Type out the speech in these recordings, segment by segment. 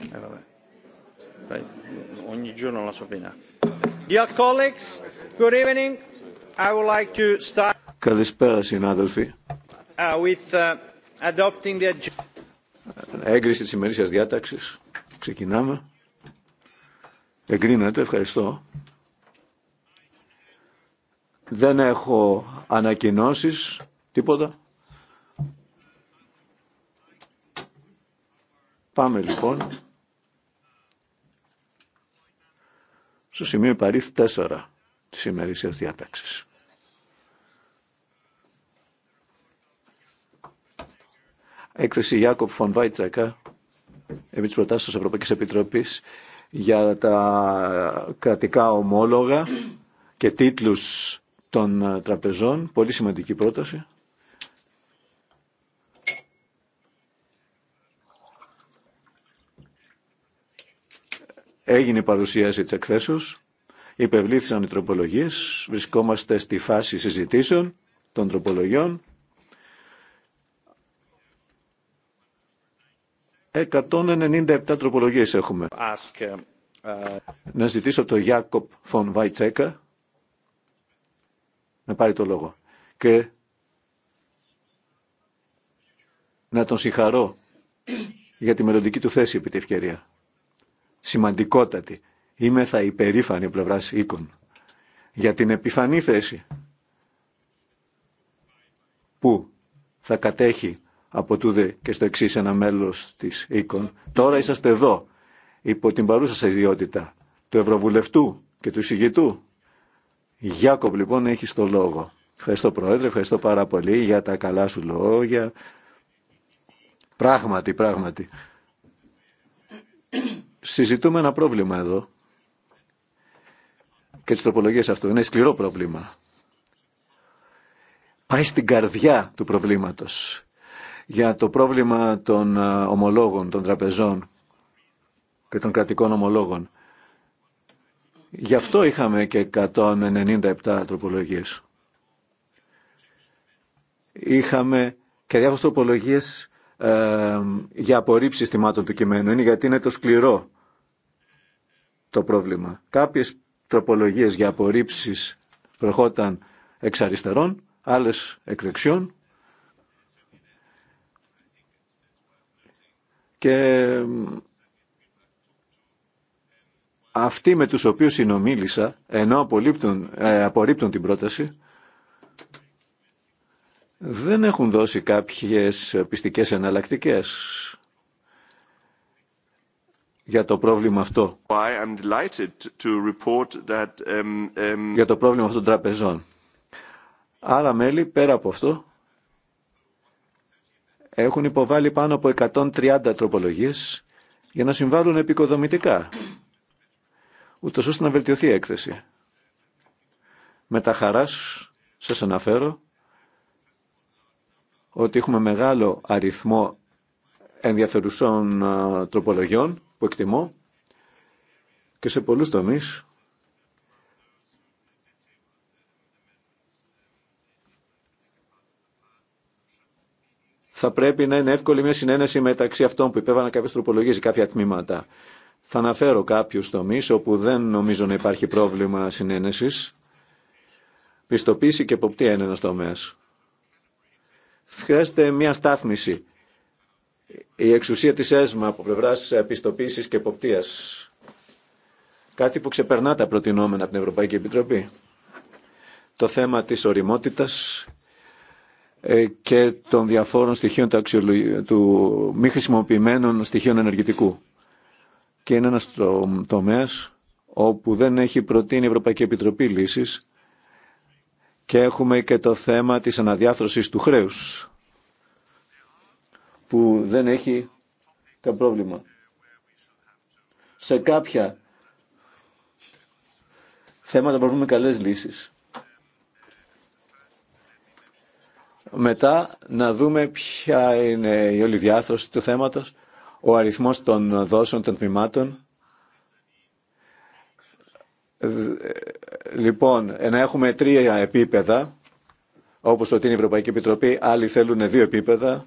Eh, vabbè. Vai, ogni giorno la sua pena. Dear colleagues, good evening. I would like to start... Καλησπέρα συνάδελφοι. Uh, with, uh, adopting the... Έγκριση τη ημερήσια διάταξη. Ξεκινάμε. Εγκρίνεται, ευχαριστώ. Δεν έχω ανακοινώσεις, τίποτα. Πάμε λοιπόν. στο σημείο υπαρίθ 4 της ημερήσιας διάταξης. Έκθεση Ιάκωπ Φον Βάιτσακα επί της προτάσεως της Ευρωπαϊκής Επιτροπής για τα κρατικά ομόλογα και τίτλους των τραπεζών. Πολύ σημαντική πρόταση. Έγινε η παρουσίαση της εκθέσεως, υπευλήθησαν οι τροπολογίες, βρισκόμαστε στη φάση συζητήσεων των τροπολογιών. 197 τροπολογίες έχουμε. Ε, ε, να ζητήσω τον Ιάκοπ Φον Βαϊτσέκα να πάρει το λόγο και να τον συγχαρώ για τη μελλοντική του θέση επί τη ευκαιρία σημαντικότατη. Είμαι θα υπερήφανη πλευρά οίκων για την επιφανή θέση που θα κατέχει από τούδε και στο εξή ένα μέλος της οίκων. Τώρα είσαστε εδώ, υπό την παρούσα σας ιδιότητα, του Ευρωβουλευτού και του Συγητού. Γιάκοπ λοιπόν έχει το λόγο. Ευχαριστώ Πρόεδρε, ευχαριστώ πάρα πολύ για τα καλά σου λόγια. Πράγματι, πράγματι συζητούμε ένα πρόβλημα εδώ και τις τροπολογίες αυτού. Είναι σκληρό πρόβλημα. Πάει στην καρδιά του προβλήματος για το πρόβλημα των ομολόγων, των τραπεζών και των κρατικών ομολόγων. Γι' αυτό είχαμε και 197 τροπολογίες. Είχαμε και διάφορες τροπολογίες για απορρίψει θυμάτων του κειμένου. Είναι γιατί είναι το σκληρό το πρόβλημα. Κάποιες τροπολογίες για απορρίψει προχώταν εξ αριστερών, άλλες εκ δεξιών. Και αυτοί με τους οποίους συνομίλησα, ενώ απορρίπτουν, ε, απορρίπτουν την πρόταση, δεν έχουν δώσει κάποιες πιστικές εναλλακτικέ για το πρόβλημα αυτό. Um, um, για το πρόβλημα αυτό των τραπεζών. Άρα μέλη, πέρα από αυτό, έχουν υποβάλει πάνω από 130 τροπολογίες για να συμβάλλουν επικοδομητικά, ούτως ώστε να βελτιωθεί η έκθεση. Με τα χαράς σας αναφέρω ότι έχουμε μεγάλο αριθμό ενδιαφερουσών τροπολογιών που εκτιμώ και σε πολλούς τομείς θα πρέπει να είναι εύκολη μια συνένεση μεταξύ αυτών που υπέβαλαν κάποιες τροπολογίες κάποια τμήματα. Θα αναφέρω κάποιους τομείς όπου δεν νομίζω να υπάρχει πρόβλημα συνένεσης. Πιστοποίηση και εποπτεία είναι ένας τομέας χρειάζεται μια στάθμιση. Η εξουσία της ΕΣΜΑ από πλευράς επιστοποίησης και εποπτείας. Κάτι που ξεπερνά τα προτινόμενα από την Ευρωπαϊκή Επιτροπή. Το θέμα της οριμότητας ε, και των διαφόρων στοιχείων του, του μη χρησιμοποιημένων στοιχείων ενεργητικού. Και είναι ένας τομέας όπου δεν έχει προτείνει η Ευρωπαϊκή Επιτροπή λύσεις και έχουμε και το θέμα της αναδιάθρωσης του χρέους, που δεν έχει καν πρόβλημα. Σε κάποια θέματα μπορούμε καλές λύσεις. Μετά να δούμε ποια είναι η όλη διάθρωση του θέματος, ο αριθμός των δόσεων των τμήματων, Λοιπόν, ε, να έχουμε τρία επίπεδα, όπως είναι η Ευρωπαϊκή Επιτροπή, άλλοι θέλουν δύο επίπεδα,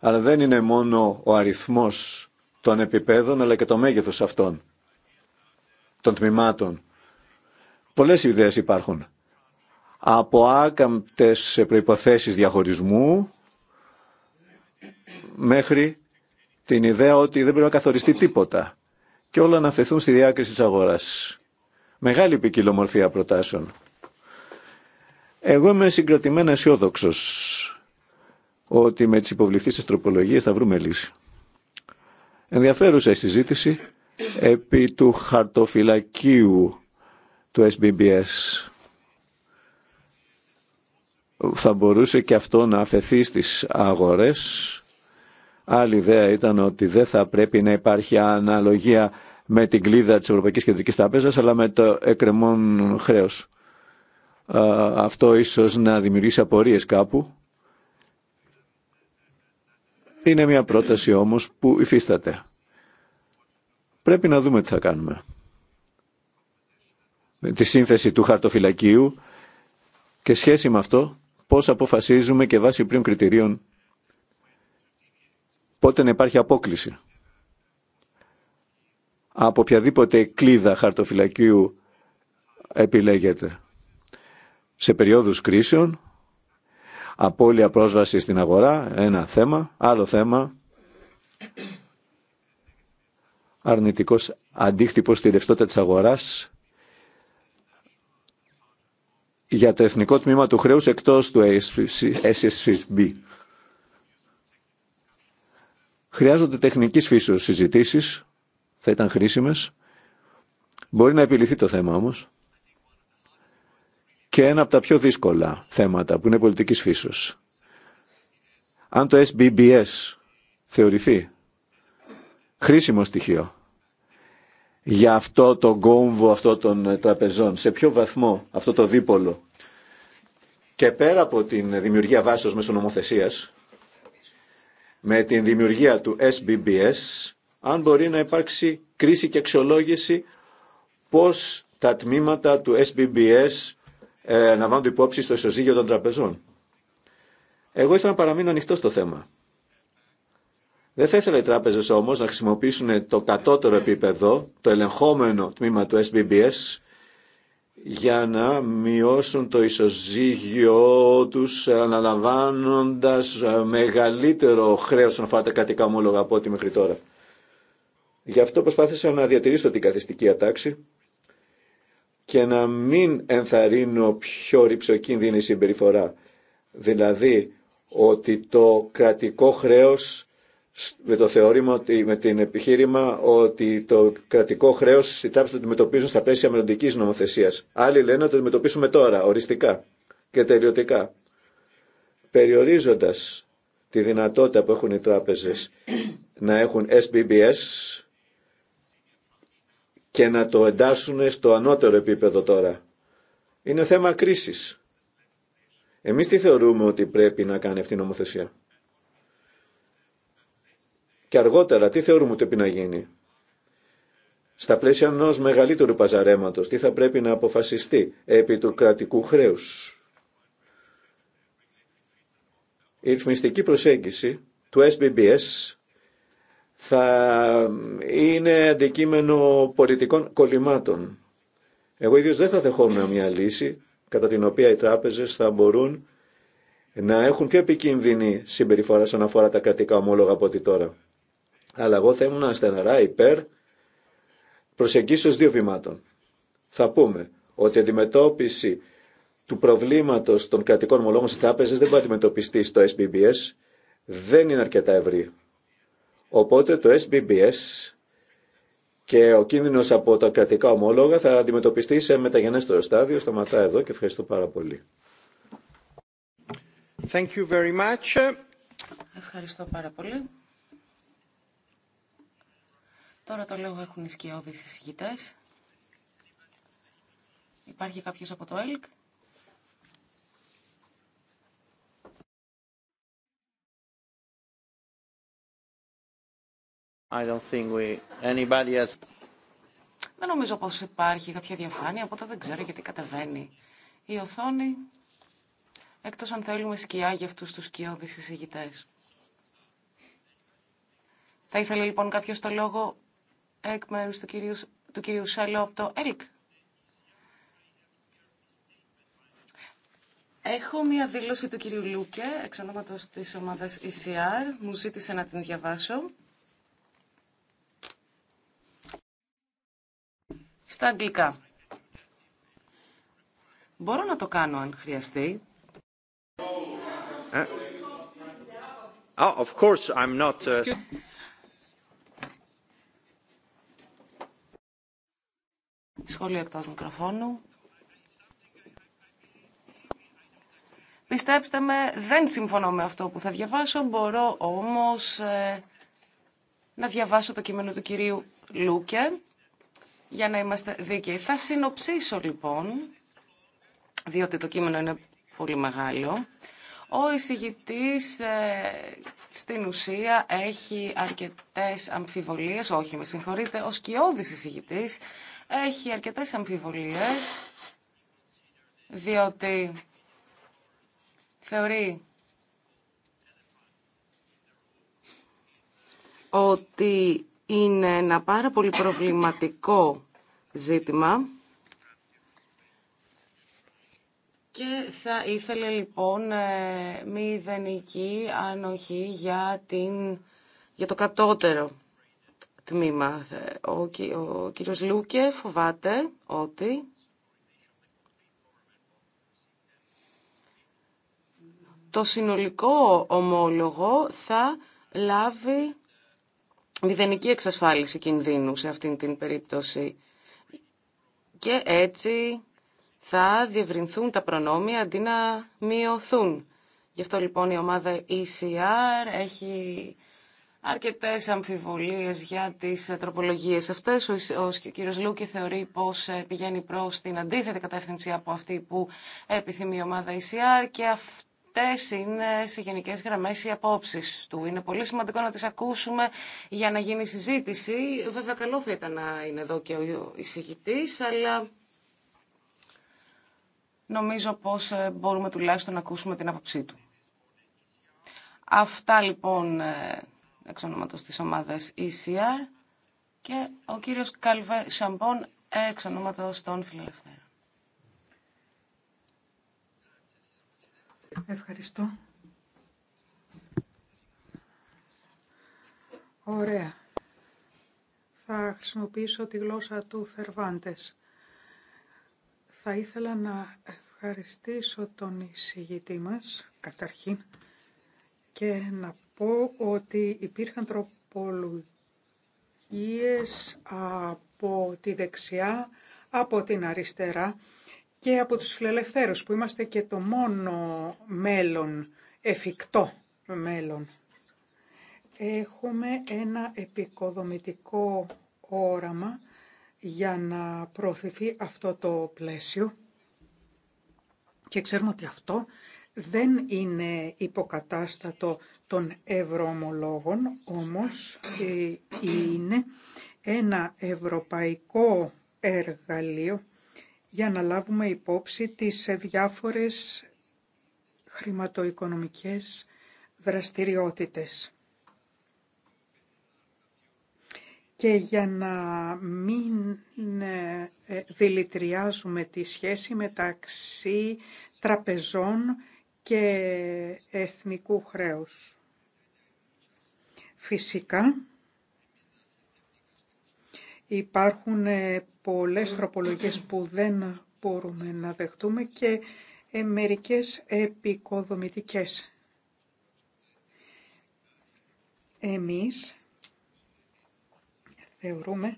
αλλά δεν είναι μόνο ο αριθμός των επιπέδων, αλλά και το μέγεθος αυτών, των τμήματων. Πολλές ιδέες υπάρχουν. Από άκαμπτες προϋποθέσεις διαχωρισμού, μέχρι την ιδέα ότι δεν πρέπει να καθοριστεί τίποτα και όλα να αφαιθούν στη διάκριση της αγοράς. Μεγάλη ποικιλομορφία προτάσεων. Εγώ είμαι συγκρατημένα αισιόδοξο ότι με τις υποβληθεί τροπολογίε θα βρούμε λύση. Ενδιαφέρουσα η συζήτηση επί του χαρτοφυλακίου του SBBS. Θα μπορούσε και αυτό να αφαιθεί στις αγορές. Άλλη ιδέα ήταν ότι δεν θα πρέπει να υπάρχει αναλογία με την κλίδα της Ευρωπαϊκής Κεντρικής Τράπεζας αλλά με το εκκρεμόν χρέος. Αυτό ίσως να δημιουργήσει απορίες κάπου. Είναι μια πρόταση όμως που υφίσταται. Πρέπει να δούμε τι θα κάνουμε. Με τη σύνθεση του χαρτοφυλακίου και σχέση με αυτό πώς αποφασίζουμε και βάσει πριν κριτηρίων πότε να υπάρχει απόκληση από οποιαδήποτε κλίδα χαρτοφυλακίου επιλέγεται. Σε περίοδους κρίσεων, απώλεια πρόσβαση στην αγορά, ένα θέμα, άλλο θέμα, αρνητικός αντίκτυπος στη ρευστότητα της αγοράς, για το εθνικό τμήμα του χρέους εκτός του SSB. Χρειάζονται τεχνικής φύσεως συζητήσεις θα ήταν χρήσιμες. Μπορεί να επιληθεί το θέμα όμως. Και ένα από τα πιο δύσκολα θέματα που είναι πολιτικής φύσεως. Αν το SBBS θεωρηθεί χρήσιμο στοιχείο για αυτό το γκόμβο αυτό των ε, τραπεζών, σε ποιο βαθμό αυτό το δίπολο και πέρα από την δημιουργία βάσεως μέσω νομοθεσίας, με την δημιουργία του SBBS αν μπορεί να υπάρξει κρίση και αξιολόγηση πώς τα τμήματα του SBBS ε, να βάλουν υπόψη στο ισοζύγιο των τραπεζών. Εγώ ήθελα να παραμείνω ανοιχτό στο θέμα. Δεν θα ήθελα οι τράπεζε όμως να χρησιμοποιήσουν το κατώτερο επίπεδο, το ελεγχόμενο τμήμα του SBBS, για να μειώσουν το ισοζύγιο του, αναλαμβάνοντα μεγαλύτερο χρέος να φάτε κατοικά ομόλογα από ό,τι μέχρι τώρα. Γι' αυτό προσπάθησα να διατηρήσω την καθιστική ατάξη και να μην ενθαρρύνω πιο ρηψοκίνδυνη συμπεριφορά. Δηλαδή ότι το κρατικό χρέος με το θεωρήμα με την επιχείρημα ότι το κρατικό χρέος οι τράπεζες το αντιμετωπίζουν στα πλαίσια μελλοντική νομοθεσίας. Άλλοι λένε ότι το αντιμετωπίσουμε τώρα, οριστικά και τελειωτικά. Περιορίζοντα τη δυνατότητα που έχουν οι τράπεζε να έχουν SBBS, και να το εντάσσουν στο ανώτερο επίπεδο τώρα. Είναι θέμα κρίσης. Εμείς τι θεωρούμε ότι πρέπει να κάνει αυτή η νομοθεσία. Και αργότερα τι θεωρούμε ότι πρέπει να γίνει. Στα πλαίσια ενό μεγαλύτερου παζαρέματος τι θα πρέπει να αποφασιστεί επί του κρατικού χρέους. Η ρυθμιστική προσέγγιση του SBBS θα είναι αντικείμενο πολιτικών κολλημάτων. Εγώ ίδιος δεν θα δεχόμουν μια λύση κατά την οποία οι τράπεζες θα μπορούν να έχουν πιο επικίνδυνη συμπεριφορά σαν αφορά τα κρατικά ομόλογα από ό,τι τώρα. Αλλά εγώ θα ήμουν στεναρά υπέρ προσεγγίσεως δύο βημάτων. Θα πούμε ότι η αντιμετώπιση του προβλήματος των κρατικών ομολόγων στις τράπεζες δεν μπορεί να αντιμετωπιστεί στο SBBS, δεν είναι αρκετά ευρύ. Οπότε το SBBS και ο κίνδυνος από τα κρατικά ομόλογα θα αντιμετωπιστεί σε μεταγενέστερο στάδιο. Σταματά εδώ και ευχαριστώ πάρα πολύ. Thank you very much. Ευχαριστώ πάρα πολύ. Τώρα το λέω έχουν οι σκιώδεις εισηγητές. Υπάρχει κάποιος από το ΕΛΚ. Δεν νομίζω πως υπάρχει κάποια διαφάνεια, οπότε δεν ξέρω γιατί κατεβαίνει η οθόνη, εκτός αν θέλουμε σκιά για αυτούς τους σκιώδεις εισηγητές. Θα ήθελε λοιπόν κάποιος το λόγο εκ μέρους του κυρίου, του κυρίου Σέλο από το ΕΛΚ. Έχω μία δήλωση του κυρίου Λούκε, εξ ονόματος της ομάδας ECR. Μου ζήτησε να την διαβάσω. στα αγγλικά. Μπορώ να το κάνω αν χρειαστεί. Ε. Oh, of course I'm not. Uh, Σχόλιο εκτός μικροφώνου. Πιστέψτε με, δεν συμφωνώ με αυτό που θα διαβάσω, μπορώ όμως ε, να διαβάσω το κείμενο του κυρίου Λούκε για να είμαστε δίκαιοι. Θα συνοψίσω λοιπόν, διότι το κείμενο είναι πολύ μεγάλο. Ο εισηγητής ε, στην ουσία έχει αρκετές αμφιβολίες, όχι με συγχωρείτε, ο σκιώδης εισηγητής έχει αρκετές αμφιβολίες, διότι θεωρεί ότι είναι ένα πάρα πολύ προβληματικό ζήτημα και θα ήθελε λοιπόν ιδανική ε, ανοχή για, την, για το κατώτερο τμήμα. Ο, ο κύριος Λούκε φοβάται ότι το συνολικό ομόλογο θα λάβει μηδενική εξασφάλιση κινδύνου σε αυτήν την περίπτωση. Και έτσι θα διευρυνθούν τα προνόμια αντί να μειωθούν. Γι' αυτό λοιπόν η ομάδα ECR έχει αρκετές αμφιβολίες για τις ε, τροπολογίες αυτές. Ο, κύριος Λούκη θεωρεί πως ε, πηγαίνει προς την αντίθετη κατεύθυνση από αυτή που επιθυμεί η ομάδα ECR και αυτό είναι σε γενικές γραμμές οι απόψεις του. Είναι πολύ σημαντικό να τι ακούσουμε για να γίνει συζήτηση. Βέβαια καλό θα ήταν να είναι εδώ και ο εισηγητή, αλλά νομίζω πως ε, μπορούμε τουλάχιστον να ακούσουμε την άποψή του. Αυτά λοιπόν ε, εξ ονόματος της ομάδας ECR και ο κύριος Καλβέ Σαμπόν, εξ ονόματος των Φιλελευθέρων. Ευχαριστώ. Ωραία. Θα χρησιμοποιήσω τη γλώσσα του Θερβάντες. Θα ήθελα να ευχαριστήσω τον εισηγητή μας, καταρχήν, και να πω ότι υπήρχαν τροπολογίες από τη δεξιά, από την αριστερά και από τους φιλελευθέρους που είμαστε και το μόνο μέλλον, εφικτό μέλλον. Έχουμε ένα επικοδομητικό όραμα για να προωθηθεί αυτό το πλαίσιο και ξέρουμε ότι αυτό δεν είναι υποκατάστατο των ευρωομολόγων, όμως ε, είναι ένα ευρωπαϊκό εργαλείο για να λάβουμε υπόψη τις διάφορες χρηματοοικονομικές δραστηριότητες. Και για να μην ε, ε, δηλητριάζουμε τη σχέση μεταξύ τραπεζών και εθνικού χρέους. Φυσικά, Υπάρχουν ε, πολλές τροπολογίες που δεν μπορούμε να δεχτούμε και ε, μερικές επικοδομητικές. Εμείς θεωρούμε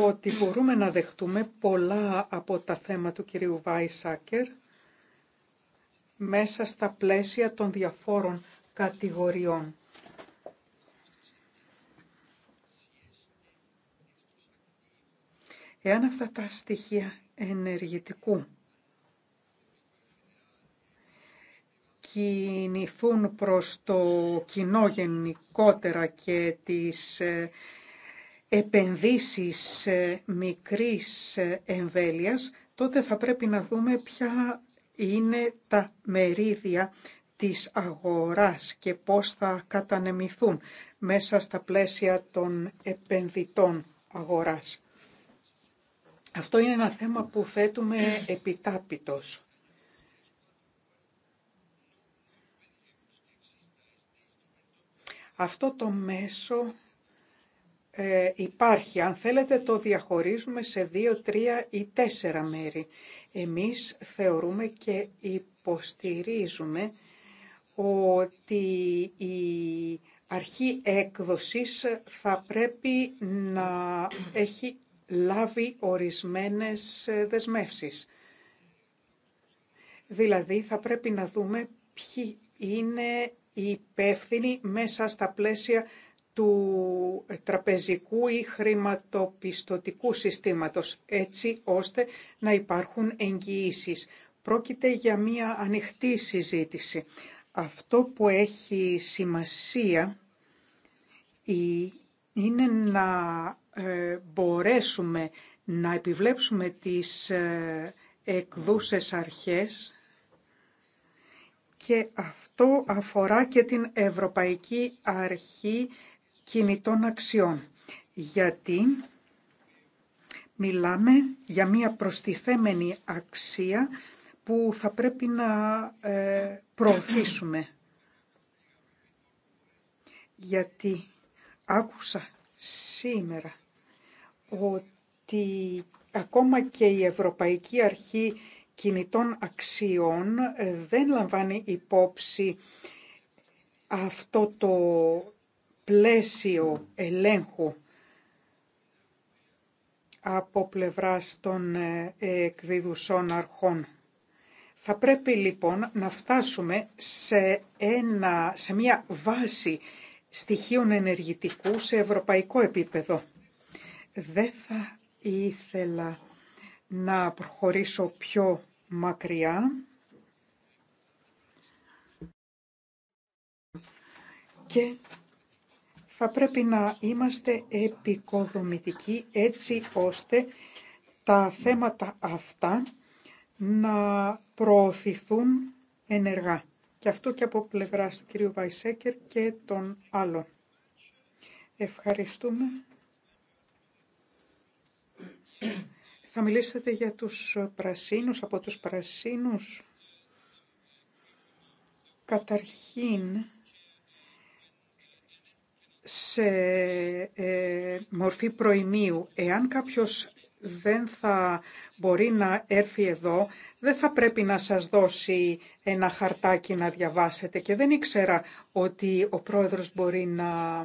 ότι μπορούμε να δεχτούμε πολλά από τα θέματα του κυρίου Βάισάκερ μέσα στα πλαίσια των διαφόρων κατηγοριών. Εάν αυτά τα στοιχεία ενεργητικού κινηθούν προς το κοινό γενικότερα και τις ε, επενδύσεις ε, μικρής ε, εμβέλειας, τότε θα πρέπει να δούμε ποια είναι τα μερίδια της αγοράς και πώς θα κατανεμηθούν μέσα στα πλαίσια των επενδυτών αγοράς. Αυτό είναι ένα θέμα που θέτουμε επιτάπητος. Αυτό το μέσο ε, υπάρχει. Αν θέλετε το διαχωρίζουμε σε δύο, τρία ή τέσσερα μέρη. Εμείς θεωρούμε και υποστηρίζουμε ότι η αρχή έκδοσης θα πρέπει να έχει λάβει ορισμένες ε, δεσμεύσεις. Δηλαδή θα πρέπει να δούμε ποιοι είναι οι υπεύθυνοι μέσα στα πλαίσια του τραπεζικού ή χρηματοπιστωτικού συστήματος, έτσι ώστε να υπάρχουν εγγυήσει. Πρόκειται για μία ανοιχτή συζήτηση. Αυτό που έχει σημασία είναι να ε, μπορέσουμε να επιβλέψουμε τις ε, εκδούσες αρχές και αυτό αφορά και την Ευρωπαϊκή Αρχή Κινητών Αξιών. Γιατί μιλάμε για μία προστιθέμενη αξία που θα πρέπει να ε, προωθήσουμε. Γιατί άκουσα σήμερα ότι ακόμα και η Ευρωπαϊκή Αρχή Κινητών Αξιών ε, δεν λαμβάνει υπόψη αυτό το πλαίσιο ελέγχου από πλευράς των ε, εκδίδουσών αρχών. Θα πρέπει λοιπόν να φτάσουμε σε, ένα, σε μια βάση στοιχείων ενεργητικού σε ευρωπαϊκό επίπεδο. Δεν θα ήθελα να προχωρήσω πιο μακριά. Και θα πρέπει να είμαστε επικοδομητικοί έτσι ώστε τα θέματα αυτά να προωθηθούν ενεργά. Και αυτό και από πλευράς του κυρίου Βαϊσέκερ και των άλλων. Ευχαριστούμε. Θα μιλήσετε για τους πρασίνους, από τους πρασίνους. Καταρχήν, σε ε, μορφή προημίου, εάν κάποιος δεν θα μπορεί να έρθει εδώ, δεν θα πρέπει να σας δώσει ένα χαρτάκι να διαβάσετε και δεν ήξερα ότι ο πρόεδρος μπορεί να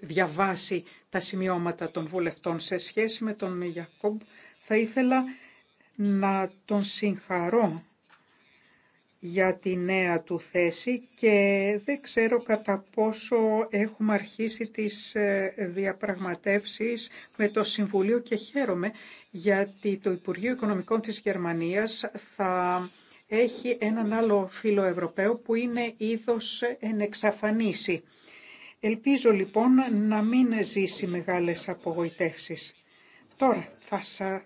διαβάσει τα σημειώματα των βουλευτών σε σχέση με τον Ιακώμπ. Θα ήθελα να τον συγχαρώ για τη νέα του θέση και δεν ξέρω κατά πόσο έχουμε αρχίσει τις ε, διαπραγματεύσεις με το Συμβουλίο και χαίρομαι γιατί το Υπουργείο Οικονομικών της Γερμανίας θα έχει έναν άλλο φίλο Ευρωπαίο που είναι είδος ενεξαφανίσει Ελπίζω λοιπόν να μην ζήσει μεγάλες απογοητεύσεις. Τώρα θα, σα...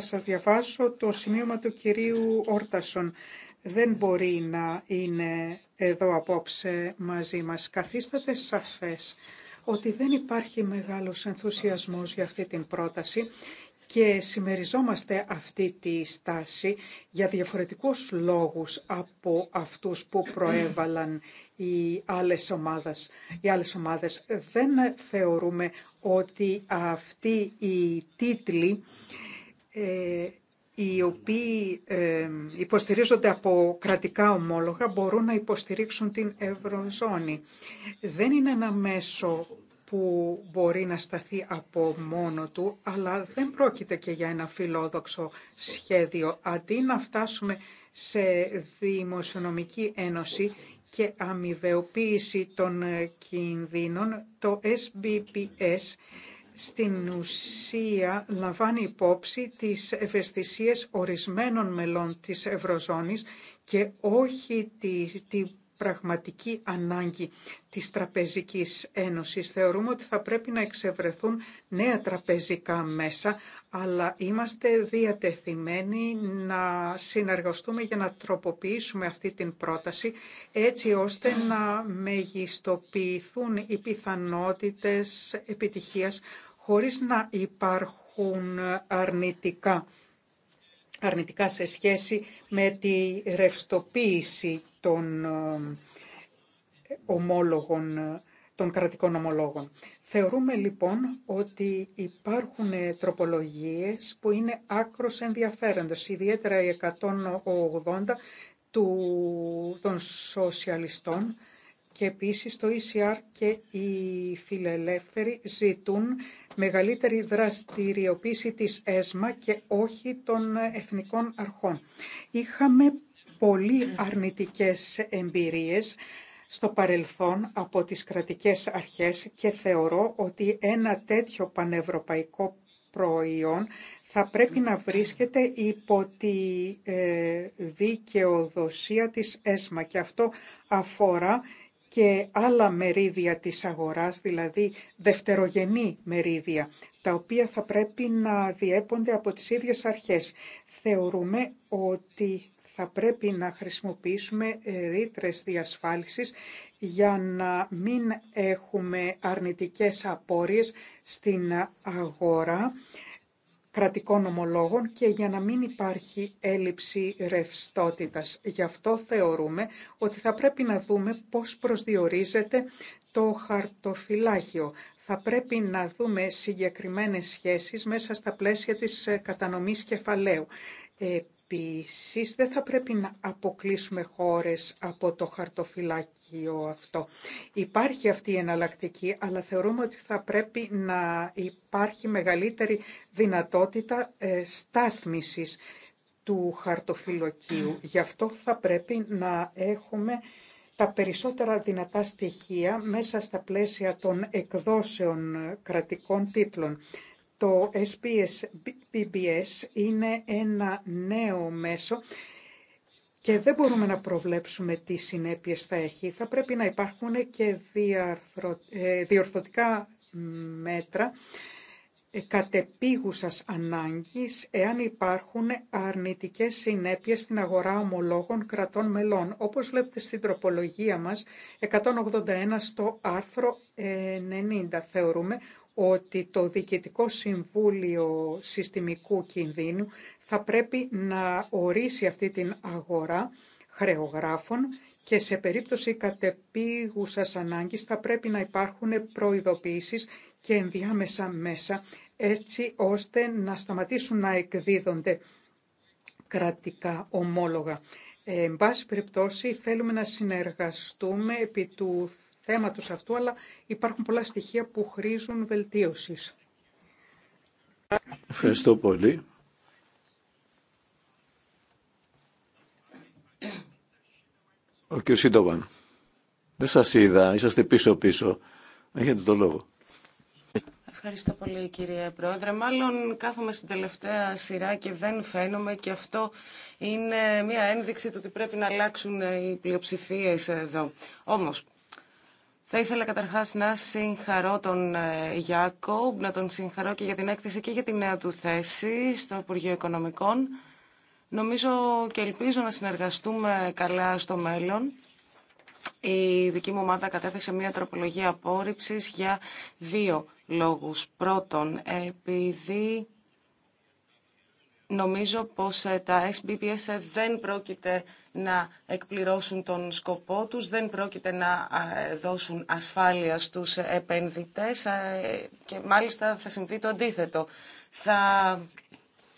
σας διαβάσω το σημείωμα του κυρίου Όρτασον. Δεν μπορεί να είναι εδώ απόψε μαζί μας. Καθίσταται σαφές ότι δεν υπάρχει μεγάλος ενθουσιασμός για αυτή την πρόταση και συμμεριζόμαστε αυτή τη στάση για διαφορετικούς λόγους από αυτούς που προέβαλαν οι άλλες, ομάδες. οι Δεν θεωρούμε ότι αυτοί οι τίτλοι ε, οι οποίοι ε, υποστηρίζονται από κρατικά ομόλογα μπορούν να υποστηρίξουν την Ευρωζώνη. Δεν είναι ένα μέσο που μπορεί να σταθεί από μόνο του, αλλά δεν πρόκειται και για ένα φιλόδοξο σχέδιο. Αντί να φτάσουμε σε δημοσιονομική ένωση και αμοιβεοποίηση των κινδύνων, το SBPS στην ουσία λαμβάνει υπόψη τις ευαισθησίες ορισμένων μελών της Ευρωζώνης και όχι τη, πραγματική ανάγκη της Τραπεζικής Ένωσης. Θεωρούμε ότι θα πρέπει να εξευρεθούν νέα τραπεζικά μέσα, αλλά είμαστε διατεθειμένοι να συνεργαστούμε για να τροποποιήσουμε αυτή την πρόταση, έτσι ώστε να μεγιστοποιηθούν οι πιθανότητες επιτυχίας χωρίς να υπάρχουν αρνητικά αρνητικά σε σχέση με τη ρευστοποίηση των ε, ομόλογων των κρατικών ομολόγων. Θεωρούμε λοιπόν ότι υπάρχουν ε, τροπολογίες που είναι άκρος ενδιαφέροντος, ιδιαίτερα οι 180 των σοσιαλιστών, και επίσης το ECR και οι φιλελεύθεροι ζητούν μεγαλύτερη δραστηριοποίηση της ΕΣΜΑ και όχι των εθνικών αρχών. Είχαμε πολύ αρνητικές εμπειρίες στο παρελθόν από τις κρατικές αρχές και θεωρώ ότι ένα τέτοιο πανευρωπαϊκό προϊόν θα πρέπει να βρίσκεται υπό τη ε, δικαιοδοσία της ΕΣΜΑ και αυτό αφορά και άλλα μερίδια της αγοράς, δηλαδή δευτερογενή μερίδια, τα οποία θα πρέπει να διέπονται από τις ίδιες αρχές. Θεωρούμε ότι θα πρέπει να χρησιμοποιήσουμε ε, ρήτρε διασφάλισης για να μην έχουμε αρνητικές απόρριες στην αγορά κρατικών ομολόγων και για να μην υπάρχει έλλειψη ρευστότητας. Γι' αυτό θεωρούμε ότι θα πρέπει να δούμε πώς προσδιορίζεται το χαρτοφυλάκιο. Θα πρέπει να δούμε συγκεκριμένες σχέσεις μέσα στα πλαίσια της ε, κατανομής κεφαλαίου. Ε, Επίσης, δεν θα πρέπει να αποκλείσουμε χώρες από το χαρτοφυλάκιο αυτό. Υπάρχει αυτή η εναλλακτική, αλλά θεωρούμε ότι θα πρέπει να υπάρχει μεγαλύτερη δυνατότητα ε, στάθμισης του χαρτοφυλακίου. Γι' αυτό θα πρέπει να έχουμε τα περισσότερα δυνατά στοιχεία μέσα στα πλαίσια των εκδόσεων ε, κρατικών τίτλων. Το SPS PBS είναι ένα νέο μέσο και δεν μπορούμε να προβλέψουμε τι συνέπειες θα έχει. Θα πρέπει να υπάρχουν και ε, διορθωτικά μέτρα κατεπίγουσας ανάγκης εάν υπάρχουν αρνητικές συνέπειες στην αγορά ομολόγων κρατών μελών. Όπως βλέπετε στην τροπολογία μας, 181 στο άρθρο 90 θεωρούμε ότι το Διοικητικό Συμβούλιο Συστημικού Κινδύνου θα πρέπει να ορίσει αυτή την αγορά χρεογράφων και σε περίπτωση κατεπίγουσας ανάγκης θα πρέπει να υπάρχουν προειδοποιήσεις και ενδιάμεσα μέσα έτσι ώστε να σταματήσουν να εκδίδονται κρατικά ομόλογα. Ε, εν πάση περιπτώσει θέλουμε να συνεργαστούμε επί του θέματος αυτού, αλλά υπάρχουν πολλά στοιχεία που χρήζουν βελτίωσης. Ευχαριστώ πολύ. Ο κ. Σίντοβαν, δεν σας είδα, είσαστε πίσω-πίσω. Έχετε το λόγο. Ευχαριστώ πολύ κύριε Πρόεδρε. Μάλλον κάθομαι στην τελευταία σειρά και δεν φαίνομαι και αυτό είναι μια ένδειξη του ότι πρέπει να αλλάξουν οι πλειοψηφίες εδώ. Όμως, θα ήθελα καταρχάς να συγχαρώ τον ε, Γιάκο, να τον συγχαρώ και για την έκθεση και για τη νέα του θέση στο Υπουργείο Οικονομικών. Νομίζω και ελπίζω να συνεργαστούμε καλά στο μέλλον. Η δική μου ομάδα κατέθεσε μια τροπολογία απόρριψης για δύο λόγους. Πρώτον, επειδή νομίζω πως ε, τα SBPS δεν πρόκειται να εκπληρώσουν τον σκοπό τους, δεν πρόκειται να δώσουν ασφάλεια στους επενδυτές και μάλιστα θα συμβεί το αντίθετο. Θα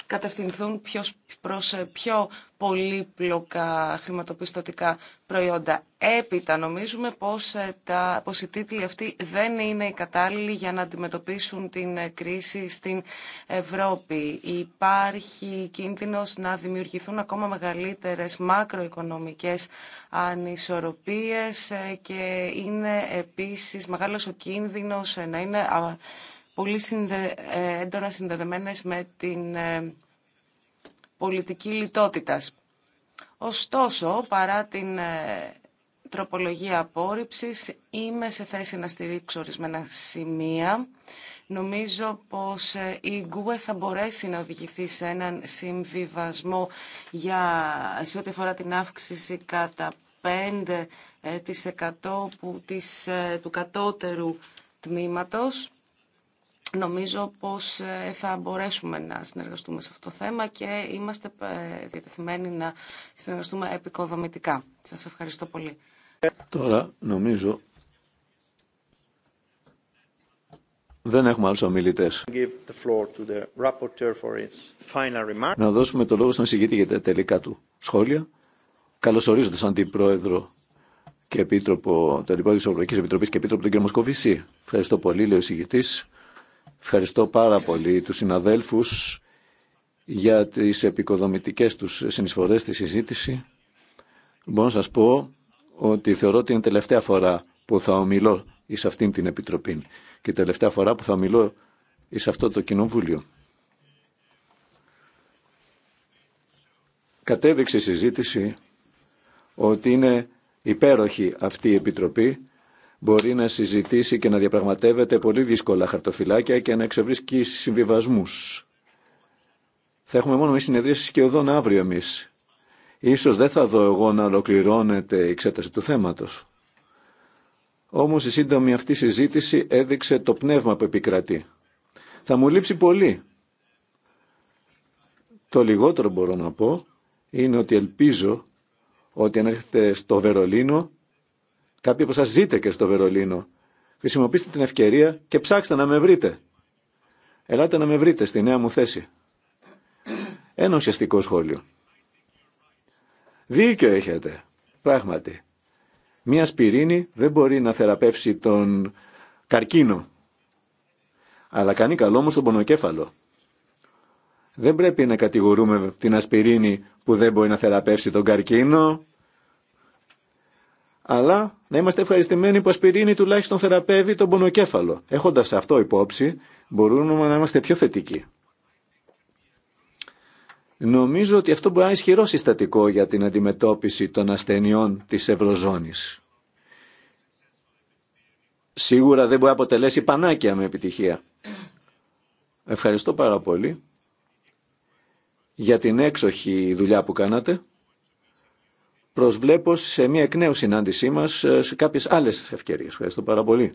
κατευθυνθούν προ προς ε, πιο πολύπλοκα χρηματοπιστωτικά προϊόντα. Έπειτα νομίζουμε πως, ε, τα, πως οι τίτλοι αυτοί δεν είναι οι κατάλληλοι για να αντιμετωπίσουν την ε, κρίση στην Ευρώπη. Υπάρχει κίνδυνος να δημιουργηθούν ακόμα μεγαλύτερες μακροοικονομικές ανισορροπίες και είναι επίσης μεγάλος ο κίνδυνος να είναι πολύ συνδε, ε, έντονα συνδεδεμένες με την ε, πολιτική λιτότητας. Ωστόσο, παρά την ε, τροπολογία απόρριψης, είμαι σε θέση να στηρίξω ορισμένα σημεία. Νομίζω πως η Γκουε θα μπορέσει να οδηγηθεί σε έναν συμβιβασμό για, σε ό,τι αφορά την αύξηση κατά 5% που, της, του κατώτερου τμήματος. Νομίζω πως ε, θα μπορέσουμε να συνεργαστούμε σε αυτό το θέμα και είμαστε ε, διατεθειμένοι να συνεργαστούμε επικοδομητικά. Σας ευχαριστώ πολύ. Τώρα νομίζω δεν έχουμε άλλους ομιλητές. Να δώσουμε το λόγο στον εισηγητή για τα τελικά του σχόλια. Καλωσορίζοντας αντιπρόεδρο και επίτροπο, αντιπρόεδρο της Ευρωπαϊκής Επιτροπής και επίτροπο του κ. Μοσκοβισή. Ευχαριστώ πολύ, λέει ο Ευχαριστώ πάρα πολύ τους συναδέλφους για τις επικοδομητικές τους συνεισφορές στη συζήτηση. Μπορώ να σας πω ότι θεωρώ ότι είναι τελευταία φορά που θα ομιλώ εις αυτήν την Επιτροπή και τελευταία φορά που θα ομιλώ εις αυτό το Κοινοβούλιο. Κατέδειξε η συζήτηση ότι είναι υπέροχη αυτή η Επιτροπή μπορεί να συζητήσει και να διαπραγματεύεται πολύ δύσκολα χαρτοφυλάκια και να εξευρίσκει συμβιβασμού. Θα έχουμε μόνο μια συνεδρίαση σχεδόν αύριο εμεί. Ίσως δεν θα δω εγώ να ολοκληρώνεται η εξέταση του θέματος. Όμως η σύντομη αυτή συζήτηση έδειξε το πνεύμα που επικρατεί. Θα μου λείψει πολύ. Το λιγότερο μπορώ να πω είναι ότι ελπίζω ότι αν έρχεται στο Βερολίνο Κάποιοι από σας ζείτε και στο Βερολίνο. Χρησιμοποιήστε την ευκαιρία και ψάξτε να με βρείτε. Ελάτε να με βρείτε στη νέα μου θέση. Ένα ουσιαστικό σχόλιο. Δίκιο έχετε. Πράγματι. Μία σπιρίνη δεν μπορεί να θεραπεύσει τον καρκίνο. Αλλά κάνει καλό μου στον πονοκέφαλο. Δεν πρέπει να κατηγορούμε την ασπιρίνη που δεν μπορεί να θεραπεύσει τον καρκίνο αλλά να είμαστε ευχαριστημένοι που ασπιρίνη τουλάχιστον θεραπεύει τον πονοκέφαλο. Έχοντας αυτό υπόψη, μπορούμε να είμαστε πιο θετικοί. Νομίζω ότι αυτό μπορεί να είναι ισχυρό συστατικό για την αντιμετώπιση των ασθενειών της Ευρωζώνης. Σίγουρα δεν μπορεί να αποτελέσει πανάκια με επιτυχία. Ευχαριστώ πάρα πολύ για την έξοχη δουλειά που κάνατε προσβλέπω σε μια εκ νέου συνάντησή μας ε, σε κάποιες άλλες ευκαιρίες. Ευχαριστώ πάρα πολύ.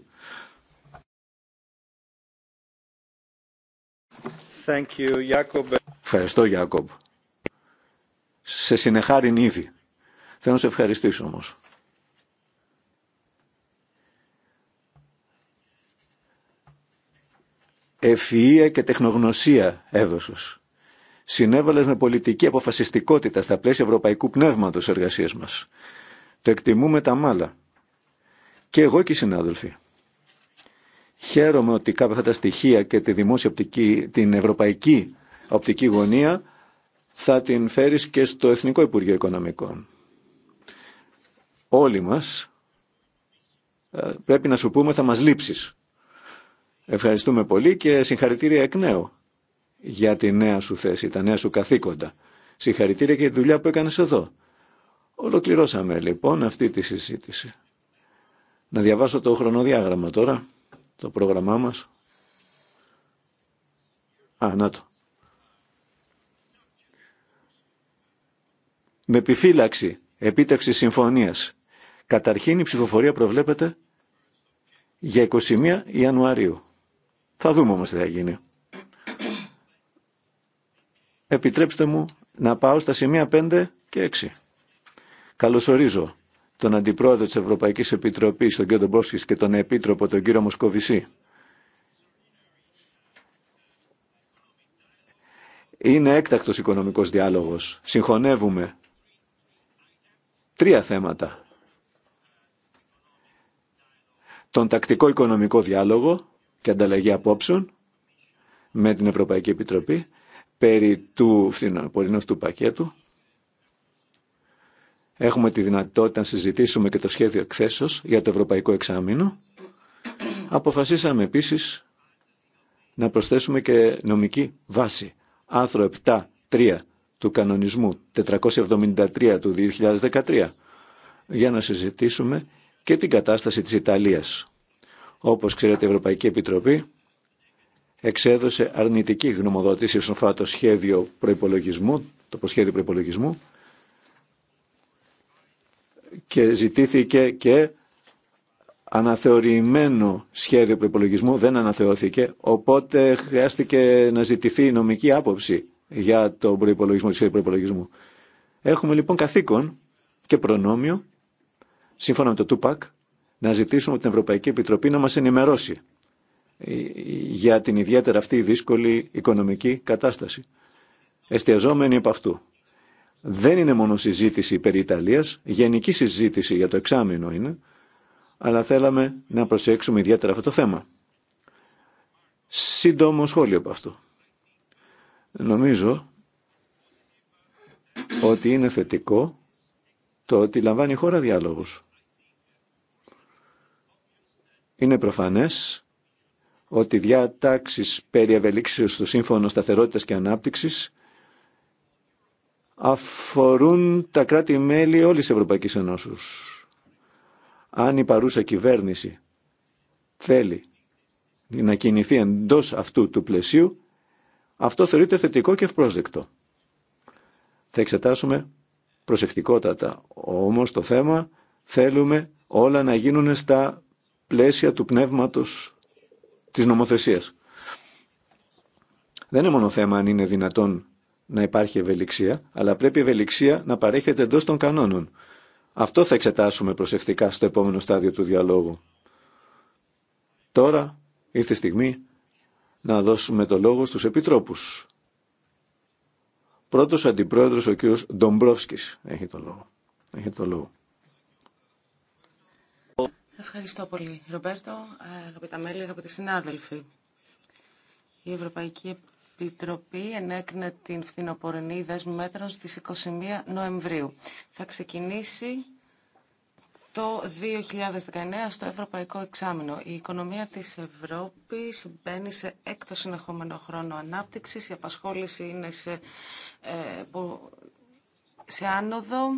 Thank you, Jacob. Ευχαριστώ, Γιάκοβ. Σε συνεχάριν ήδη. Θέλω να σε ευχαριστήσω όμως. Ευφυΐα και τεχνογνωσία έδωσες συνέβαλε με πολιτική αποφασιστικότητα στα πλαίσια ευρωπαϊκού πνεύματος εργασία μας. Το εκτιμούμε τα μάλα. Και εγώ και οι συνάδελφοι. Χαίρομαι ότι κάποια τα στοιχεία και τη δημόσια οπτική, την ευρωπαϊκή οπτική γωνία θα την φέρεις και στο Εθνικό Υπουργείο Οικονομικών. Όλοι μας ε, πρέπει να σου πούμε θα μας λείψεις. Ευχαριστούμε πολύ και συγχαρητήρια εκ νέου για τη νέα σου θέση, τα νέα σου καθήκοντα. Συγχαρητήρια και τη δουλειά που έκανες εδώ. Ολοκληρώσαμε λοιπόν αυτή τη συζήτηση. Να διαβάσω το χρονοδιάγραμμα τώρα, το πρόγραμμά μας. Α, να το. Με επιφύλαξη, επίτευξη συμφωνίας. Καταρχήν η ψηφοφορία προβλέπεται για 21 Ιανουαρίου. Θα δούμε όμως τι θα γίνει. Επιτρέψτε μου να πάω στα σημεία 5 και 6. Καλωσορίζω τον Αντιπρόεδρο της Ευρωπαϊκής Επιτροπής, τον κ. Ντομπρόφσκης και τον Επίτροπο, τον κύριο Μοσκοβισή. Είναι έκτακτος οικονομικός διάλογος. Συγχωνεύουμε τρία θέματα. Τον τακτικό οικονομικό διάλογο και ανταλλαγή απόψεων με την Ευρωπαϊκή Επιτροπή, περί του φθινοπορεινού αυτού πακέτου. Έχουμε τη δυνατότητα να συζητήσουμε και το σχέδιο εκθέσεως για το Ευρωπαϊκό Εξάμεινο. Αποφασίσαμε επίσης να προσθέσουμε και νομική βάση. Άρθρο 7.3 του κανονισμού 473 του 2013 για να συζητήσουμε και την κατάσταση της Ιταλίας. Όπως ξέρετε η Ευρωπαϊκή Επιτροπή εξέδωσε αρνητική γνωμοδότηση όσον αφορά το σχέδιο προϋπολογισμού, το προσχέδιο προϋπολογισμού και ζητήθηκε και αναθεωρημένο σχέδιο προϋπολογισμού, δεν αναθεωρηθήκε, οπότε χρειάστηκε να ζητηθεί νομική άποψη για τον προϋπολογισμό, του σχέδιο προϋπολογισμού. Έχουμε λοιπόν καθήκον και προνόμιο, σύμφωνα με το ΤΟΥΠΑΚ, να ζητήσουμε την Ευρωπαϊκή Επιτροπή να μας ενημερώσει ε, για την ιδιαίτερα αυτή δύσκολη οικονομική κατάσταση. Εστιαζόμενοι από αυτού. Δεν είναι μόνο συζήτηση περί Ιταλίας, γενική συζήτηση για το εξάμεινο είναι, αλλά θέλαμε να προσέξουμε ιδιαίτερα αυτό το θέμα. Σύντομο σχόλιο από αυτό. Νομίζω ότι είναι θετικό το ότι λαμβάνει η χώρα διάλογος. Είναι προφανές ότι διατάξει περί ευελίξεως του Σύμφωνο Σταθερότητας και Ανάπτυξης αφορούν τα κράτη-μέλη όλης της Ευρωπαϊκής Ενώσης. Αν η παρούσα κυβέρνηση θέλει να κινηθεί εντός αυτού του πλαισίου, αυτό θεωρείται θετικό και ευπρόσδεκτο. Θα εξετάσουμε προσεκτικότατα. Όμως το θέμα θέλουμε όλα να γίνουν στα πλαίσια του πνεύματος της νομοθεσίας. Δεν είναι μόνο θέμα αν είναι δυνατόν να υπάρχει ευελιξία, αλλά πρέπει η ευελιξία να παρέχεται εντός των κανόνων. Αυτό θα εξετάσουμε προσεκτικά στο επόμενο στάδιο του διαλόγου. Τώρα ήρθε η στιγμή να δώσουμε το λόγο στους επιτρόπους. Πρώτος αντιπρόεδρος ο κ. Ντομπρόφσκης έχει το λόγο. Έχει το λόγο. Ευχαριστώ πολύ, Ρομπέρτο. Ε, αγαπητά μέλη, αγαπητοί συνάδελφοι. Η Ευρωπαϊκή Επιτροπή ενέκρινε την φθινοπορεινή δέσμη μέτρων στις 21 Νοεμβρίου. Θα ξεκινήσει το 2019 στο Ευρωπαϊκό Εξάμεινο. Η οικονομία της Ευρώπης μπαίνει σε έκτο συνεχόμενο χρόνο ανάπτυξης. Η απασχόληση είναι σε, ε, σε άνοδο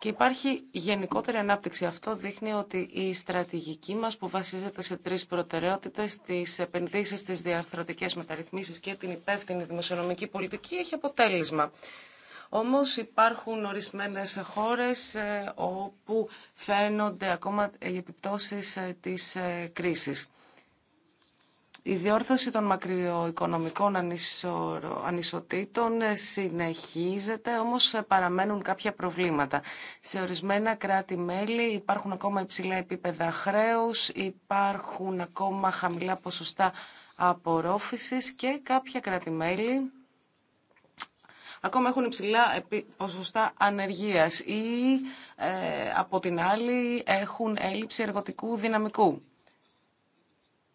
και υπάρχει γενικότερη ανάπτυξη. Αυτό δείχνει ότι η στρατηγική μας που βασίζεται σε τρεις προτεραιότητες, τις επενδύσεις, τις διαρθρωτικές μεταρρυθμίσεις και την υπεύθυνη δημοσιονομική πολιτική έχει αποτέλεσμα. Όμως υπάρχουν ορισμένες χώρες ε, όπου φαίνονται ακόμα οι επιπτώσεις ε, της ε, κρίσης. Η διόρθωση των μακροοικονομικών ανισοτήτων ε, συνεχίζεται, όμως ε, παραμένουν κάποια προβλήματα. Σε ορισμένα κράτη-μέλη υπάρχουν ακόμα υψηλά επίπεδα χρέους, υπάρχουν ακόμα χαμηλά ποσοστά απορρόφησης και κάποια κράτη-μέλη ακόμα έχουν υψηλά ποσοστά ανεργίας ή ε, από την άλλη έχουν έλλειψη εργοτικού δυναμικού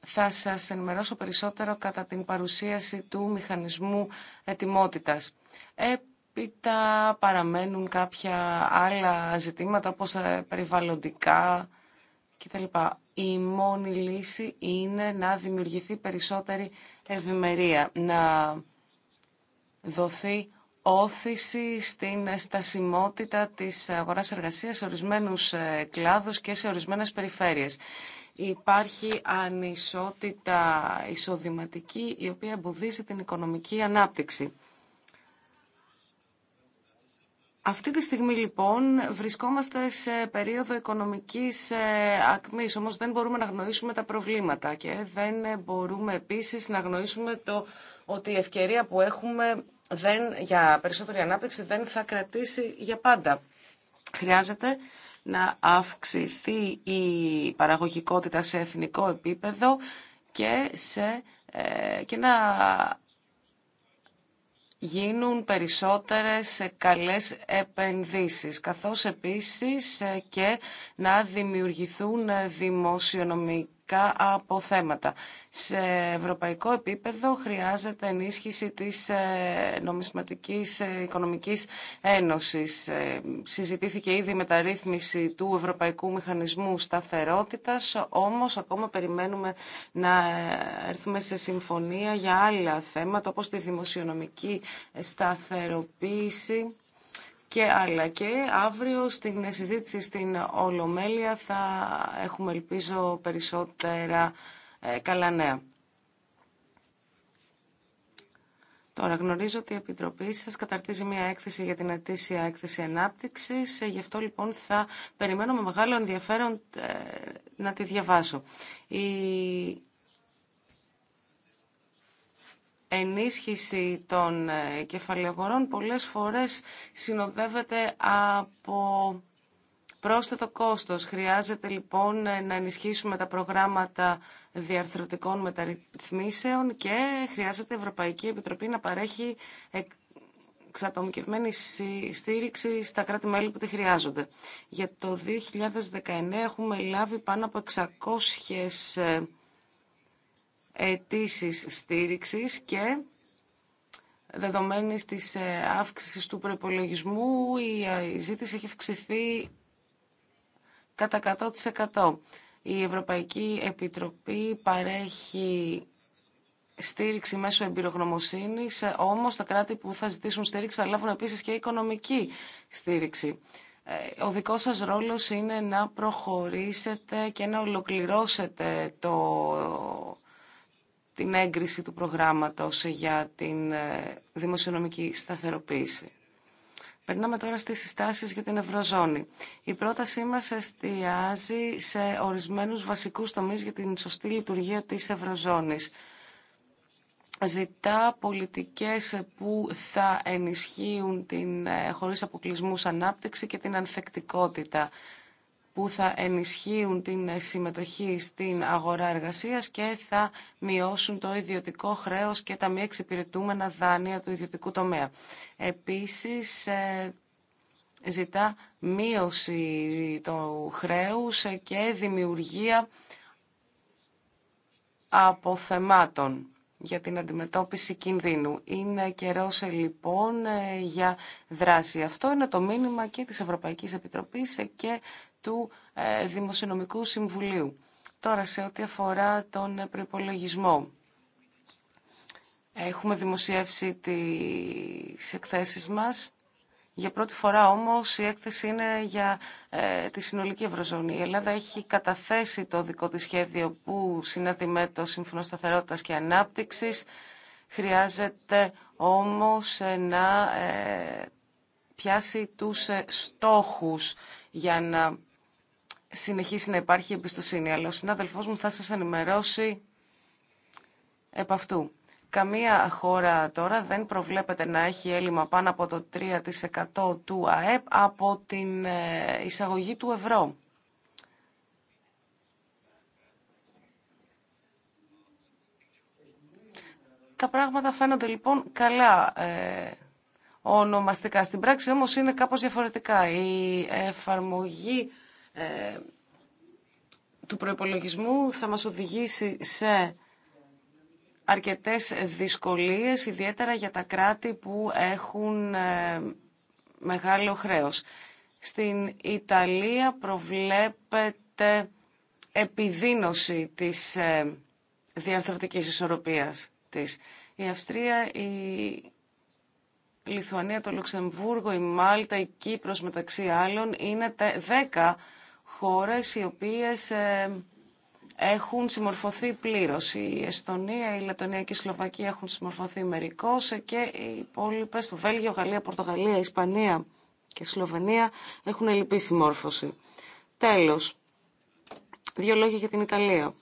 θα σας ενημερώσω περισσότερο κατά την παρουσίαση του μηχανισμού ετοιμότητας. Έπειτα παραμένουν κάποια άλλα ζητήματα όπως ε, περιβαλλοντικά κτλ. Η μόνη λύση είναι να δημιουργηθεί περισσότερη ευημερία, να δοθεί όθηση στην στασιμότητα της αγοράς εργασίας σε ορισμένους ε, κλάδους και σε ορισμένες περιφέρειες υπάρχει ανισότητα εισοδηματική η οποία εμποδίζει την οικονομική ανάπτυξη. Αυτή τη στιγμή λοιπόν βρισκόμαστε σε περίοδο οικονομικής ε, ακμής, όμως δεν μπορούμε να γνωρίσουμε τα προβλήματα και δεν μπορούμε επίσης να γνωρίσουμε το ότι η ευκαιρία που έχουμε δεν, για περισσότερη ανάπτυξη δεν θα κρατήσει για πάντα. Χρειάζεται να αυξηθεί η παραγωγικότητα σε εθνικό επίπεδο και, σε, ε, και να γίνουν περισσότερες καλές επενδύσεις, καθώς επίσης ε, και να δημιουργηθούν δημοσιονομικές αποθέματα. Σε ευρωπαϊκό επίπεδο χρειάζεται ενίσχυση της ε, νομισματικής ε, οικονομικής ένωσης. Ε, συζητήθηκε ήδη η μεταρρύθμιση του Ευρωπαϊκού Μηχανισμού Σταθερότητας, όμως ακόμα περιμένουμε να έρθουμε σε συμφωνία για άλλα θέματα όπως τη δημοσιονομική σταθεροποίηση και άλλα. Και αύριο στην συζήτηση στην Ολομέλεια θα έχουμε ελπίζω περισσότερα ε, καλά νέα. Τώρα γνωρίζω ότι η Επιτροπή σας καταρτίζει μια έκθεση για την ετήσια έκθεση ανάπτυξης, ε, γι' αυτό λοιπόν θα περιμένω με μεγάλο ενδιαφέρον ε, να τη διαβάσω ενίσχυση των ε, κεφαλαιογορών πολλές φορές συνοδεύεται από πρόσθετο κόστος. Χρειάζεται λοιπόν ε, να ενισχύσουμε τα προγράμματα διαρθρωτικών μεταρρυθμίσεων και χρειάζεται η Ευρωπαϊκή Επιτροπή να παρέχει εξατομικευμένη στήριξη στα κράτη-μέλη που τη χρειάζονται. Για το 2019 έχουμε λάβει πάνω από 600 αιτήσει στήριξης και δεδομένης της ε, αύξησης του προπολογισμού ε, η ζήτηση έχει αυξηθεί κατά 100%. Η Ευρωπαϊκή Επιτροπή παρέχει στήριξη μέσω εμπειρογνωμοσύνης, ε, όμως τα κράτη που θα ζητήσουν στήριξη θα λάβουν επίσης και οικονομική στήριξη. Ο δικός σας ρόλος είναι να προχωρήσετε και να ολοκληρώσετε το την έγκριση του προγράμματος για την ε, δημοσιονομική σταθεροποίηση. Περνάμε τώρα στις συστάσεις για την Ευρωζώνη. Η πρότασή μας εστιάζει σε ορισμένους βασικούς τομείς για την σωστή λειτουργία της Ευρωζώνης. Ζητά πολιτικές που θα ενισχύουν την ε, χωρίς αποκλεισμούς ανάπτυξη και την ανθεκτικότητα που θα ενισχύουν την συμμετοχή στην αγορά εργασίας και θα μειώσουν το ιδιωτικό χρέος και τα μη εξυπηρετούμενα δάνεια του ιδιωτικού τομέα. Επίσης, ε, ζητά μείωση του χρέους και δημιουργία αποθεμάτων για την αντιμετώπιση κινδύνου. Είναι καιρός ε, λοιπόν ε, για δράση. Αυτό είναι το μήνυμα και της Ευρωπαϊκής Επιτροπής και του ε, Δημοσιονομικού Συμβουλίου. Τώρα, σε ό,τι αφορά τον ε, προπολογισμό. Έχουμε δημοσιεύσει τις εκθέσεις μας. Για πρώτη φορά όμως η έκθεση είναι για ε, τη συνολική Ευρωζώνη. Η Ελλάδα έχει καταθέσει το δικό της σχέδιο που συνάδει με το Σύμφωνο Σταθερότητας και Ανάπτυξης. Χρειάζεται όμως να ε, πιάσει τους στόχους για να συνεχίσει να υπάρχει εμπιστοσύνη. Αλλά ο συνάδελφός μου θα σα ενημερώσει επ' αυτού. Καμία χώρα τώρα δεν προβλέπεται να έχει έλλειμμα πάνω από το 3% του ΑΕΠ από την ε, εισαγωγή του ευρώ. Τα πράγματα φαίνονται λοιπόν καλά ε, ονομαστικά. Στην πράξη όμως είναι κάπως διαφορετικά. Η εφαρμογή ε, του προϋπολογισμού θα μας οδηγήσει σε αρκετές δυσκολίες, ιδιαίτερα για τα κράτη που έχουν ε, μεγάλο χρέος. Στην Ιταλία προβλέπεται επιδίνωση της ε, διαρθρωτικής ισορροπίας της. Η Αυστρία, η Λιθουανία, το Λουξεμβούργο, η Μάλτα, η Κύπρος μεταξύ άλλων είναι δέκα χώρες οι οποίες ε, έχουν συμμορφωθεί πλήρως. Η Εστονία, η Λατονία και η Σλοβακία έχουν συμμορφωθεί μερικώς ε, και οι υπόλοιπε, το Βέλγιο, Γαλλία, Πορτογαλία, Ισπανία και Σλοβενία έχουν ελλειπή συμμόρφωση. Τέλος, δύο λόγια για την Ιταλία.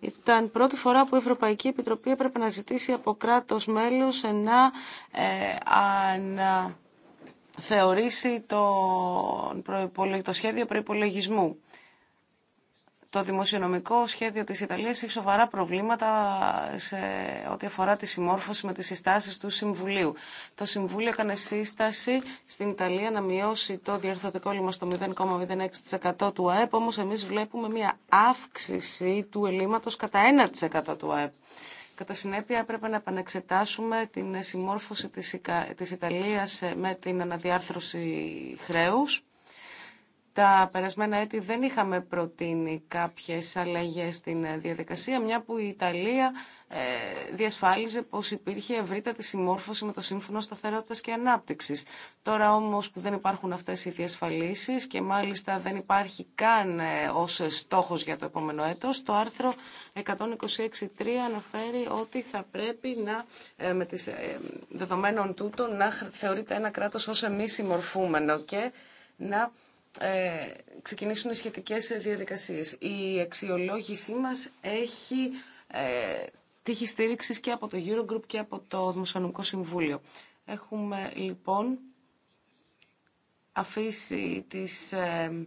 Ήταν πρώτη φορά που η Ευρωπαϊκή Επιτροπή έπρεπε να ζητήσει από κράτος μέλους να ε, θεωρήσει το σχέδιο προϋπολογισμού. Το δημοσιονομικό σχέδιο της Ιταλίας έχει σοβαρά προβλήματα σε ό,τι αφορά τη συμμόρφωση με τις συστάσεις του Συμβουλίου. Το Συμβούλιο έκανε σύσταση στην Ιταλία να μειώσει το διορθωτικό λίμα στο 0,06% του ΑΕΠ, όμως εμείς βλέπουμε μια αύξηση του ελλείμματος κατά 1% του ΑΕΠ. Κατά συνέπεια έπρεπε να επανεξετάσουμε την συμμόρφωση της Ιταλίας ε, με την αναδιάρθρωση χρέους τα περασμένα έτη δεν είχαμε προτείνει κάποιες αλλαγές στην ε, διαδικασία, μια που η Ιταλία ε, διασφάλιζε πως υπήρχε ευρύτατη συμμόρφωση με το Σύμφωνο Σταθερότητας και Ανάπτυξης. Τώρα όμως που δεν υπάρχουν αυτές οι διασφαλίσεις και μάλιστα δεν υπάρχει καν ε, ως στόχος για το επόμενο έτος, το άρθρο 126.3 αναφέρει ότι θα πρέπει να, με τις δεδομένων τούτων να θεωρείται ένα κράτος ως εμείς συμμορφούμενο και να ε, ξεκινήσουν οι σχετικές διαδικασίες. Η αξιολόγησή μας έχει ε, τύχει στήριξη και από το Eurogroup και από το Δημοσιονομικό Συμβούλιο. Έχουμε λοιπόν αφήσει τις ε,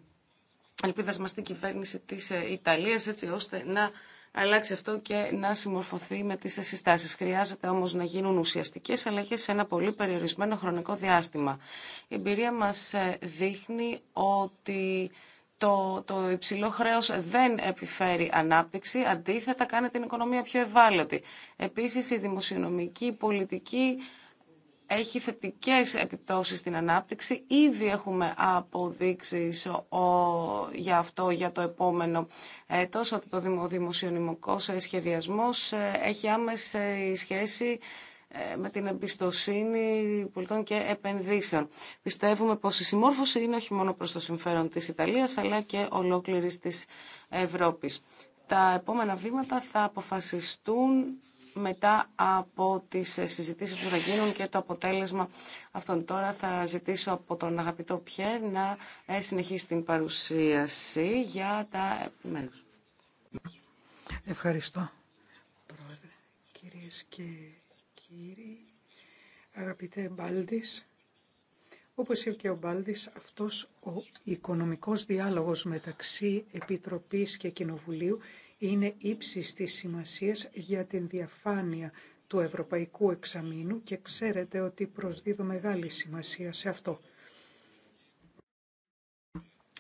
ελπίδας μας στην κυβέρνηση της Ιταλίας έτσι ώστε να αλλάξει αυτό και να συμμορφωθεί με τις συστάσεις. Χρειάζεται όμως να γίνουν ουσιαστικές αλλαγές σε ένα πολύ περιορισμένο χρονικό διάστημα. Η εμπειρία μας ε, δείχνει ότι το, το υψηλό χρέος δεν επιφέρει ανάπτυξη, αντίθετα κάνει την οικονομία πιο ευάλωτη. Επίσης η δημοσιονομική πολιτική έχει θετικές επιπτώσεις στην ανάπτυξη. Ήδη έχουμε αποδείξεις για αυτό για το επόμενο έτος, ότι το δημοσιονομικός σχεδιασμός ε, έχει άμεση σχέση ε, με την εμπιστοσύνη πολιτών και επενδύσεων. Πιστεύουμε πως η συμμόρφωση είναι όχι μόνο προς το συμφέρον της Ιταλίας, αλλά και ολόκληρης της Ευρώπης. Τα επόμενα βήματα θα αποφασιστούν μετά από τις συζητήσει που θα γίνουν και το αποτέλεσμα αυτών. Τώρα θα ζητήσω από τον αγαπητό Πιέρ να ε, συνεχίσει την παρουσίαση για τα επιμέρου. Ευχαριστώ, Πρόεδρε, κυρίες και κύριοι, αγαπητέ Μπάλτη. Όπως είπε και ο μπάλτη, αυτός ο οικονομικός διάλογος μεταξύ Επιτροπής και Κοινοβουλίου είναι ύψιστης της σημασίας για την διαφάνεια του Ευρωπαϊκού Εξαμήνου και ξέρετε ότι προσδίδω μεγάλη σημασία σε αυτό.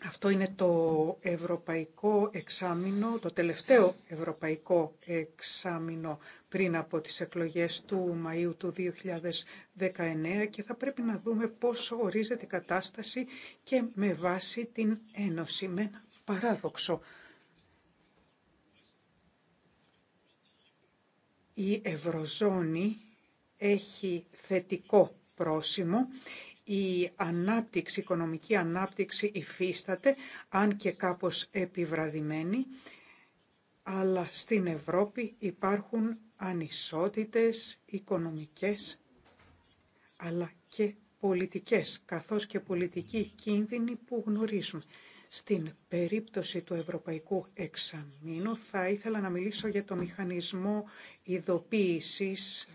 Αυτό είναι το ευρωπαϊκό εξάμεινο, το τελευταίο ευρωπαϊκό εξάμεινο πριν από τις εκλογές του Μαΐου του 2019 και θα πρέπει να δούμε πώς ορίζεται η κατάσταση και με βάση την Ένωση, με παράδοξο Η Ευρωζώνη έχει θετικό πρόσημο. Η ανάπτυξη, οικονομική ανάπτυξη υφίσταται, αν και κάπως επιβραδυμένη, αλλά στην Ευρώπη υπάρχουν ανισότητες οικονομικές, αλλά και πολιτικές, καθώς και πολιτικοί κίνδυνοι που γνωρίζουμε. Στην περίπτωση του Ευρωπαϊκού Εξαμήνου θα ήθελα να μιλήσω για το μηχανισμό ειδοποίησης.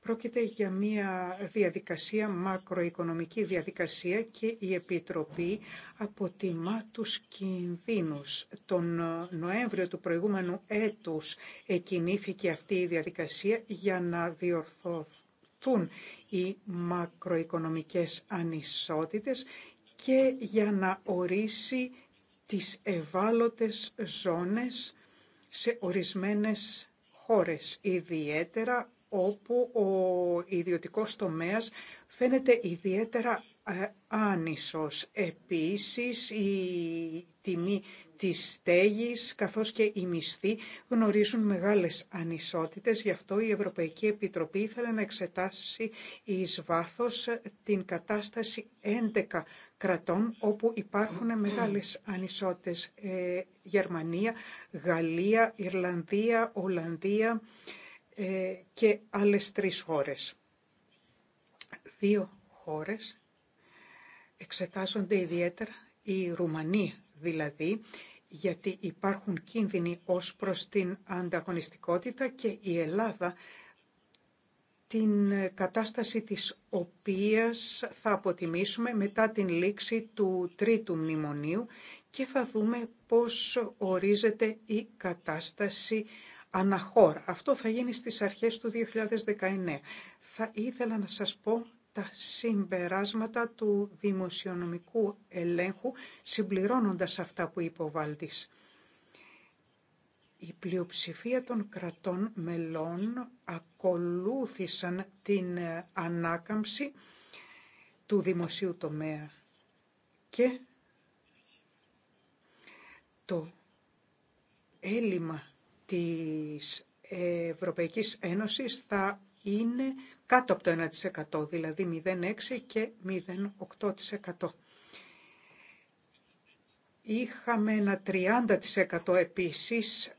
Πρόκειται για μια διαδικασία, μακροοικονομική διαδικασία και η Επιτροπή αποτιμά τους κινδύνους. Τον Νοέμβριο του προηγούμενου έτους εκινήθηκε αυτή η διαδικασία για να διορθωθούν οι μακροοικονομικές ανισότητες και για να ορίσει τις ευάλωτες ζώνες σε ορισμένες χώρες, ιδιαίτερα όπου ο ιδιωτικός τομέας φαίνεται ιδιαίτερα ε, άνισος. Επίσης, η τιμή της στέγης καθώς και οι μισθοί γνωρίζουν μεγάλες ανισότητες. Γι' αυτό η Ευρωπαϊκή Επιτροπή ήθελε να εξετάσει εις βάθος την κατάσταση 11 κρατών όπου υπάρχουν μεγάλες ανισότητες. Ε, Γερμανία, Γαλλία, Ιρλανδία, Ολλανδία ε, και άλλες τρεις χώρες. Δύο χώρες εξετάζονται ιδιαίτερα, η Ρουμανία δηλαδή, γιατί υπάρχουν κίνδυνοι ως προς την ανταγωνιστικότητα και η Ελλάδα την ε, κατάσταση της οποίας θα αποτιμήσουμε μετά την λήξη του τρίτου μνημονίου και θα δούμε πώς ορίζεται η κατάσταση αναχώρα. Αυτό θα γίνει στις αρχές του 2019. Θα ήθελα να σας πω τα συμπεράσματα του δημοσιονομικού ελέγχου συμπληρώνοντας αυτά που είπε ο Βάλτης. Η πλειοψηφία των κρατών μελών ακολούθησαν την ε, ανάκαμψη του δημοσίου τομέα και το έλλειμμα της Ευρωπαϊκής Ένωσης θα είναι κάτω από το 1%, δηλαδή 0,6 και 0,8%. Είχαμε ένα 30% επίσης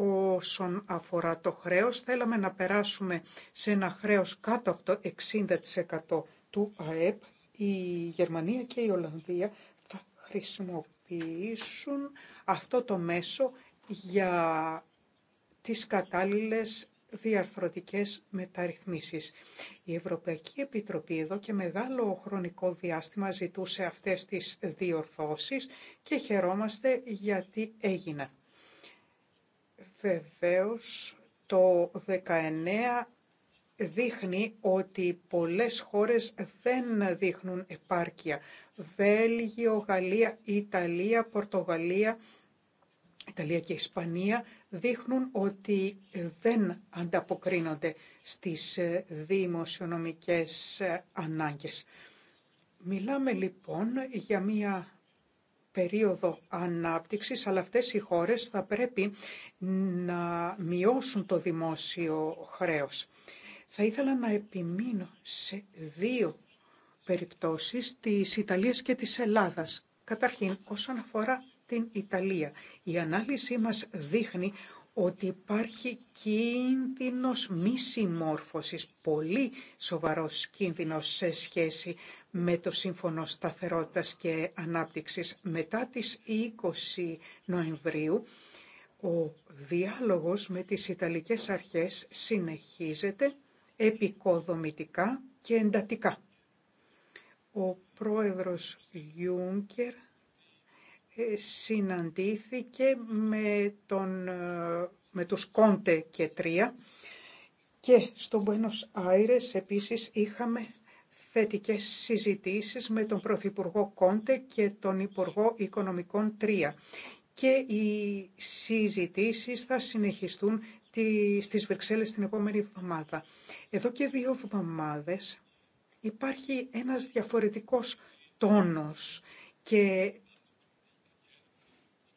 Όσον αφορά το χρέος, θέλαμε να περάσουμε σε ένα χρέος κάτω από το 60% του ΑΕΠ. Η Γερμανία και η Ολλανδία θα χρησιμοποιήσουν αυτό το μέσο για τις κατάλληλες διαρθρωτικές μεταρρυθμίσεις. Η Ευρωπαϊκή Επιτροπή εδώ και μεγάλο χρονικό διάστημα ζητούσε αυτές τις διορθώσεις και χαιρόμαστε γιατί έγιναν. Βεβαίως, το 19 δείχνει ότι πολλές χώρες δεν δείχνουν επάρκεια. Βέλγιο, Γαλλία, Ιταλία, Πορτογαλία, Ιταλία και Ισπανία δείχνουν ότι δεν ανταποκρίνονται στις δημοσιονομικές ανάγκες. Μιλάμε λοιπόν για μία περίοδο ανάπτυξης, αλλά αυτές οι χώρες θα πρέπει να μειώσουν το δημόσιο χρέος. Θα ήθελα να επιμείνω σε δύο περιπτώσεις της Ιταλίας και της Ελλάδας. Καταρχήν, όσον αφορά την Ιταλία, η ανάλυση μας δείχνει ότι υπάρχει κίνδυνος μη συμμόρφωσης, πολύ σοβαρός κίνδυνος σε σχέση με το Σύμφωνο Σταθερότητας και Ανάπτυξης. Μετά τις 20 Νοεμβρίου, ο διάλογος με τις Ιταλικές Αρχές συνεχίζεται επικοδομητικά και εντατικά. Ο πρόεδρος Γιούνκερ ε, συναντήθηκε με, τον, ε, με τους Κόντε και Τρία και στον Buenos Aires επίσης είχαμε θετικές συζητήσεις με τον Πρωθυπουργό Κόντε και τον Υπουργό Οικονομικών Τρία και οι συζητήσεις θα συνεχιστούν στις Βρυξέλλες την επόμενη εβδομάδα. Εδώ και δύο εβδομάδες υπάρχει ένας διαφορετικός τόνος και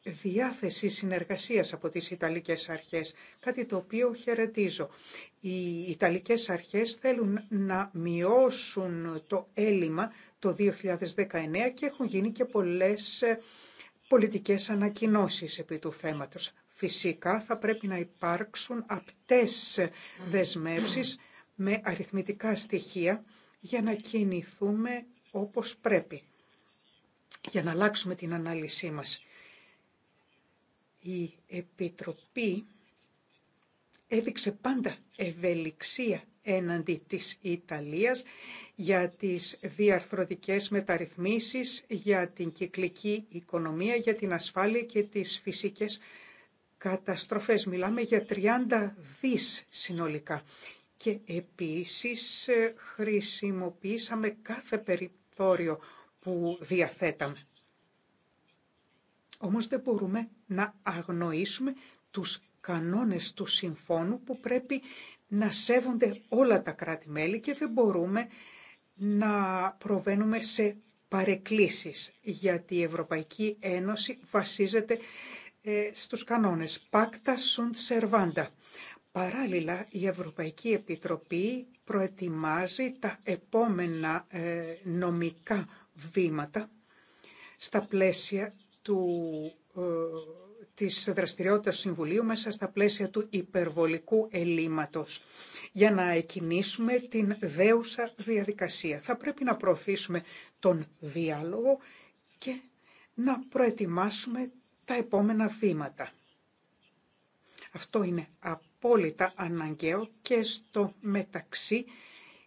διάθεση συνεργασίας από τις Ιταλικές αρχές, κάτι το οποίο χαιρετίζω. Οι Ιταλικές αρχές θέλουν να μειώσουν το έλλειμμα το 2019 και έχουν γίνει και πολλές ε, πολιτικές ανακοινώσεις επί του θέματος. Φυσικά θα πρέπει να υπάρξουν απτές δεσμεύσεις με αριθμητικά στοιχεία για να κινηθούμε όπως πρέπει, για να αλλάξουμε την ανάλυση μας. Η Επιτροπή έδειξε πάντα ευελιξία έναντι της Ιταλίας για τις διαρθρωτικές μεταρρυθμίσεις, για την κυκλική οικονομία, για την ασφάλεια και τις φυσικές καταστροφές. Μιλάμε για 30 δις συνολικά. Και επίσης ε, χρησιμοποιήσαμε κάθε περιθώριο που διαθέταμε. Όμως δεν μπορούμε να αγνοήσουμε τους κανόνες του συμφώνου που πρέπει να σέβονται όλα τα κράτη-μέλη και δεν μπορούμε να προβαίνουμε σε παρεκκλήσεις, γιατί η Ευρωπαϊκή Ένωση βασίζεται ε, στους κανόνες «Pacta sunt servanda». Παράλληλα, η Ευρωπαϊκή Επιτροπή προετοιμάζει τα επόμενα ε, νομικά βήματα στα πλαίσια του, ε, της δραστηριότητας του Συμβουλίου μέσα στα πλαίσια του υπερβολικού ελλείμματος για να εκινήσουμε την δέουσα διαδικασία. Θα πρέπει να προωθήσουμε τον διάλογο και να προετοιμάσουμε τα επόμενα βήματα. Αυτό είναι απόλυτα αναγκαίο και στο μεταξύ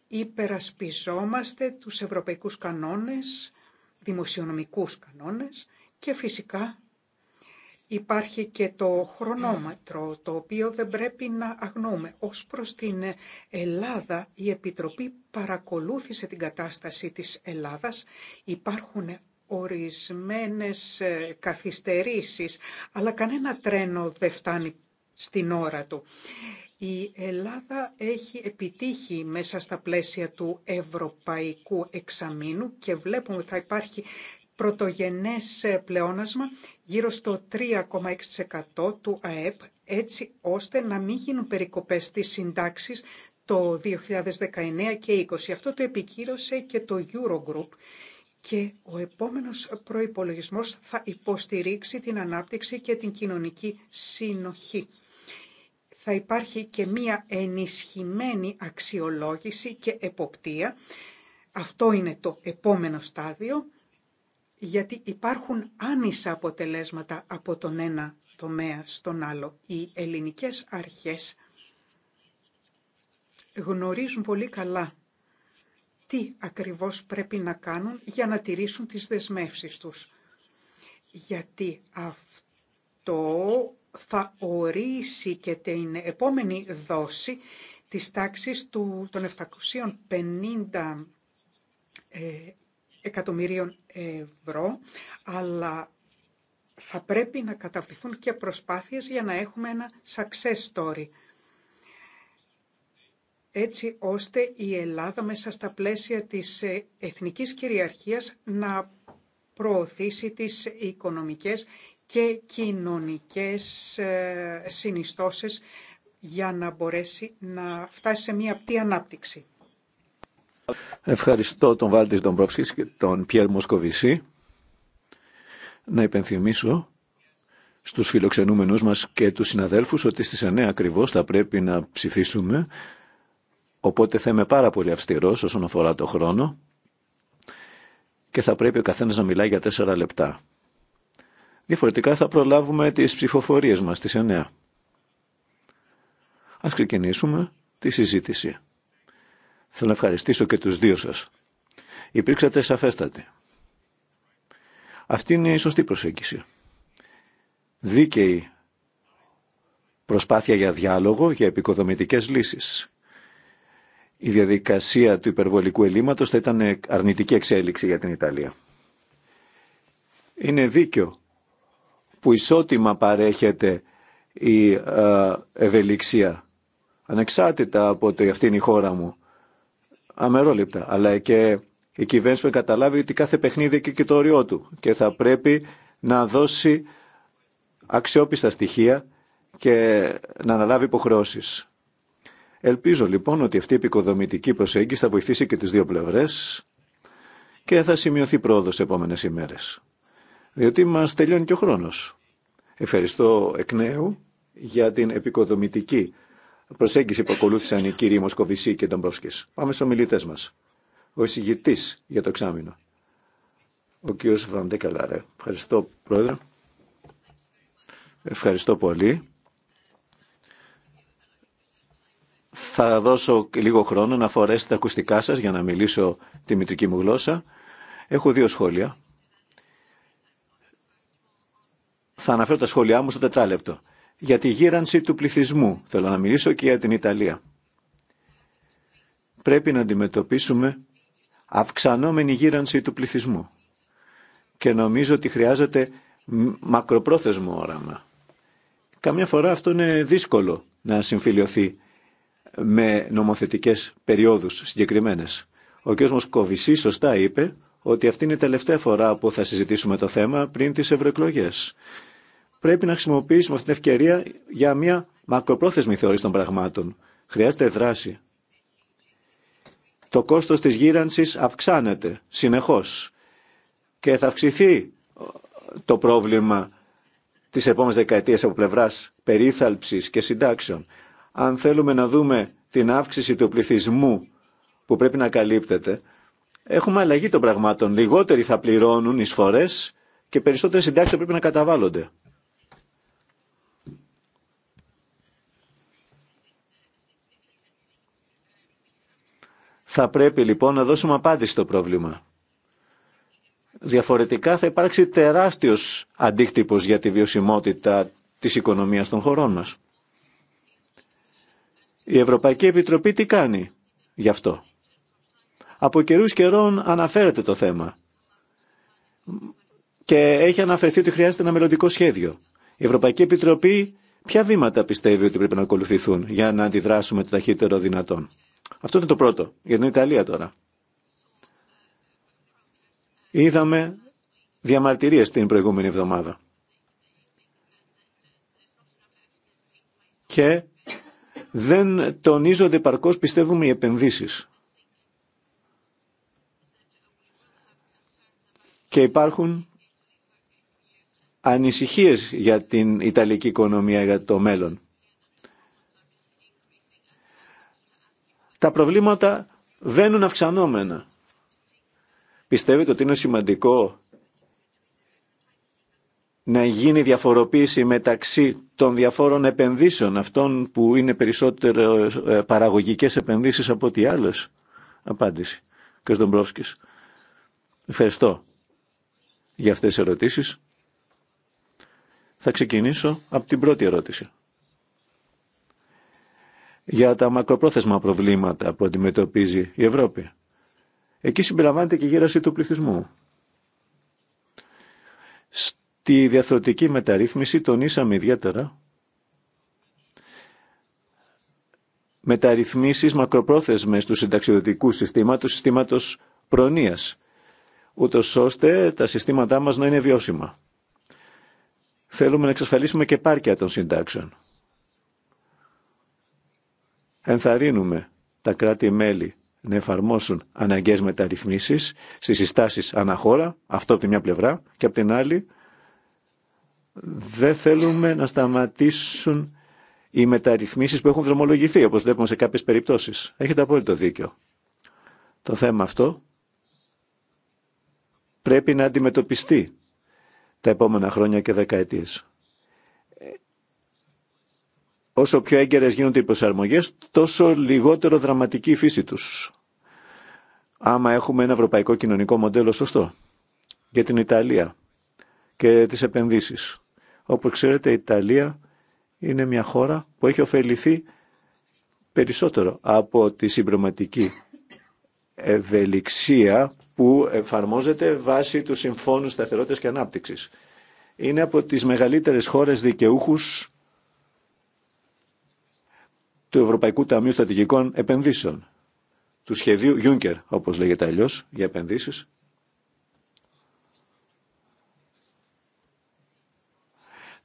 υπερασπιζόμαστε τους ευρωπαϊκούς κανόνες, δημοσιονομικούς κανόνες, και φυσικά υπάρχει και το χρονόμετρο, το οποίο δεν πρέπει να αγνοούμε Ως προς την Ελλάδα, η Επιτροπή παρακολούθησε την κατάσταση της Ελλάδας. Υπάρχουν ορισμένες ε, καθυστερήσεις, αλλά κανένα τρένο δεν φτάνει στην ώρα του. Η Ελλάδα έχει επιτύχει μέσα στα πλαίσια του ευρωπαϊκού εξαμήνου και βλέπουμε ότι θα υπάρχει πρωτογενές ε, πλεόνασμα γύρω στο 3,6% του ΑΕΠ, έτσι ώστε να μην γίνουν περικοπές στις συντάξεις το 2019 και 2020. Αυτό το επικύρωσε και το Eurogroup και ο επόμενος προϋπολογισμός θα υποστηρίξει την ανάπτυξη και την κοινωνική συνοχή. Θα υπάρχει και μία ενισχυμένη αξιολόγηση και εποπτεία. Αυτό είναι το επόμενο στάδιο γιατί υπάρχουν άνισα αποτελέσματα από τον ένα τομέα στον άλλο. Οι ελληνικές αρχές γνωρίζουν πολύ καλά τι ακριβώς πρέπει να κάνουν για να τηρήσουν τις δεσμεύσεις τους. Γιατί αυτό θα ορίσει και την επόμενη δόση της τάξης του, των 750 εκατομμυρίων ευρώ, αλλά θα πρέπει να καταβληθούν και προσπάθειες για να έχουμε ένα success story. Έτσι ώστε η Ελλάδα μέσα στα πλαίσια της ε, εθνικής κυριαρχίας να προωθήσει τις οικονομικές και κοινωνικές ε, συνιστώσεις για να μπορέσει να φτάσει σε μια απτή ανάπτυξη. Ευχαριστώ τον Βάλτης Ντομπρόφσκης και τον Πιέρ Μοσκοβισή. Να υπενθυμίσω στους φιλοξενούμενους μας και τους συναδέλφους ότι στις 9 ακριβώς θα πρέπει να ψηφίσουμε οπότε θα είμαι πάρα πολύ αυστηρός όσον αφορά το χρόνο και θα πρέπει ο καθένας να μιλάει για 4 λεπτά. Διαφορετικά θα προλάβουμε τις ψηφοφορίες μας στις 9. Ας ξεκινήσουμε τη συζήτηση. Θέλω να ευχαριστήσω και τους δύο σας. Υπήρξατε σαφέστατοι. Αυτή είναι η σωστή προσέγγιση. Δίκαιη προσπάθεια για διάλογο, για επικοδομητικές λύσεις. Η διαδικασία του υπερβολικού ελλείμματος θα ήταν αρνητική εξέλιξη για την Ιταλία. Είναι δίκαιο που ισότιμα παρέχεται η ε, ευελιξία, ανεξάρτητα από το αυτή είναι η χώρα μου αμερόληπτα. Αλλά και η κυβέρνηση πρέπει να καταλάβει ότι κάθε παιχνίδι έχει και το όριό του και θα πρέπει να δώσει αξιόπιστα στοιχεία και να αναλάβει υποχρεώσει. Ελπίζω λοιπόν ότι αυτή η επικοδομητική προσέγγιση θα βοηθήσει και τις δύο πλευρές και θα σημειωθεί πρόοδο σε επόμενε ημέρες. Διότι μας τελειώνει και ο χρόνο. Ευχαριστώ εκ νέου για την επικοδομητική προσέγγιση που ακολούθησαν οι κύριοι Μοσκοβισί και Ντομπρόσκη. Πάμε στου ομιλητέ μα. Ο εισηγητή για το εξάμεινο. Ο κ. Βραντέκαλαρε. Ευχαριστώ, Πρόεδρε. Ευχαριστώ πολύ. Θα δώσω λίγο χρόνο να φορέσετε τα ακουστικά σας για να μιλήσω τη μητρική μου γλώσσα. Έχω δύο σχόλια. Θα αναφέρω τα σχόλιά μου στο τετράλεπτο για τη γύρανση του πληθυσμού. Θέλω να μιλήσω και για την Ιταλία. Πρέπει να αντιμετωπίσουμε αυξανόμενη γύρανση του πληθυσμού. Και νομίζω ότι χρειάζεται μακροπρόθεσμο όραμα. Καμιά φορά αυτό είναι δύσκολο να συμφιλειωθεί με νομοθετικές περιόδους συγκεκριμένες. Ο κ. Μοσκοβισή σωστά είπε ότι αυτή είναι η τελευταία φορά που θα συζητήσουμε το θέμα πριν τις ευρωεκλογές πρέπει να χρησιμοποιήσουμε αυτή την ευκαιρία για μια μακροπρόθεσμη θεώρηση των πραγμάτων. Χρειάζεται δράση. Το κόστος της γύρανσης αυξάνεται συνεχώς και θα αυξηθεί ε, το πρόβλημα της επόμενης δεκαετίας από πλευράς περίθαλψης και συντάξεων. Αν θέλουμε να δούμε την αύξηση του πληθυσμού που πρέπει να καλύπτεται, έχουμε αλλαγή των πραγμάτων. Λιγότεροι θα πληρώνουν εισφορές και περισσότερες συντάξεις πρέπει να καταβάλλονται. Θα πρέπει λοιπόν να δώσουμε απάντηση στο πρόβλημα. Διαφορετικά θα υπάρξει τεράστιος αντίκτυπος για τη βιωσιμότητα της οικονομίας των χωρών μας. Η Ευρωπαϊκή Επιτροπή τι κάνει γι' αυτό. Από καιρούς καιρών αναφέρεται το θέμα και έχει αναφερθεί ότι χρειάζεται ένα μελλοντικό σχέδιο. Η Ευρωπαϊκή Επιτροπή ποια βήματα πιστεύει ότι πρέπει να ακολουθηθούν για να αντιδράσουμε το ταχύτερο δυνατόν. Αυτό ήταν το πρώτο, για την Ιταλία τώρα. Είδαμε διαμαρτυρίες την προηγούμενη εβδομάδα. Και δεν τονίζονται παρκώς, πιστεύουμε, οι επενδύσεις. Και υπάρχουν ανησυχίες για την Ιταλική οικονομία για το μέλλον. τα προβλήματα βαίνουν αυξανόμενα. Πιστεύετε ότι είναι σημαντικό να γίνει διαφοροποίηση μεταξύ των διαφόρων επενδύσεων, αυτών που είναι περισσότερο ε, παραγωγικές επενδύσεις από ό,τι άλλες. Απάντηση. Κ. Ευχαριστώ για αυτές τις ερωτήσεις. Θα ξεκινήσω από την πρώτη ερώτηση για τα μακροπρόθεσμα προβλήματα που αντιμετωπίζει η Ευρώπη. Εκεί συμπεριλαμβάνεται και η γύρωση του πληθυσμού. Στη διαθροτική μεταρρύθμιση τονίσαμε ιδιαίτερα μεταρρυθμίσεις μακροπρόθεσμες του συνταξιδοτικού συστήματος, συστήματος προνοίας, ούτω ώστε τα συστήματά μας να είναι βιώσιμα. Θέλουμε να εξασφαλίσουμε και πάρκια των συντάξεων Ενθαρρύνουμε τα κράτη-μέλη να εφαρμόσουν αναγκαίες μεταρρυθμίσεις στις συστάσεις αναχώρα, αυτό από τη μια πλευρά, και από την άλλη δεν θέλουμε να σταματήσουν οι μεταρρυθμίσεις που έχουν δρομολογηθεί, όπως βλέπουμε σε κάποιες περιπτώσεις. Έχετε απόλυτο δίκιο. Το θέμα αυτό πρέπει να αντιμετωπιστεί τα επόμενα χρόνια και δεκαετίες όσο πιο έγκαιρες γίνονται οι προσαρμογές, τόσο λιγότερο δραματική η φύση τους. Άμα έχουμε ένα ευρωπαϊκό κοινωνικό μοντέλο σωστό για την Ιταλία και τις επενδύσεις. Όπως ξέρετε η Ιταλία είναι μια χώρα που έχει ωφεληθεί περισσότερο από τη συμπροματική ευελιξία που εφαρμόζεται βάσει του Συμφώνου Σταθερότητας και Ανάπτυξης. Είναι από τις μεγαλύτερες χώρες δικαιούχους του Ευρωπαϊκού Ταμείου Στρατηγικών Επενδύσεων, του σχεδίου Juncker, όπως λέγεται αλλιώ για επενδύσεις.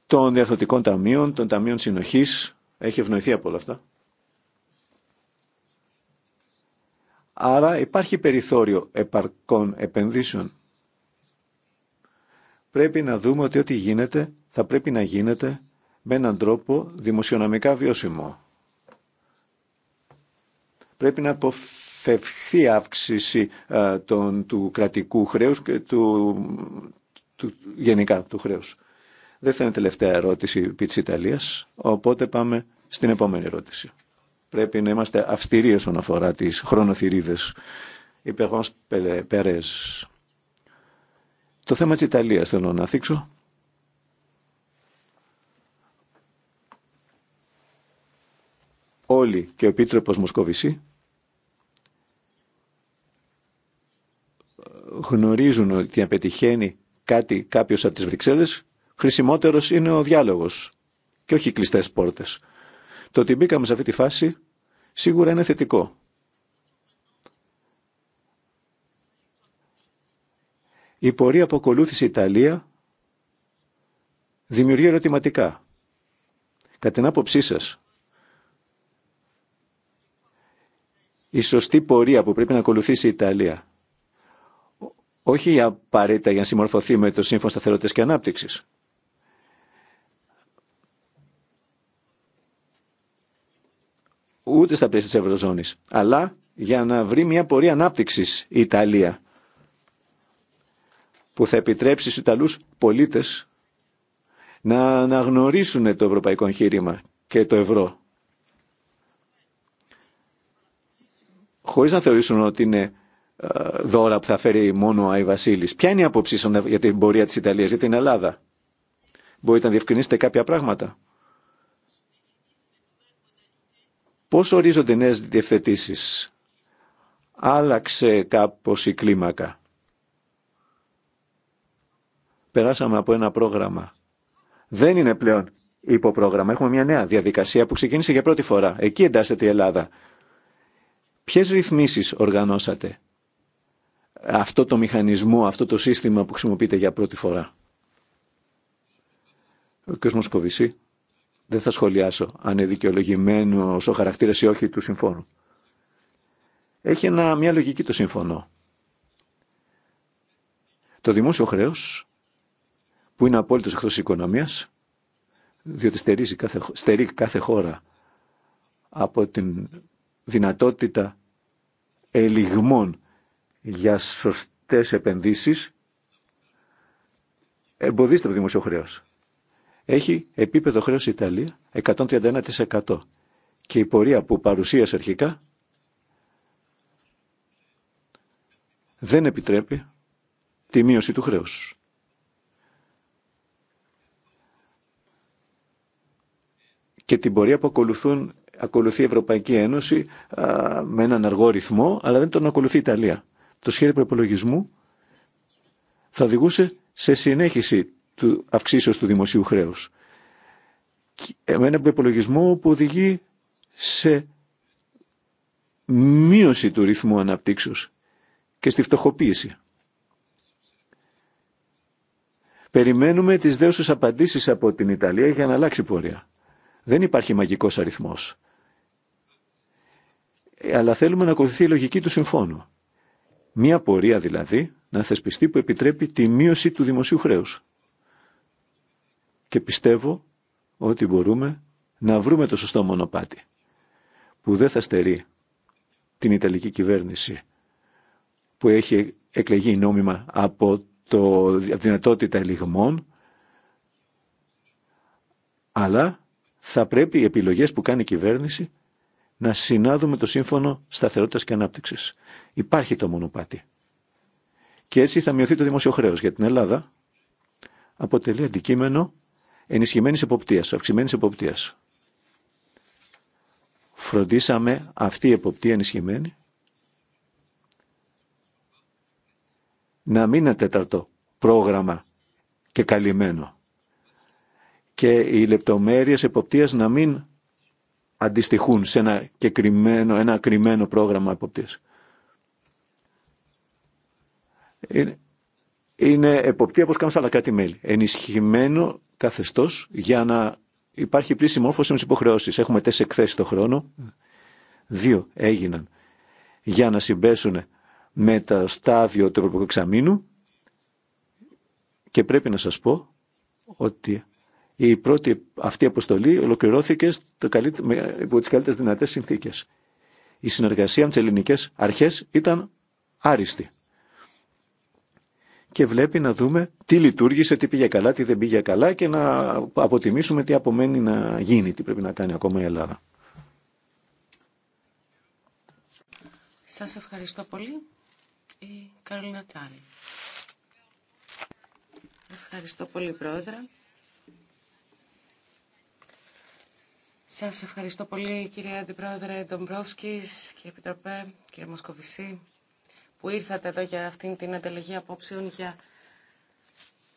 των διαθωτικών ταμείων, των ταμείων συνοχής, έχει ευνοηθεί από όλα αυτά. Άρα υπάρχει περιθώριο επαρκών επενδύσεων. Πρέπει να δούμε ότι ό,τι γίνεται θα πρέπει να γίνεται με έναν τρόπο δημοσιονομικά βιώσιμο. Πρέπει να αποφευχθεί αύξηση ε, των, του κρατικού χρέους και του, γενικά του χρέους. Δεν θα είναι τελευταία ερώτηση επί της Ιταλίας, οπότε πάμε στην επόμενη ερώτηση. Πρέπει να είμαστε αυστηροί όσον αφορά τις χρονοθυρίδες. Περές. Το θέμα της Ιταλίας θέλω να θίξω. Όλοι και ο Επίτροπος Μοσκοβισή γνωρίζουν ότι αν πετυχαίνει κάτι κάποιο από τις Βρυξέλλε, χρησιμότερο είναι ο διάλογο και όχι οι κλειστές πόρτες. Το ότι μπήκαμε σε αυτή τη φάση σίγουρα είναι θετικό. Η πορεία που ακολούθησε η Ιταλία δημιουργεί ερωτηματικά. Κατά την άποψή σας, η σωστή πορεία που πρέπει να ακολουθήσει η Ιταλία όχι απαραίτητα για να συμμορφωθεί με το Σύμφωνο σταθερότητα και Ανάπτυξης. Ούτε στα πλαίσια της Ευρωζώνης, αλλά για να βρει μια πορεία ανάπτυξης η Ιταλία που θα επιτρέψει στους Ιταλούς πολίτες να αναγνωρίσουν το ευρωπαϊκό εγχείρημα και το ευρώ. Χωρίς να θεωρήσουν ότι είναι δώρα που θα φέρει μόνο ο Άι Βασίλης. Ποια είναι η άποψή για την πορεία τη Ιταλία, για την Ελλάδα. Μπορείτε να διευκρινίσετε κάποια πράγματα. Πώς ορίζονται νέε διευθετήσεις. Άλλαξε κάπως η κλίμακα. Περάσαμε από ένα πρόγραμμα. Δεν είναι πλέον υποπρόγραμμα. Έχουμε μια νέα διαδικασία που ξεκίνησε για πρώτη φορά. Εκεί εντάσσεται η Ελλάδα. Ποιες ρυθμίσεις οργανώσατε αυτό το μηχανισμό, αυτό το σύστημα που χρησιμοποιείται για πρώτη φορά. Ο κ. Μοσκοβισή, δεν θα σχολιάσω αν είναι δικαιολογημένο ο χαρακτήρα ή όχι του συμφώνου. Έχει ένα, μια λογική το συμφωνώ. Το δημόσιο χρέο που είναι απόλυτο εκτός της οικονομίας, διότι στερεί κάθε, κάθε χώρα από την δυνατότητα ελιγμών για σωστές επενδύσεις, εμποδίστε το δημόσιο Έχει επίπεδο χρέος η Ιταλία 131% και η πορεία που παρουσίασε αρχικά δεν επιτρέπει τη μείωση του χρέους. Και την πορεία που ακολουθούν, ακολουθεί η Ευρωπαϊκή Ένωση με έναν αργό ρυθμό, αλλά δεν τον ακολουθεί η Ιταλία το σχέδιο προπολογισμού θα οδηγούσε σε συνέχιση του αυξήσεως του δημοσίου χρέους. Με έναν προπολογισμό που οδηγεί σε μείωση του ρυθμού αναπτύξεως και στη φτωχοποίηση. Περιμένουμε τις δέουσες απαντήσεις από την Ιταλία για να αλλάξει πορεία. Δεν υπάρχει μαγικός αριθμός. Ε, αλλά θέλουμε να ακολουθεί η λογική του συμφώνου. Μία πορεία δηλαδή να θεσπιστεί που επιτρέπει τη μείωση του δημοσίου χρέους. Και πιστεύω ότι μπορούμε να βρούμε το σωστό μονοπάτι που δεν θα στερεί την Ιταλική κυβέρνηση που έχει εκλεγεί νόμιμα από το δυνατότητα ελιγμών αλλά θα πρέπει οι επιλογές που κάνει η κυβέρνηση να συνάδουμε το Σύμφωνο Σταθερότητας και Ανάπτυξης. Υπάρχει το μονοπάτι. Και έτσι θα μειωθεί το δημόσιο για την Ελλάδα. Αποτελεί αντικείμενο ενισχυμένης εποπτείας, αυξημένη εποπτείας. Φροντίσαμε αυτή η εποπτεία ενισχυμένη να μην είναι τέταρτο πρόγραμμα και καλυμμένο και οι λεπτομέρειες εποπτείας να μην αντιστοιχούν σε ένα, κρυμμένο, ένα κρυμμένο πρόγραμμα εποπτείας. Είναι, είναι εποπτεία όπως κάνουμε άλλα κάτι μέλη. Ενισχυμένο καθεστώς για να υπάρχει πλήρη συμμόρφωση με τις υποχρεώσεις. Έχουμε τέσσερις εκθέσεις το χρόνο. Δύο έγιναν για να συμπέσουν με το στάδιο του Ευρωπαϊκού Εξαμήνου και πρέπει να σας πω ότι η πρώτη αυτή αποστολή ολοκληρώθηκε υπό τι καλύτερε δυνατέ συνθήκε. Η συνεργασία με τι ελληνικέ αρχέ ήταν άριστη. Και βλέπει να δούμε τι λειτουργήσε, τι πήγε καλά, τι δεν πήγε καλά και να αποτιμήσουμε τι απομένει να γίνει, τι πρέπει να κάνει ακόμα η Ελλάδα. Σας ευχαριστώ πολύ. Η Καρολίνα Τάρη. Ευχαριστώ πολύ, Πρόεδρε. Σας ευχαριστώ πολύ κύριε Αντιπρόεδρε Ντομπρόφσκης, κύριε Επιτροπέ, κύριε Μοσκοβισή, που ήρθατε εδώ για αυτήν την ανταλλαγή απόψεων για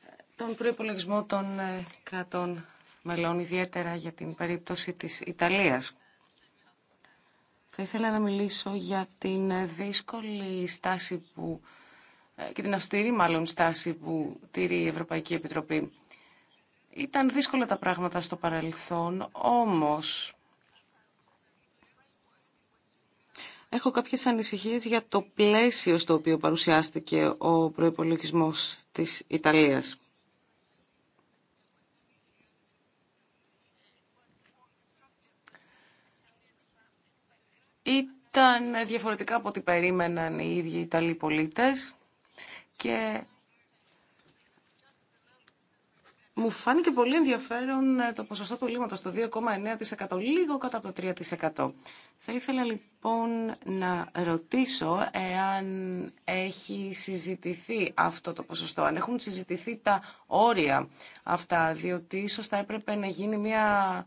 ε, τον προϋπολογισμό των ε, κρατών μελών, ιδιαίτερα για την περίπτωση της Ιταλίας. Θα ήθελα να μιλήσω για την ε, δύσκολη στάση που και την αυστηρή μάλλον στάση που τήρει η Ευρωπαϊκή Επιτροπή ήταν δύσκολα τα πράγματα στο παρελθόν, όμως έχω κάποιες ανησυχίες για το πλαίσιο στο οποίο παρουσιάστηκε ο προϋπολογισμός της Ιταλίας. Ήταν διαφορετικά από ό,τι περίμεναν οι ίδιοι Ιταλοί πολίτες και μου φάνηκε πολύ ενδιαφέρον ε, το ποσοστό του λίμματος, το 2,9%, λίγο κάτω από το 3%. Θα ήθελα λοιπόν να ρωτήσω εάν έχει συζητηθεί αυτό το ποσοστό, αν έχουν συζητηθεί τα όρια αυτά, διότι ίσως θα έπρεπε να γίνει μια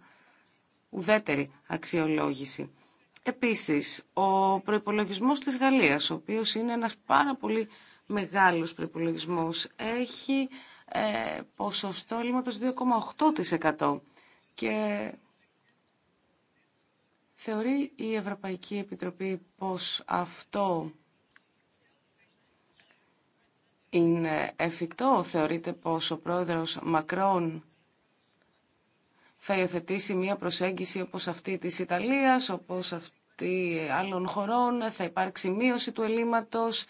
ουδέτερη αξιολόγηση. Επίσης, ο προϋπολογισμός της Γαλλίας, ο οποίος είναι ένας πάρα πολύ μεγάλος προϋπολογισμός, έχει ε, ποσοστό ελλείμματος 2,8% και θεωρεί η Ευρωπαϊκή Επιτροπή πως αυτό είναι εφικτό. Θεωρείται πως ο πρόεδρος Μακρόν θα υιοθετήσει μια προσέγγιση όπως αυτή της Ιταλίας, όπως αυτή άλλων χωρών, θα υπάρξει μείωση του ελλείμματος,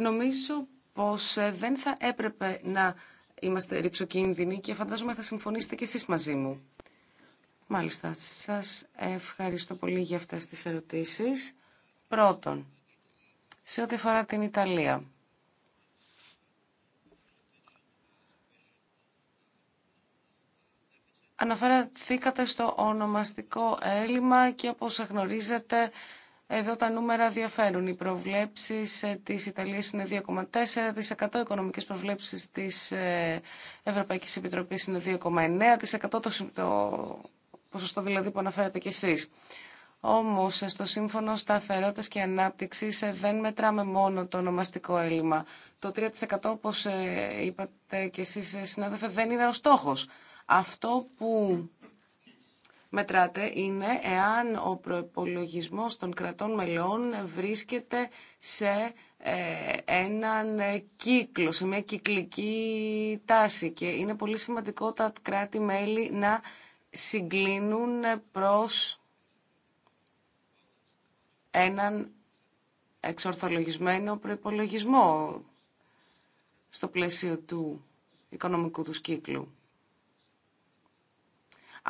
Νομίζω πως ε, δεν θα έπρεπε να είμαστε ρηψοκίνδυνοι και φαντάζομαι θα συμφωνήσετε κι εσείς μαζί μου. Μάλιστα, σας ευχαριστώ πολύ για αυτές τις ερωτήσεις. Πρώτον, σε ό,τι αφορά την Ιταλία. Αναφέρατε στο ονομαστικό έλλειμμα και όπως γνωρίζετε εδώ τα νούμερα διαφέρουν. Οι προβλέψεις ε, τη Ιταλία είναι 2,4%, οι οικονομικές προβλέψεις της ε, Ευρωπαϊκής Επιτροπής είναι 2,9%, το ποσοστό δηλαδή που αναφέρατε κι εσείς. Όμως, ε, στο Σύμφωνο Σταθερότητας και Ανάπτυξης δεν μετράμε μόνο το ονομαστικό έλλειμμα. Το 3% όπω είπατε κι εσεί συνάδελφε δεν είναι ο στόχος. Αυτό που μετράτε είναι εάν ο προϋπολογισμός των κρατών μελών βρίσκεται σε ε, έναν κύκλο, σε μια κυκλική τάση και είναι πολύ σημαντικό τα κράτη-μέλη να συγκλίνουν προς έναν εξορθολογισμένο προϋπολογισμό στο πλαίσιο του οικονομικού του κύκλου.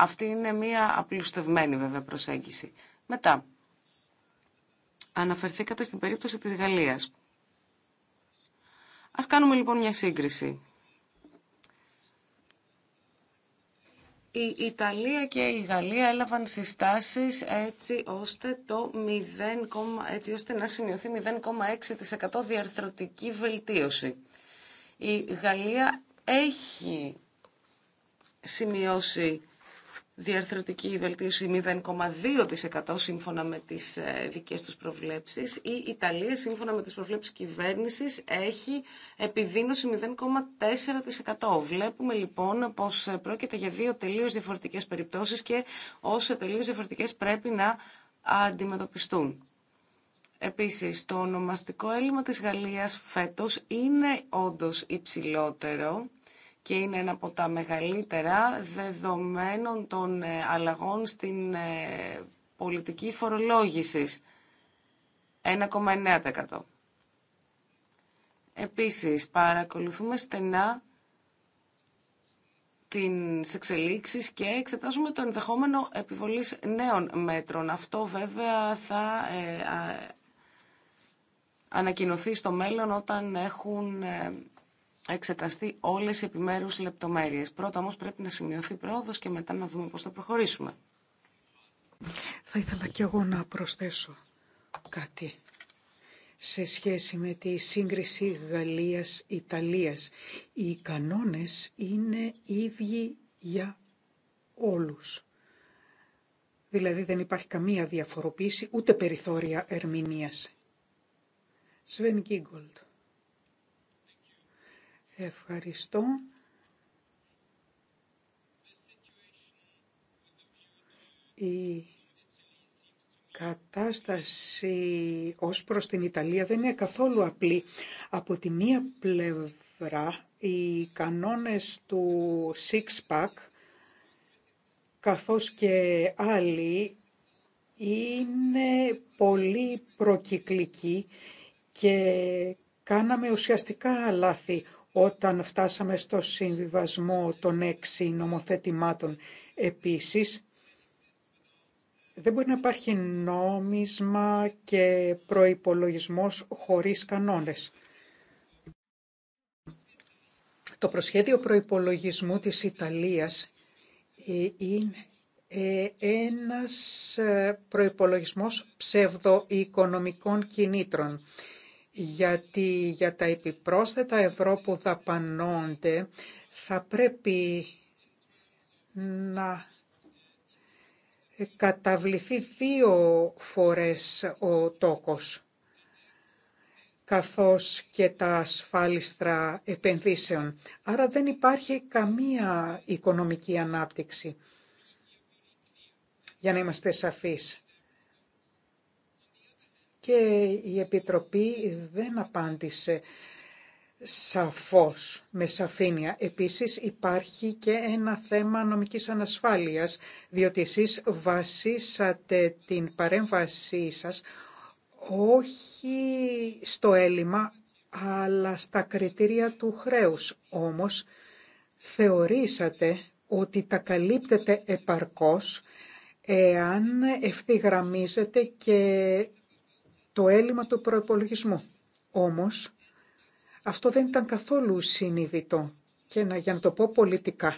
Αυτή είναι μία απλουστευμένη βέβαια προσέγγιση. Μετά, αναφερθήκατε στην περίπτωση της Γαλλίας. Ας κάνουμε λοιπόν μια σύγκριση. Η Ιταλία και η Γαλλία έλαβαν συστάσεις έτσι ώστε, το 0, έτσι ώστε να σημειωθεί 0,6% διαρθρωτική βελτίωση. Η Γαλλία έχει σημειώσει διαρθρωτική βελτίωση 0,2% σύμφωνα με τις ε, δικές τους προβλέψεις. Η Ιταλία σύμφωνα με τις προβλέψεις κυβέρνησης έχει επιδείνωση 0,4%. Βλέπουμε λοιπόν πως πρόκειται για δύο τελείως διαφορετικές περιπτώσεις και ως τελείως διαφορετικές πρέπει να αντιμετωπιστούν. Επίσης, το ονομαστικό έλλειμμα της Γαλλίας φέτος είναι όντως υψηλότερο και είναι ένα από τα μεγαλύτερα δεδομένων των ε, αλλαγών στην ε, πολιτική φορολόγησης. 1,9%. Επίσης, παρακολουθούμε στενά την εξελίξεις και εξετάζουμε το ενδεχόμενο επιβολής νέων μέτρων. Αυτό βέβαια θα ε, ανακοινωθεί στο μέλλον όταν έχουν εξεταστεί όλες οι επιμέρους λεπτομέρειες. Πρώτα όμω πρέπει να σημειωθεί πρόοδο και μετά να δούμε πώς θα προχωρήσουμε. Θα ήθελα κι εγώ να προσθέσω κάτι σε σχέση με τη σύγκριση Γαλλίας-Ιταλίας. Οι κανόνες είναι ίδιοι για όλους. Δηλαδή δεν υπάρχει καμία διαφοροποίηση ούτε περιθώρια ερμηνείας. Σβέν Γκίγκολτ. Ευχαριστώ. Η κατάσταση ως προς την Ιταλία δεν είναι καθόλου απλή. Από τη μία πλευρά οι κανόνες του Six Pack καθώς και άλλοι είναι πολύ προκυκλικοί και κάναμε ουσιαστικά λάθη όταν φτάσαμε στο συμβιβασμό των έξι νομοθετημάτων. Επίσης, δεν μπορεί να υπάρχει νόμισμα και προϋπολογισμός χωρίς κανόνες. Το προσχέδιο προϋπολογισμού της Ιταλίας ε, είναι ε, ένας ε, προϋπολογισμός ψευδοοικονομικών κινήτρων γιατί για τα επιπρόσθετα ευρώ που δαπανώνται θα πρέπει να καταβληθεί δύο φορές ο τόκος καθώς και τα ασφάλιστρα επενδύσεων. Άρα δεν υπάρχει καμία οικονομική ανάπτυξη. Για να είμαστε σαφείς και η Επιτροπή δεν απάντησε σαφώς, με σαφήνεια. Επίσης υπάρχει και ένα θέμα νομικής ανασφάλειας, διότι εσείς βασίσατε την παρέμβασή σας όχι στο έλλειμμα, αλλά στα κριτήρια του χρέους. Όμως θεωρήσατε ότι τα καλύπτεται επαρκώς εάν ευθυγραμμίζεται και το έλλειμμα του προϋπολογισμού. Όμως, αυτό δεν ήταν καθόλου συνειδητό και να, για να το πω πολιτικά.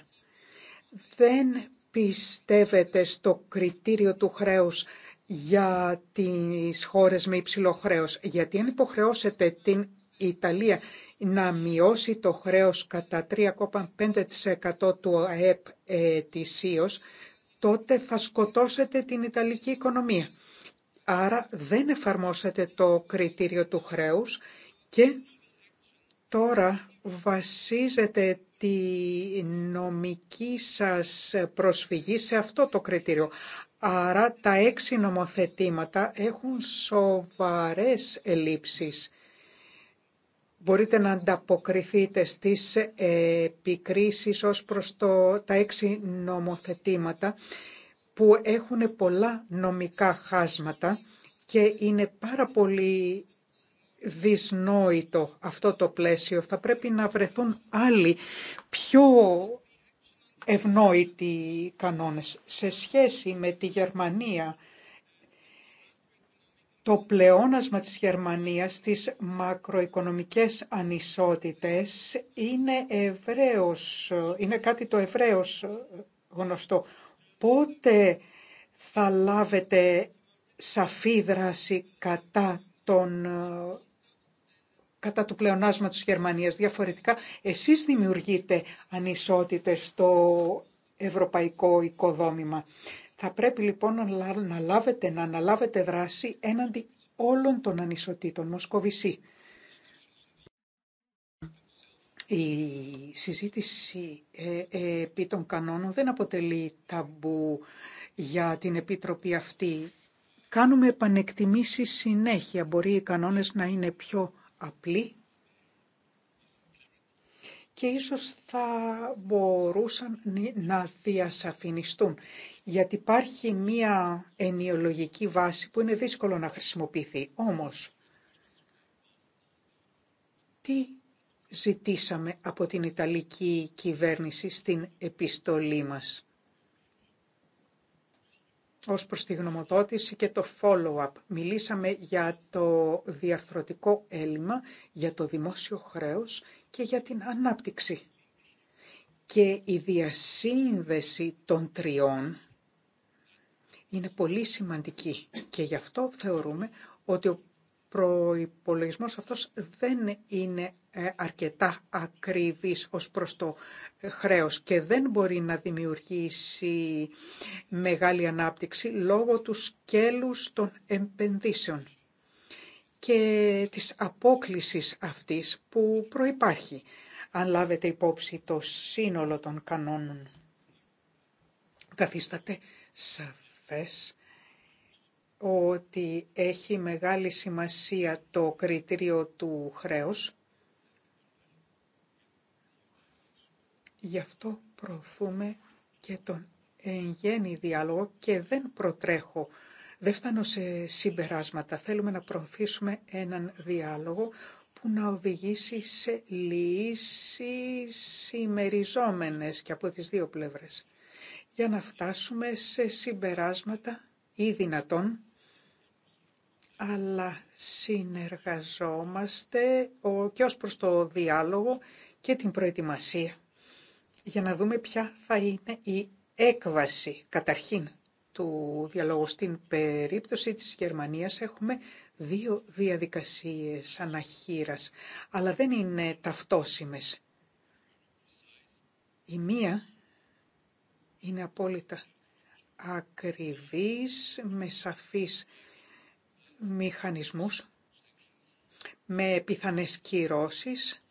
Δεν πιστεύετε στο κριτήριο του χρέους για τις χώρες με υψηλό χρέος, γιατί αν υποχρεώσετε την Ιταλία να μειώσει το χρέος κατά 3,5% του ΑΕΠ ετησίως, τότε θα σκοτώσετε την Ιταλική οικονομία άρα δεν εφαρμόσατε το κριτήριο του χρέους και τώρα βασίζετε τη νομική σας προσφυγή σε αυτό το κριτήριο. Άρα τα έξι νομοθετήματα έχουν σοβαρές ελλείψεις. Μπορείτε να ανταποκριθείτε στις επικρίσεις ως προς τα έξι νομοθετήματα που έχουν πολλά νομικά χάσματα και είναι πάρα πολύ δυσνόητο αυτό το πλαίσιο. Θα πρέπει να βρεθούν άλλοι πιο ευνόητοι κανόνες. Σε σχέση με τη Γερμανία, το πλεόνασμα της Γερμανίας στις μακροοικονομικές ανισότητες είναι, ευραίος, είναι κάτι το ευρέως γνωστό πότε θα λάβετε σαφή δράση κατά, τον, ε, κατά του πλεονάσματος της Γερμανίας. Διαφορετικά, εσείς δημιουργείτε ανισότητες στο ευρωπαϊκό οικοδόμημα. Θα πρέπει λοιπόν να, λάβετε, να αναλάβετε δράση έναντι όλων των ανισοτήτων. Μοσκοβισή. Η συζήτηση ε, επί των κανόνων δεν αποτελεί ταμπού για την Επίτροπη αυτή. Κάνουμε επανεκτιμήσεις συνέχεια. Μπορεί οι κανόνες να είναι πιο απλοί και ίσως θα μπορούσαν να διασαφινιστούν. Γιατί υπάρχει μία ενιολογική βάση που είναι δύσκολο να χρησιμοποιηθεί. Όμως, τι ζητήσαμε από την Ιταλική κυβέρνηση στην επιστολή μας ως προς τη γνωμοδότηση και το follow-up. Μιλήσαμε για το διαρθρωτικό έλλειμμα, για το δημόσιο χρέος και για την ανάπτυξη. Και η διασύνδεση των τριών είναι πολύ σημαντική και γι' αυτό θεωρούμε ότι ο προϋπολογισμός αυτός δεν είναι ε, αρκετά ακρίβης ως προς το χρέος και δεν μπορεί να δημιουργήσει μεγάλη ανάπτυξη λόγω του σκέλους των επενδύσεων και της απόκλησης αυτής που προϋπάρχει, αν λάβετε υπόψη το σύνολο των κανόνων. Καθίσταται σαφές ότι έχει μεγάλη σημασία το κριτήριο του χρέους. Γι' αυτό προωθούμε και τον εν διάλογο και δεν προτρέχω. Δεν φτάνω σε συμπεράσματα. Θέλουμε να προωθήσουμε έναν διάλογο που να οδηγήσει σε λύσεις ημεριζόμενες και από τις δύο πλευρές για να φτάσουμε σε συμπεράσματα ή δυνατόν αλλά συνεργαζόμαστε και ως προς το διάλογο και την προετοιμασία για να δούμε ποια θα είναι η έκβαση καταρχήν του διαλόγου. Στην περίπτωση της Γερμανίας έχουμε δύο διαδικασίες αναχείρας, αλλά δεν είναι ταυτόσιμες. Η μία είναι απόλυτα ακριβής, με μηχανισμούς με πιθανές κυρώσεις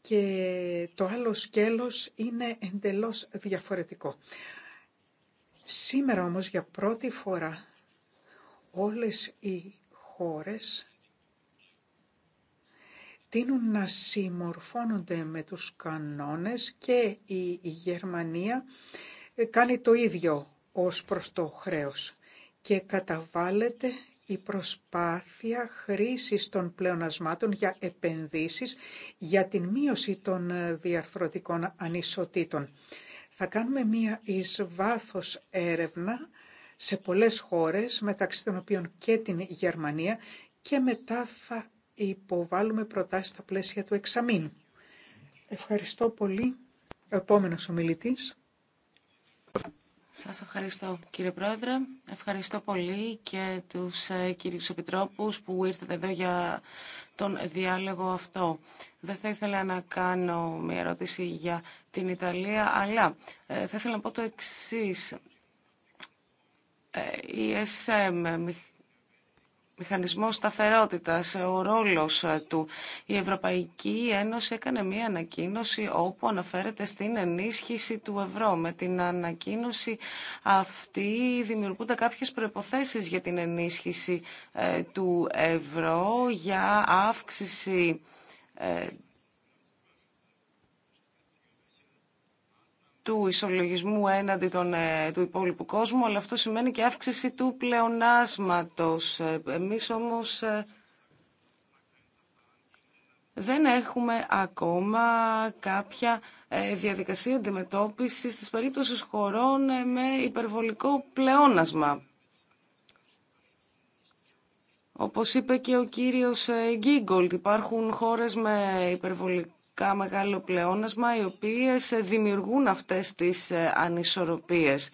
και το άλλο σκέλος είναι εντελώς διαφορετικό. Σήμερα όμως για πρώτη φορά όλες οι χώρες τείνουν να συμμορφώνονται με τους κανόνες και η Γερμανία κάνει το ίδιο ως προς το χρέος και καταβάλλεται η προσπάθεια χρήσης των πλεονασμάτων για επενδύσεις για την μείωση των ε, διαρθρωτικών ανισοτήτων. Θα κάνουμε μία εις έρευνα σε πολλές χώρες, μεταξύ των οποίων και την Γερμανία, και μετά θα υποβάλουμε προτάσεις στα πλαίσια του εξαμήνου. Ευχαριστώ πολύ. Ο επόμενος ομιλητής. Σας ευχαριστώ κύριε Πρόεδρε. Ευχαριστώ πολύ και τους ε, κύριους επιτρόπους που ήρθατε εδώ για τον διάλογο αυτό. Δεν θα ήθελα να κάνω μια ερώτηση για την Ιταλία, αλλά ε, θα ήθελα να πω το εξής. Ε, η Μηχανισμός σταθερότητας, ο ρόλος του. Η Ευρωπαϊκή Ένωση έκανε μία ανακοίνωση όπου αναφέρεται στην ενίσχυση του ευρώ. Με την ανακοίνωση αυτή δημιουργούνται κάποιες προϋποθέσεις για την ενίσχυση ε, του ευρώ, για αύξηση ε, του ισολογισμού έναντι των, ε, του υπόλοιπου κόσμου, αλλά αυτό σημαίνει και αύξηση του πλεονάσματος. Ε, εμείς όμως ε, δεν έχουμε ακόμα κάποια διαδικασία αντιμετώπισης της περίπτωσης χωρών με υπερβολικό πλεόνασμα. Όπως είπε και ο κύριος Γκίγκολτ, υπάρχουν χώρες με υπερβολικό μεγάλο πλεόνασμα, οι οποίες δημιουργούν αυτές τις ε, ανισορροπίες.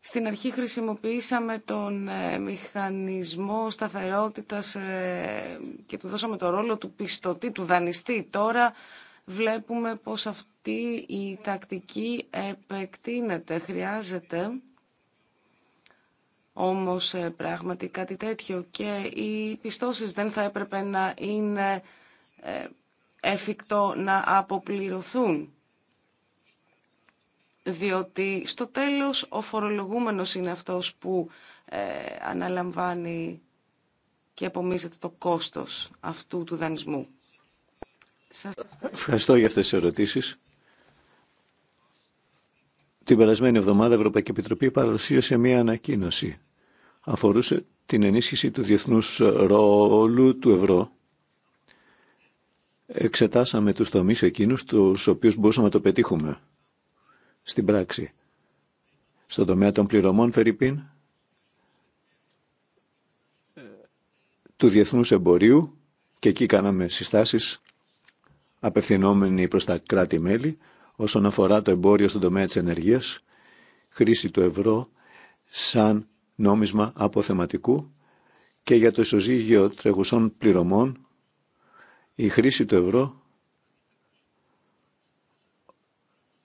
Στην αρχή χρησιμοποιήσαμε τον ε, μηχανισμό σταθερότητας ε, και του δώσαμε το ρόλο του πιστωτή, του δανειστή. Τώρα βλέπουμε πως αυτή η τακτική επεκτείνεται, χρειάζεται όμως πράγματι κάτι τέτοιο και οι πιστώσεις δεν θα έπρεπε να είναι ε, εφικτό να αποπληρωθούν. Διότι στο τέλος ο φορολογούμενος είναι αυτός που ε, αναλαμβάνει και απομίζεται το κόστος αυτού του δανεισμού. Σας ευχαριστώ για αυτές τις ερωτήσεις. Την περασμένη εβδομάδα η Ευρωπαϊκή Επιτροπή παρουσίασε μια ανακοίνωση. Αφορούσε την ενίσχυση του διεθνούς ρόλου του ευρώ εξετάσαμε τους τομείς εκείνους τους οποίους μπορούσαμε να το πετύχουμε στην πράξη. Στον τομέα των πληρωμών, Φερρυπίν, του διεθνούς εμπορίου και εκεί κάναμε συστάσεις απευθυνόμενοι προς τα κράτη-μέλη όσον αφορά το εμπόριο στον τομέα της ενεργείας, χρήση του ευρώ σαν νόμισμα αποθεματικού και για το ισοζύγιο τρεγουσών πληρωμών η χρήση του ευρώ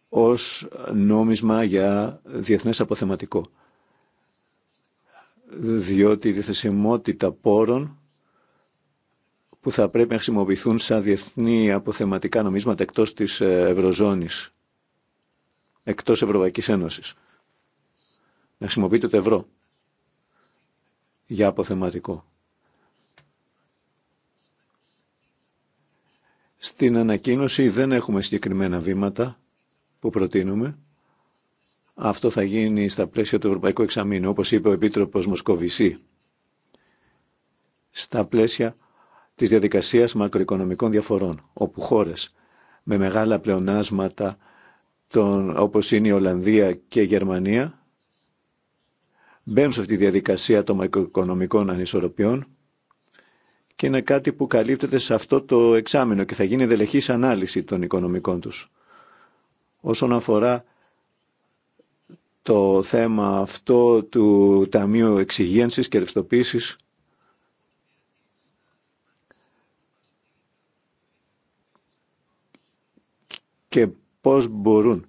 ως νόμισμα για διεθνές αποθεματικό. Διότι η διθεσιμότητα πόρων που θα πρέπει να χρησιμοποιηθούν σαν διεθνή αποθεματικά νομίσματα εκτός της ε, Ευρωζώνης, εκτός Ευρωπαϊκής Ένωσης. Να χρησιμοποιείται το ευρώ για αποθεματικό. Στην ανακοίνωση δεν έχουμε συγκεκριμένα βήματα που προτείνουμε. Αυτό θα γίνει στα πλαίσια του Ευρωπαϊκού Εξαμήνου, όπως είπε ο Επίτροπος Μοσκοβισή. Στα πλαίσια της διαδικασίας μακροοικονομικών διαφορών, όπου χώρες με μεγάλα πλεονάσματα, τον όπως είναι η Ολλανδία και η Γερμανία, μπαίνουν σε αυτή τη διαδικασία των μακροοικονομικών ανισορροπιών και είναι κάτι που καλύπτεται σε αυτό το εξάμεινο και θα γίνει δελεχής ανάλυση των οικονομικών τους. Όσον αφορά το θέμα αυτό του Ταμείου Εξυγένσης και Ρευστοποίησης, και πώς μπορούν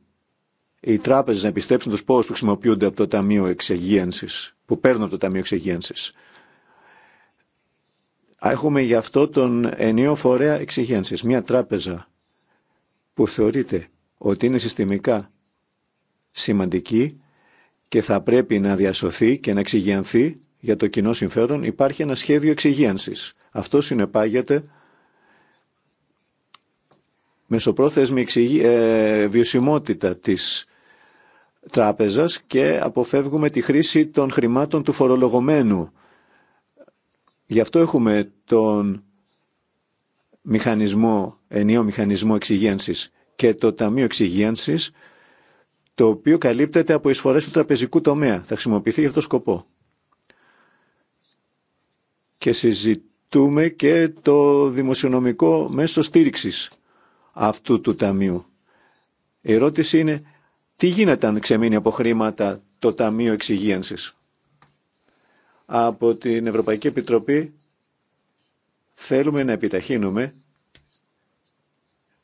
οι τράπεζες να επιστρέψουν τους πόρους που χρησιμοποιούνται από το Ταμείο Εξεγίανσης, που παίρνουν από το Ταμείο Εξεγίανσης. Έχουμε γι' αυτό τον ενίο φορέα εξυγένσης. μια τράπεζα που θεωρείται ότι είναι συστημικά σημαντική και θα πρέπει να διασωθεί και να εξυγενθεί για το κοινό συμφέρον, υπάρχει ένα σχέδιο εξυγένσης. Αυτό συνεπάγεται μεσοπρόθεσμη ε, βιωσιμότητα της τράπεζας και αποφεύγουμε τη χρήση των χρημάτων του φορολογωμένου Γι' αυτό έχουμε τον μηχανισμό, ενίο μηχανισμό εξυγένσης και το Ταμείο Εξυγένσης, το οποίο καλύπτεται από εισφορές του τραπεζικού τομέα. Θα χρησιμοποιηθεί για αυτό σκοπό. Και συζητούμε και το δημοσιονομικό μέσο στήριξης αυτού του Ταμείου. Η ερώτηση είναι τι γίνεται αν ξεμείνει από χρήματα το Ταμείο Εξυγένσης από την Ευρωπαϊκή Επιτροπή θέλουμε να επιταχύνουμε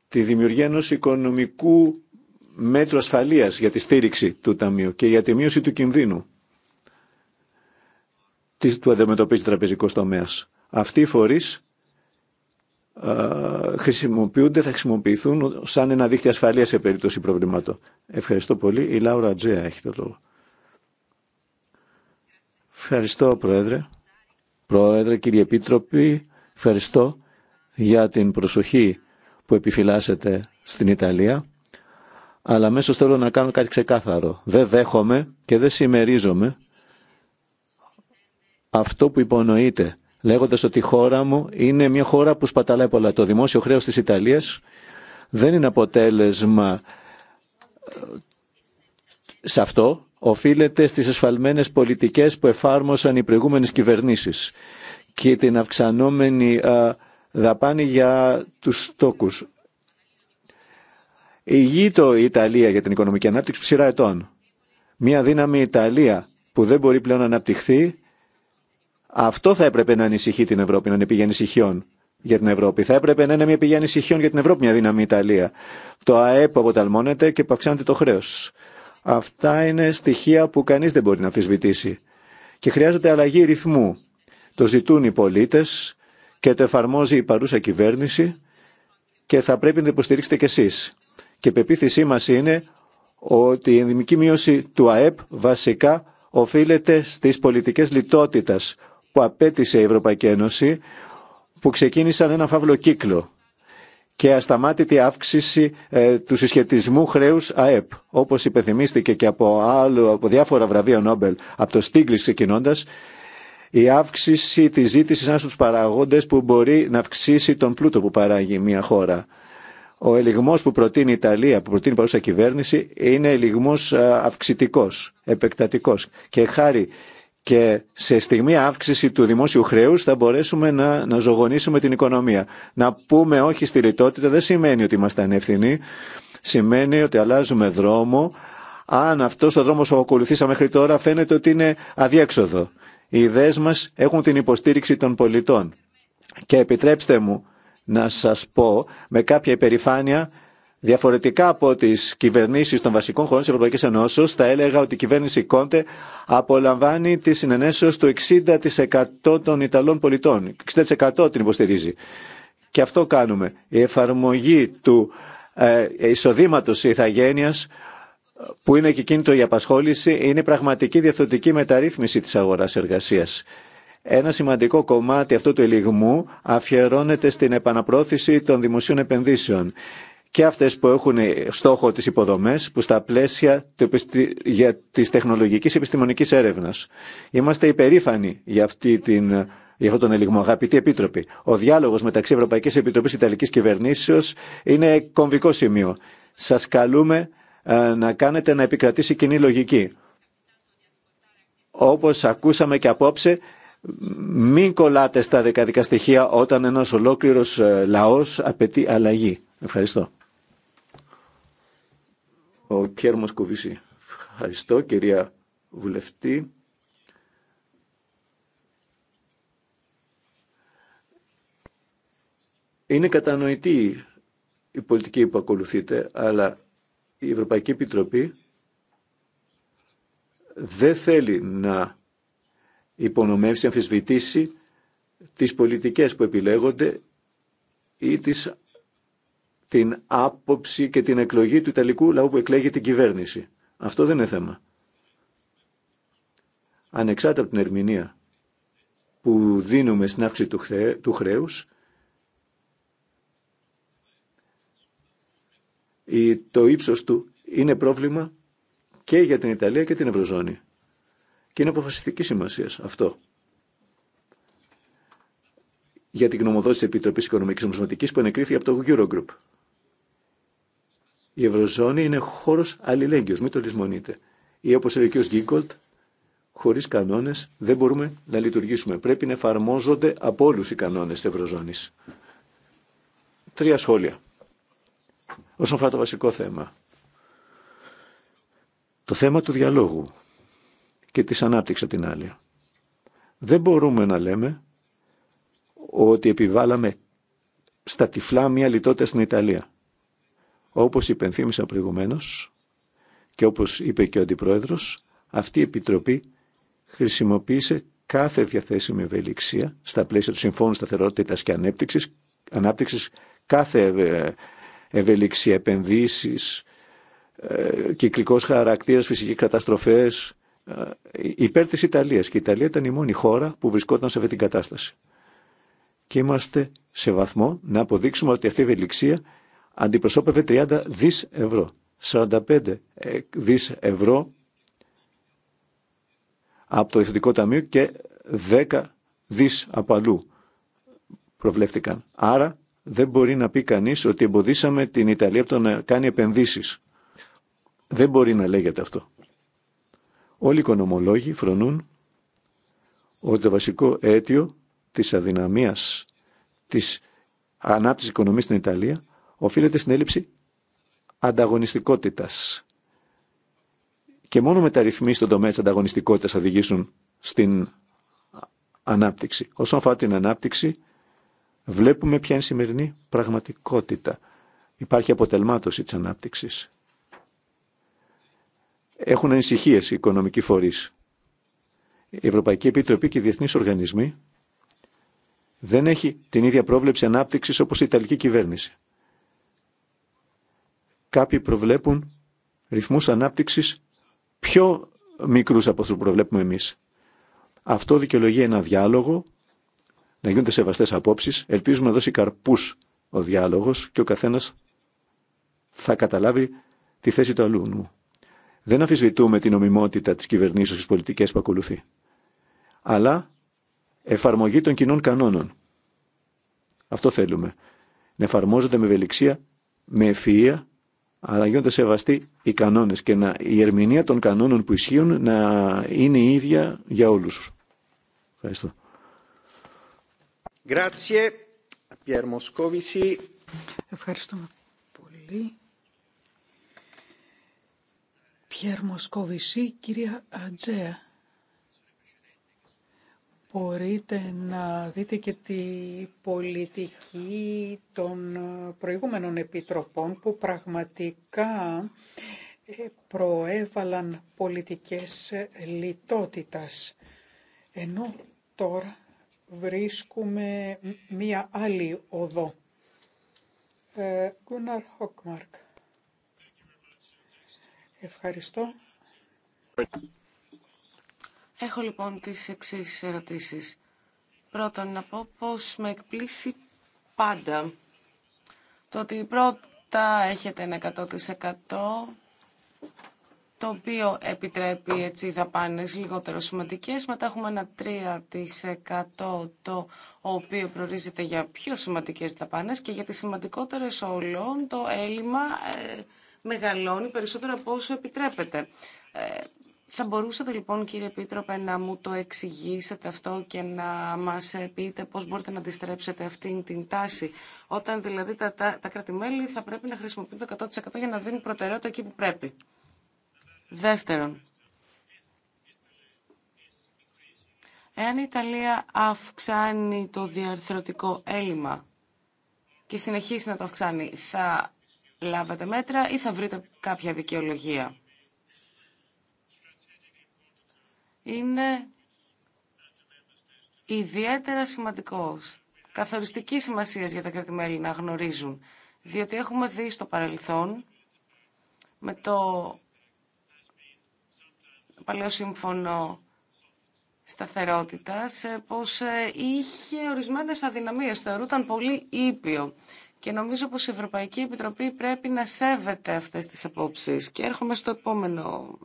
τη δημιουργία ενός οικονομικού μέτρου ασφαλείας για τη στήριξη του Ταμείου και για τη μείωση του κινδύνου του αντιμετωπίζει τραπεζικού τομέα. Αυτοί οι φορείς χρησιμοποιούνται, θα χρησιμοποιηθούν σαν ένα δίχτυ ασφαλείας σε περίπτωση προβληματών. Ευχαριστώ πολύ. Η Λάουρα Τζέα έχει το λόγο. Ευχαριστώ, Πρόεδρε. Πρόεδρε, κύριε Επίτροπη, ευχαριστώ για την προσοχή που επιφυλάσσετε στην Ιταλία. Αλλά μέσω θέλω να κάνω κάτι ξεκάθαρο. Δεν δέχομαι και δεν συμμερίζομαι αυτό που υπονοείται, λέγοντας ότι η χώρα μου είναι μια χώρα που σπαταλάει πολλά. Το δημόσιο χρέος της Ιταλίας δεν είναι αποτέλεσμα ε, σε αυτό οφείλεται στις εσφαλμένες πολιτικές που εφάρμοσαν οι προηγούμενες κυβερνήσεις και την αυξανόμενη δαπάνη για τους στόκους. Υγείτο η Ιταλία για την οικονομική ανάπτυξη ψηρά ετών. Μια δύναμη Ιταλία που δεν μπορεί πλέον να αναπτυχθεί, αυτό θα έπρεπε να ανησυχεί την Ευρώπη, να είναι πηγή ανησυχιών για την Ευρώπη. Θα έπρεπε να είναι μια πηγή ανησυχιών για την Ευρώπη μια δύναμη Ιταλία. Το ΑΕΠ αποταλμώνεται και αυξάνεται το χρέος. Αυτά είναι στοιχεία που κανείς δεν μπορεί να αμφισβητήσει. Και χρειάζεται αλλαγή ρυθμού. Το ζητούν οι πολίτες και το εφαρμόζει η παρούσα κυβέρνηση και θα πρέπει να υποστηρίξετε κι εσείς. Και η πεποίθησή μας είναι ότι η ενδυμική μείωση του ΑΕΠ βασικά οφείλεται στις πολιτικές λιτότητας που απέτησε η Ευρωπαϊκή Ένωση που ξεκίνησαν ένα φαύλο κύκλο και ασταμάτητη αύξηση ε, του συσχετισμού χρέους ΑΕΠ. Όπως υπεθυμίστηκε και από, άλλο, από διάφορα βραβεία Νόμπελ, από το Στίγκλης ξεκινώντα, η αύξηση της ζήτησης είναι στους παραγόντες που μπορεί να αυξήσει τον πλούτο που παράγει μια χώρα. Ο ελιγμός που προτείνει η Ιταλία, που προτείνει η παρούσα κυβέρνηση, είναι ελιγμό ε, αυξητικός, επεκτατικό Και χάρη και σε στιγμή αύξηση του δημόσιου χρέους θα μπορέσουμε να, να ζωγονίσουμε την οικονομία. Να πούμε όχι στη λιτότητα δεν σημαίνει ότι είμαστε ανευθυνοί, σημαίνει ότι αλλάζουμε δρόμο. Αν αυτός ο δρόμος που ακολουθήσαμε μέχρι τώρα φαίνεται ότι είναι αδιέξοδο. Οι ιδέες μας έχουν την υποστήριξη των πολιτών. Και επιτρέψτε μου να σας πω με κάποια υπερηφάνεια Διαφορετικά από τι κυβερνήσει των βασικών χωρών τη Ευρωπαϊκή Ενώσεω, θα έλεγα ότι η κυβέρνηση Κόντε απολαμβάνει τη συνενέσεω του 60% των Ιταλών πολιτών. 60% την υποστηρίζει. Και αυτό κάνουμε. Η εφαρμογή του ε, εισοδήματο ηθαγένεια, που είναι και κίνητρο για απασχόληση, είναι πραγματική διαθωτική μεταρρύθμιση τη αγορά-εργασία. Ένα σημαντικό κομμάτι αυτού του ελιγμού αφιερώνεται στην επαναπρόθεση των δημοσίων επενδύσεων και αυτές που έχουν στόχο τις υποδομές που στα πλαίσια για της τεχνολογικής επιστημονικής έρευνας. Είμαστε υπερήφανοι για, αυτή την, για αυτόν τον ελιγμό. Αγαπητοί Επίτροποι, ο διάλογος μεταξύ Ευρωπαϊκής Επιτροπής και Ιταλικής Κυβερνήσεως είναι κομβικό σημείο. Σας καλούμε ε, να κάνετε να επικρατήσει κοινή λογική. Όπως ακούσαμε και απόψε, μην κολλάτε στα δεκαδικά στοιχεία όταν ένας ολόκληρος ε, λαός απαιτεί αλλαγή. Ευχαριστώ. Ο Μοσκοβίση. Ευχαριστώ κυρία Βουλευτή. Είναι κατανοητή η πολιτική που ακολουθείτε, αλλά η Ευρωπαϊκή Επιτροπή δεν θέλει να υπονομεύσει, αμφισβητήσει τις πολιτικές που επιλέγονται ή τις την άποψη και την εκλογή του Ιταλικού λαού που εκλέγει την κυβέρνηση. Αυτό δεν είναι θέμα. Ανεξάρτητα από την ερμηνεία που δίνουμε στην αύξηση του χρέους, το ύψος του είναι πρόβλημα και για την Ιταλία και την Ευρωζώνη. Και είναι αποφασιστική σημασία αυτό. Για την γνωμοδότηση τη Επιτροπή Οικονομική Ομοσπονδιακή που ανεκρίθηκε από το Eurogroup. Η Ευρωζώνη είναι χώρος αλληλέγγυο, μην το λησμονείτε. Ή όπως έλεγε ο Γκίγκολτ, χωρίς κανόνες δεν μπορούμε να λειτουργήσουμε. Πρέπει να εφαρμόζονται από όλου οι κανόνες τη Ευρωζώνη. Τρία σχόλια. Όσον αφορά το βασικό θέμα. Το θέμα του διαλόγου και της ανάπτυξης από την άλλη. Δεν μπορούμε να λέμε ότι επιβάλαμε στα τυφλά μια λιτότητα στην Ιταλία. Όπως υπενθύμησα προηγουμένω, και όπως είπε και ο Αντιπρόεδρος, αυτή η Επιτροπή χρησιμοποίησε κάθε διαθέσιμη ευελιξία στα πλαίσια του Συμφώνου Σταθερότητας και Ανάπτυξης, ανάπτυξης κάθε ε, ευελιξία, επενδύσεις, ε, κυκλικός χαρακτήρας, φυσική καταστροφές, ε, υπέρ της Ιταλίας. Και η Ιταλία ήταν η μόνη χώρα που βρισκόταν σε αυτή την κατάσταση. Και είμαστε σε βαθμό να αποδείξουμε ότι αυτή η ευελιξία αντιπροσώπευε 30 δις ευρώ. 45 ε, δις ευρώ από το Εθνικό Ταμείο και 10 δις από αλλού προβλέφτηκαν. Άρα δεν μπορεί να πει κανείς ότι εμποδίσαμε την Ιταλία από το να κάνει επενδύσεις. Δεν μπορεί να λέγεται αυτό. Όλοι οι οικονομολόγοι φρονούν ότι το βασικό αίτιο της αδυναμίας της ανάπτυξης οικονομίας στην Ιταλία οφείλεται στην έλλειψη ανταγωνιστικότητας. Και μόνο ρυθμίσεις στον τομέα της ανταγωνιστικότητας θα οδηγήσουν στην ανάπτυξη. Όσον αφορά την ανάπτυξη, βλέπουμε ποια είναι η σημερινή πραγματικότητα. Υπάρχει αποτελμάτωση της ανάπτυξης. Έχουν ανησυχίε οι οικονομικοί φορείς. Η Ευρωπαϊκή Επιτροπή και οι διεθνείς οργανισμοί δεν έχει την ίδια πρόβλεψη ανάπτυξης όπως η Ιταλική κυβέρνηση. Κάποιοι προβλέπουν ρυθμούς ανάπτυξης πιο μικρούς από αυτούς που προβλέπουμε εμείς. Αυτό δικαιολογεί ένα διάλογο, να γίνονται σεβαστές απόψεις. Ελπίζουμε να δώσει καρπούς ο διάλογος και ο καθένας θα καταλάβει τη θέση του αλλού. Δεν αφισβητούμε την ομιμότητα της κυβερνήσεως της πολιτικές που ακολουθεί. Αλλά εφαρμογή των κοινών κανόνων. Αυτό θέλουμε. Να εφαρμόζονται με ευελιξία, με ευφυΐα αλλά γίνονται σεβαστοί οι κανόνες και να, η ερμηνεία των κανόνων που ισχύουν να είναι η ίδια για όλους. Ευχαριστώ. Ευχαριστούμε πολύ. Πιέρ Μοσκόβηση, κυρία Ατζέα. Μπορείτε να δείτε και τη πολιτική των ε, προηγούμενων επιτροπών που πραγματικά ε, προέβαλαν πολιτικές λιτότητας. Ενώ τώρα βρίσκουμε μία άλλη οδό. Γκούναρ ε, Χοκμάρκ. Ευχαριστώ. Έχω λοιπόν τις εξής ερωτήσεις. Πρώτον, να πω πως με εκπλήσει πάντα το ότι πρώτα έχετε ένα 100% το οποίο επιτρέπει έτσι δαπάνες λιγότερο σημαντικές. Μετά έχουμε ένα 3% το οποίο προορίζεται για πιο σημαντικές δαπάνες και για τις σημαντικότερες όλων το έλλειμμα ε, μεγαλώνει περισσότερο από όσο επιτρέπεται. Ε, θα μπορούσατε λοιπόν κύριε Πίτροπε, να μου το εξηγήσετε αυτό και να μας πείτε πώς μπορείτε να αντιστρέψετε αυτήν την τάση. Όταν δηλαδή τα, τα, τα κρατημέλη θα πρέπει να χρησιμοποιούν το 100% για να δίνουν προτεραιότητα εκεί που πρέπει. Δεύτερον, εάν η Ιταλία αυξάνει το διαρθρωτικό έλλειμμα και συνεχίσει να το αυξάνει, θα λάβετε μέτρα ή θα βρείτε κάποια δικαιολογία. είναι ιδιαίτερα σημαντικό, καθοριστική σημασία για τα κρατημέλη να γνωρίζουν, διότι έχουμε δει στο παρελθόν με το παλαιό σύμφωνο σταθερότητας ε, πως ε, είχε ορισμένες αδυναμίες, θεωρούταν πολύ ήπιο και νομίζω πως η Ευρωπαϊκή Επιτροπή πρέπει να σέβεται αυτές τις απόψεις και έρχομαι στο επόμενο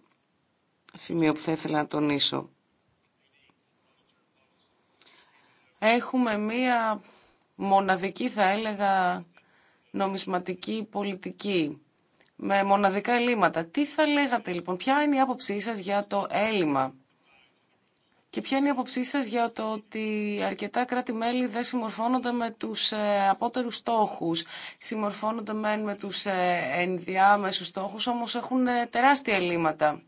σημείο που θα ήθελα να τονίσω. Έχουμε μία μοναδική, θα έλεγα, νομισματική πολιτική με μοναδικά ελλείμματα. Τι θα λέγατε λοιπόν, ποια είναι η άποψή σας για το έλλειμμα και ποια είναι η άποψή σας για το ότι αρκετά κράτη-μέλη δεν συμμορφώνονται με τους ε, απότερους στόχους, συμμορφώνονται με τους ε, ενδιάμεσους στόχους, όμως έχουν ε, τεράστια ελλείμματα.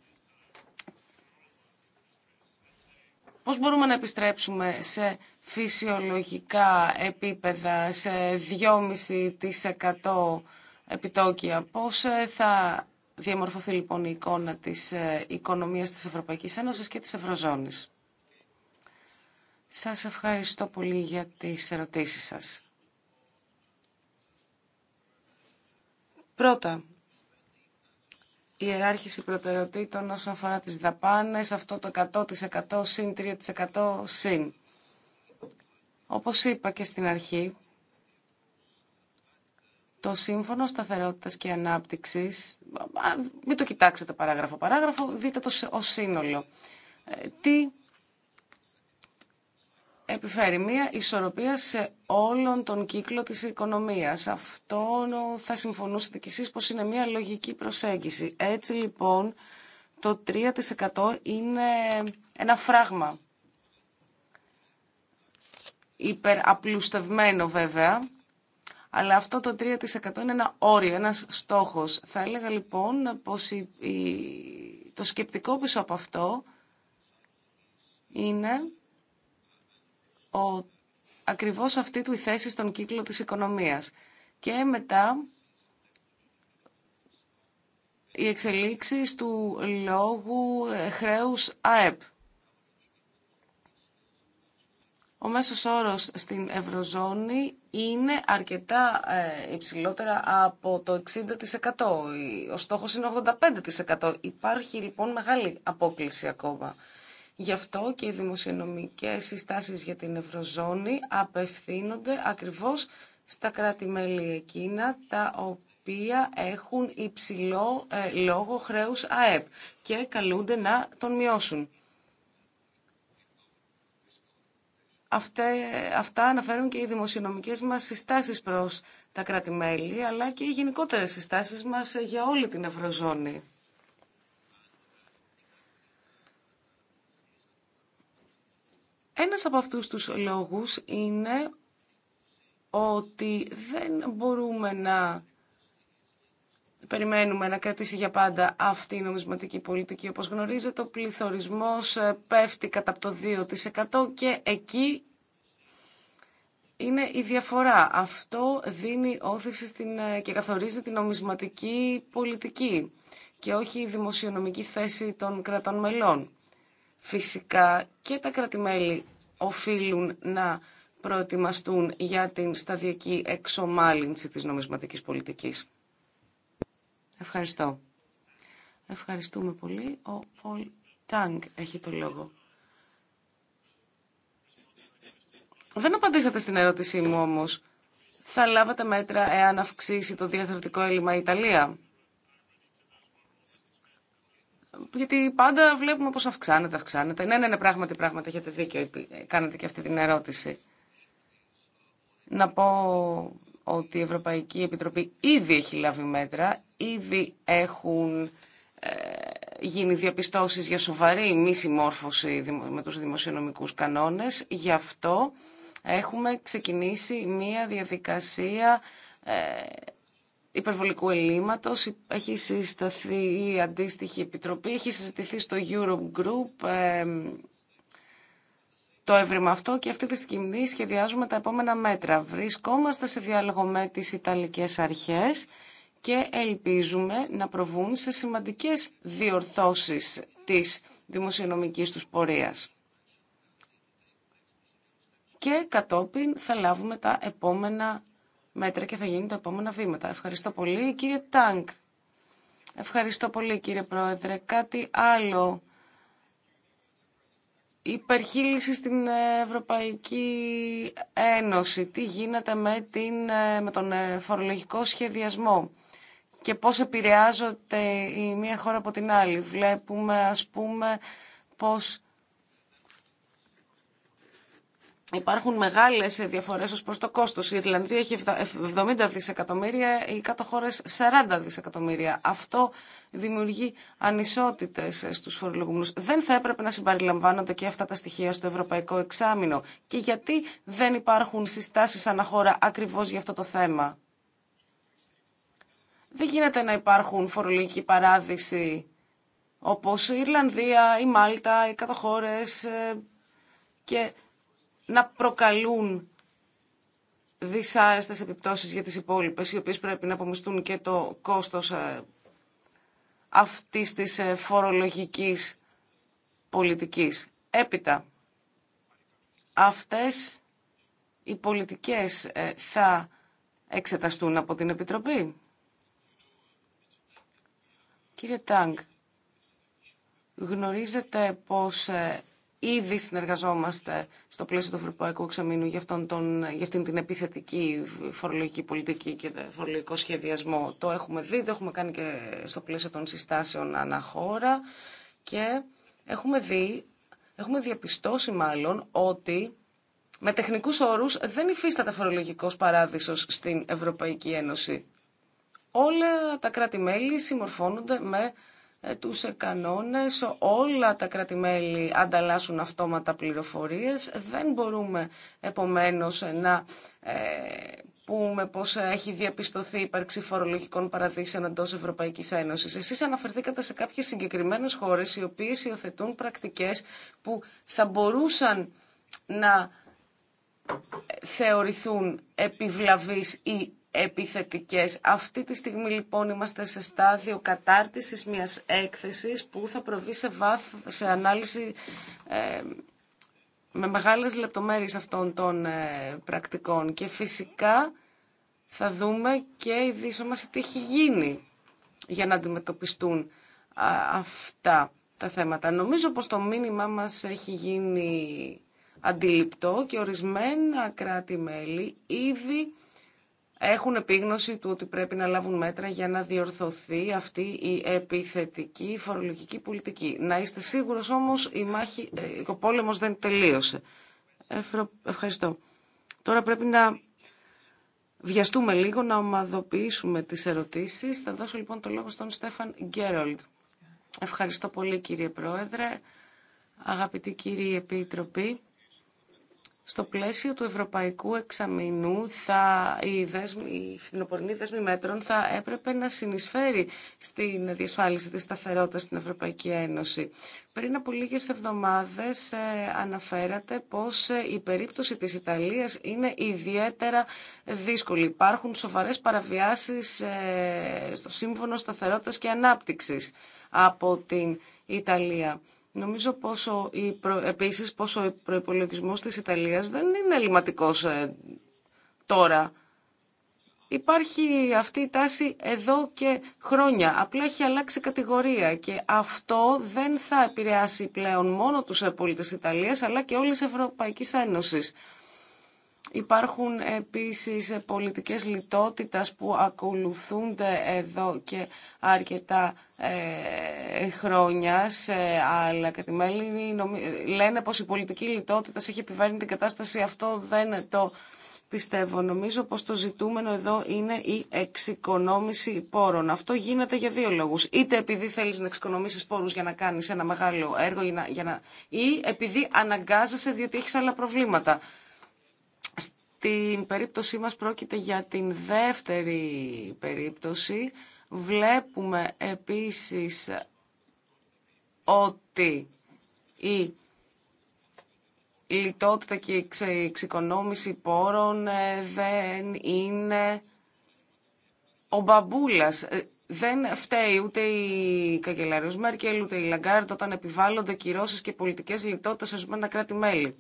Πώς μπορούμε να επιστρέψουμε σε φυσιολογικά επίπεδα, σε 2,5% επιτόκια. Πώς ε, θα διαμορφωθεί λοιπόν η εικόνα της ε, οικονομίας της Ευρωπαϊκής Ένωσης και της Ευρωζώνης. Σας ευχαριστώ πολύ για τις ερωτήσεις σας. Πρώτα, η ιεράρχηση προτεραιοτήτων όσον αφορά τις δαπάνες, αυτό το 100% συν 3% συν. Όπως είπα και στην αρχή, το Σύμφωνο Σταθερότητας και Ανάπτυξης, μην το κοιτάξετε παράγραφο-παράγραφο, δείτε το ως σύνολο. Ε, τι επιφέρει μία ισορροπία σε όλον τον κύκλο της οικονομίας. Αυτό θα συμφωνούσατε κι εσείς πως είναι μία λογική προσέγγιση. Έτσι λοιπόν το 3% είναι ένα φράγμα. Υπεραπλουστευμένο βέβαια, αλλά αυτό το 3% είναι ένα όριο, ένας στόχος. Θα έλεγα λοιπόν πως το σκεπτικό πίσω από αυτό είναι ο, ακριβώς αυτή του η θέση στον κύκλο της οικονομίας. Και μετά οι εξελίξεις του λόγου ε, χρέους ΑΕΠ. Ο μέσος όρος στην Ευρωζώνη είναι αρκετά ε, υψηλότερα από το 60%. Ο στόχος είναι 85%. Υπάρχει λοιπόν μεγάλη απόκληση ακόμα. Γι' αυτό και οι δημοσιονομικές συστάσεις για την Ευρωζώνη απευθύνονται ακριβώς στα κράτη-μέλη εκείνα τα οποία έχουν υψηλό ε, λόγο χρέους ΑΕΠ και καλούνται να τον μειώσουν. Αυτά, αυτά αναφέρουν και οι δημοσιονομικές μας συστάσεις προς τα κράτη-μέλη, αλλά και οι γενικότερες συστάσεις μας ε, για όλη την Ευρωζώνη. Ένας από αυτούς τους λόγους είναι ότι δεν μπορούμε να περιμένουμε να κρατήσει για πάντα αυτή η νομισματική πολιτική. Όπως γνωρίζετε, ο πληθωρισμός ε, πέφτει κατά το 2% και εκεί είναι η διαφορά. Αυτό δίνει όθηση στην, ε, και καθορίζει την νομισματική πολιτική και όχι η δημοσιονομική θέση των κρατών μελών. Φυσικά και τα κρατημέλη οφείλουν να προετοιμαστούν για την σταδιακή εξομάλυνση της νομισματικής πολιτικής. Ευχαριστώ. Ευχαριστούμε πολύ. Ο Πολ Τάγκ έχει το λόγο. Δεν απαντήσατε στην ερώτησή μου όμως. Θα λάβατε μέτρα εάν αυξήσει το διαθροτικό έλλειμμα η Ιταλία γιατί πάντα βλέπουμε πως αυξάνεται, αυξάνεται. Ναι, ναι, ναι, πράγματι, πράγματι, έχετε δίκιο, κάνετε και αυτή την ερώτηση. Να πω ότι η Ευρωπαϊκή Επιτροπή ήδη έχει λάβει μέτρα, ήδη έχουν ε, γίνει διαπιστώσεις για σοβαρή μη συμμόρφωση με τους δημοσιονομικούς κανόνες. Γι' αυτό έχουμε ξεκινήσει μία διαδικασία ε, υπερβολικού ελλείμματος. Έχει συσταθεί η αντίστοιχη επιτροπή, έχει συζητηθεί στο Eurogroup ε, το έβριμα αυτό και αυτή τη στιγμή σχεδιάζουμε τα επόμενα μέτρα. Βρισκόμαστε σε διάλογο με τις Ιταλικές αρχές και ελπίζουμε να προβούν σε σημαντικές διορθώσεις της δημοσιονομικής τους πορείας. Και κατόπιν θα λάβουμε τα επόμενα μέτρα και θα γίνει τα επόμενα βήματα. Ευχαριστώ πολύ κύριε Τάγκ. Ευχαριστώ πολύ κύριε Πρόεδρε. Κάτι άλλο. Η υπερχείληση στην Ευρωπαϊκή Ένωση. Τι γίνεται με, την, ε, με τον ε, φορολογικό σχεδιασμό και πώς επηρεάζονται η μία χώρα από την άλλη. Βλέπουμε ας πούμε πώς Υπάρχουν μεγάλε διαφορέ ω προ το κόστο. Η Ιρλανδία έχει 70 δισεκατομμύρια, οι κάτω χώρε 40 δισεκατομμύρια. Αυτό δημιουργεί ανισότητε στου φορολογούμενου. Δεν θα έπρεπε να συμπαριλαμβάνονται και αυτά τα στοιχεία στο ευρωπαϊκό εξάμεινο. Και γιατί δεν υπάρχουν συστάσει αναχώρα ακριβώ για αυτό το θέμα. Δεν γίνεται να υπάρχουν φορολογική παράδειση όπως η Ιρλανδία, η Μάλτα, οι κατοχώρες ε, και να προκαλούν δυσάρεστες επιπτώσεις για τις υπόλοιπες, οι οποίες πρέπει να απομιστούν και το κόστος ε, αυτής της ε, φορολογικής πολιτικής. Έπειτα, αυτές οι πολιτικές ε, θα εξεταστούν από την Επιτροπή. Κύριε Τάγκ, γνωρίζετε πως Ήδη συνεργαζόμαστε στο πλαίσιο του Ευρωπαϊκού Εξαμήνου για, αυτόν τον, για αυτήν την επιθετική φορολογική πολιτική και φορολογικό σχεδιασμό. Το έχουμε δει, το έχουμε κάνει και στο πλαίσιο των συστάσεων αναχώρα και έχουμε δει, έχουμε διαπιστώσει μάλλον ότι με τεχνικούς όρους δεν υφίσταται φορολογικός παράδεισος στην Ευρωπαϊκή Ένωση. Όλα τα κράτη-μέλη συμμορφώνονται με ε, τους κανόνες, όλα τα κρατημέλη ανταλλάσσουν αυτόματα πληροφορίες. Δεν μπορούμε επομένως να ε, πούμε πως έχει διαπιστωθεί ύπαρξη φορολογικών παραδείσεων εντός Ευρωπαϊκής Ένωσης. Εσείς αναφερθήκατε σε κάποιες συγκεκριμένες χώρες οι οποίες υιοθετούν πρακτικές που θα μπορούσαν να ε, θεωρηθούν επιβλαβείς ή επιθετικές. Αυτή τη στιγμή λοιπόν είμαστε σε στάδιο κατάρτισης μιας έκθεσης που θα προβεί σε, βάθ, σε ανάλυση ε, με μεγάλες λεπτομέρειες αυτών των ε, πρακτικών και φυσικά θα δούμε και η μας τι έχει γίνει για να αντιμετωπιστούν αυτά τα θέματα. Νομίζω πως το μήνυμά μας έχει γίνει αντιληπτό και ορισμένα κράτη-μέλη ήδη έχουν επίγνωση του ότι πρέπει να λάβουν μέτρα για να διορθωθεί αυτή η επιθετική φορολογική πολιτική. Να είστε σίγουρος όμως η μάχη, ε, ο πόλεμος δεν τελείωσε. Ευχαριστώ. Τώρα πρέπει να βιαστούμε λίγο, να ομαδοποιήσουμε τις ερωτήσεις. Θα δώσω λοιπόν το λόγο στον Στέφαν Γκέρολντ. Ευχαριστώ πολύ κύριε Πρόεδρε, αγαπητοί κύριοι Επίτροπη. Στο πλαίσιο του Ευρωπαϊκού Εξαμεινού, θα, η, δεσμη, δέσμη μέτρων θα έπρεπε να συνεισφέρει στην διασφάλιση της σταθερότητας στην Ευρωπαϊκή Ένωση. Πριν από λίγες εβδομάδες ε, αναφέρατε πως ε, η περίπτωση της Ιταλίας είναι ιδιαίτερα δύσκολη. Υπάρχουν σοβαρές παραβιάσεις ε, στο Σύμφωνο Σταθερότητας και Ανάπτυξης από την Ιταλία. Νομίζω πόσο η επίσης πόσο ο προϋπολογισμός της Ιταλίας δεν είναι ελληματικός ε, τώρα. Υπάρχει αυτή η τάση εδώ και χρόνια. Απλά έχει αλλάξει κατηγορία και αυτό δεν θα επηρεάσει πλέον μόνο τους ε, πολίτες της Ιταλίας αλλά και όλης της Ευρωπαϊκής Ένωσης. Υπάρχουν επίσης πολιτικές λιτότητας που ακολουθούνται εδώ και αρκετά ε, χρόνια σε άλλα κατημέλη. Λένε πως η πολιτική λιτότητα έχει επιβαρύνει την κατάσταση. Αυτό δεν το πιστεύω. Νομίζω πως το ζητούμενο εδώ είναι η εξοικονόμηση πόρων. Αυτό γίνεται για δύο λόγους. Είτε επειδή θέλεις να εξοικονομήσεις πόρους για να κάνεις ένα μεγάλο έργο ή, να, για να, ή επειδή αναγκάζεσαι διότι έχεις άλλα προβλήματα. Στην περίπτωσή μας πρόκειται για την δεύτερη περίπτωση. Βλέπουμε επίσης ότι η λιτότητα και η εξοικονόμηση πόρων ε, δεν είναι ο μπαμπούλας. Ε, δεν φταίει ούτε η καγκελάριος Μέρκελ, ούτε η Λαγκάρτ όταν επιβάλλονται κυρώσεις και πολιτικές λιτότητες σε ορισμένα κράτη-μέλη.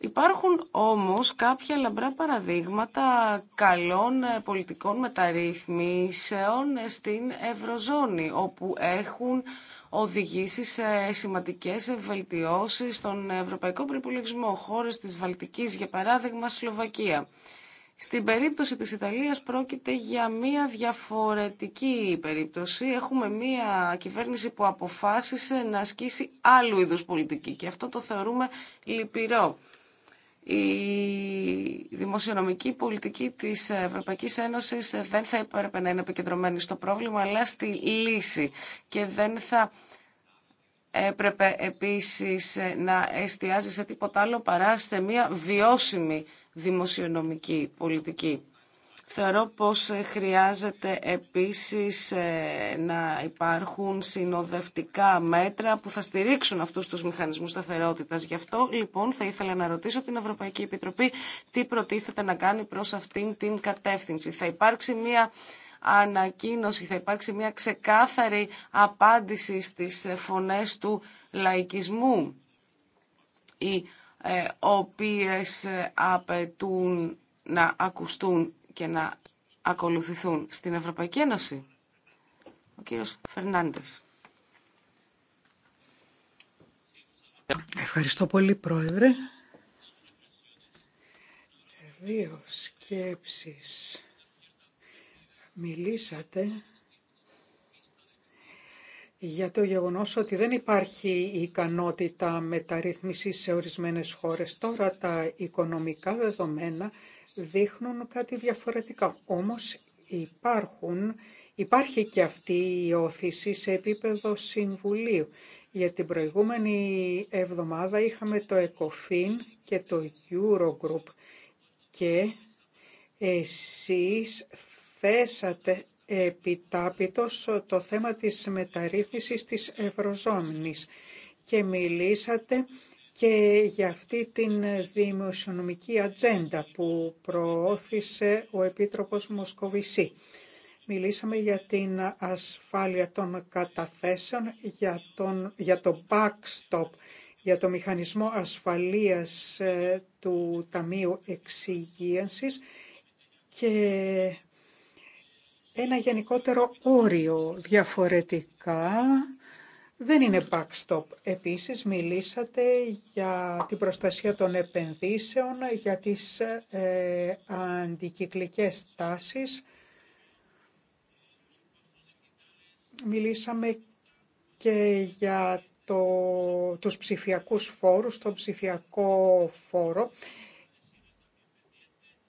Υπάρχουν όμως κάποια λαμπρά παραδείγματα καλών ε, πολιτικών μεταρρυθμίσεων ε, στην Ευρωζώνη, όπου έχουν οδηγήσει σε σημαντικές βελτιώσεις στον ευρωπαϊκό προπολογισμό χώρες της Βαλτικής, για παράδειγμα Σλοβακία. Στην περίπτωση της Ιταλίας πρόκειται για μια διαφορετική περίπτωση. Έχουμε μια κυβέρνηση που αποφάσισε να ασκήσει άλλου είδους πολιτική και αυτό το θεωρούμε λυπηρό η δημοσιονομική πολιτική της Ευρωπαϊκής Ένωσης δεν θα έπρεπε να είναι επικεντρωμένη στο πρόβλημα, αλλά στη λύση. Και δεν θα έπρεπε επίσης να εστιάζει σε τίποτα άλλο παρά σε μια βιώσιμη δημοσιονομική πολιτική. Θεωρώ πως ε, χρειάζεται επίσης ε, να υπάρχουν συνοδευτικά μέτρα που θα στηρίξουν αυτούς τους μηχανισμούς σταθερότητας. Γι' αυτό λοιπόν θα ήθελα να ρωτήσω την Ευρωπαϊκή Επιτροπή τι προτίθεται να κάνει προς αυτήν την κατεύθυνση. Θα υπάρξει μια ανακοίνωση, θα υπάρξει μια ξεκάθαρη απάντηση στις ε, φωνές του λαϊκισμού οι οποίες απαιτούν να ακουστούν και να ακολουθηθούν στην Ευρωπαϊκή Ένωση. Ο κύριος Φερνάντες. Ευχαριστώ πολύ, Πρόεδρε. Δύο σκέψεις. Μιλήσατε για το γεγονός ότι δεν υπάρχει ικανότητα μεταρρύθμισης σε ορισμένες χώρες. Τώρα τα οικονομικά δεδομένα δείχνουν κάτι διαφορετικά. Όμως υπάρχουν, υπάρχει και αυτή η όθηση σε επίπεδο συμβουλίου. Για την προηγούμενη εβδομάδα είχαμε το ΕΚΟΦΗΝ και το Eurogroup και εσείς θέσατε επιτάπητος το θέμα της μεταρρύθμισης της Ευρωζώνης και μιλήσατε και για αυτή την δημοσιονομική ατζέντα που προώθησε ο Επίτροπος Μοσκοβισή. Μιλήσαμε για την ασφάλεια των καταθέσεων, για, τον, για το backstop, για το μηχανισμό ασφαλείας ε, του Ταμείου Εξυγίανσης και ένα γενικότερο όριο διαφορετικά δεν είναι backstop. Επίσης μιλήσατε για την προστασία των επενδύσεων, για τις ε, αντικυκλικές τάσεις. Μιλήσαμε και για το, τους ψηφιακούς φόρους, τον ψηφιακό φόρο,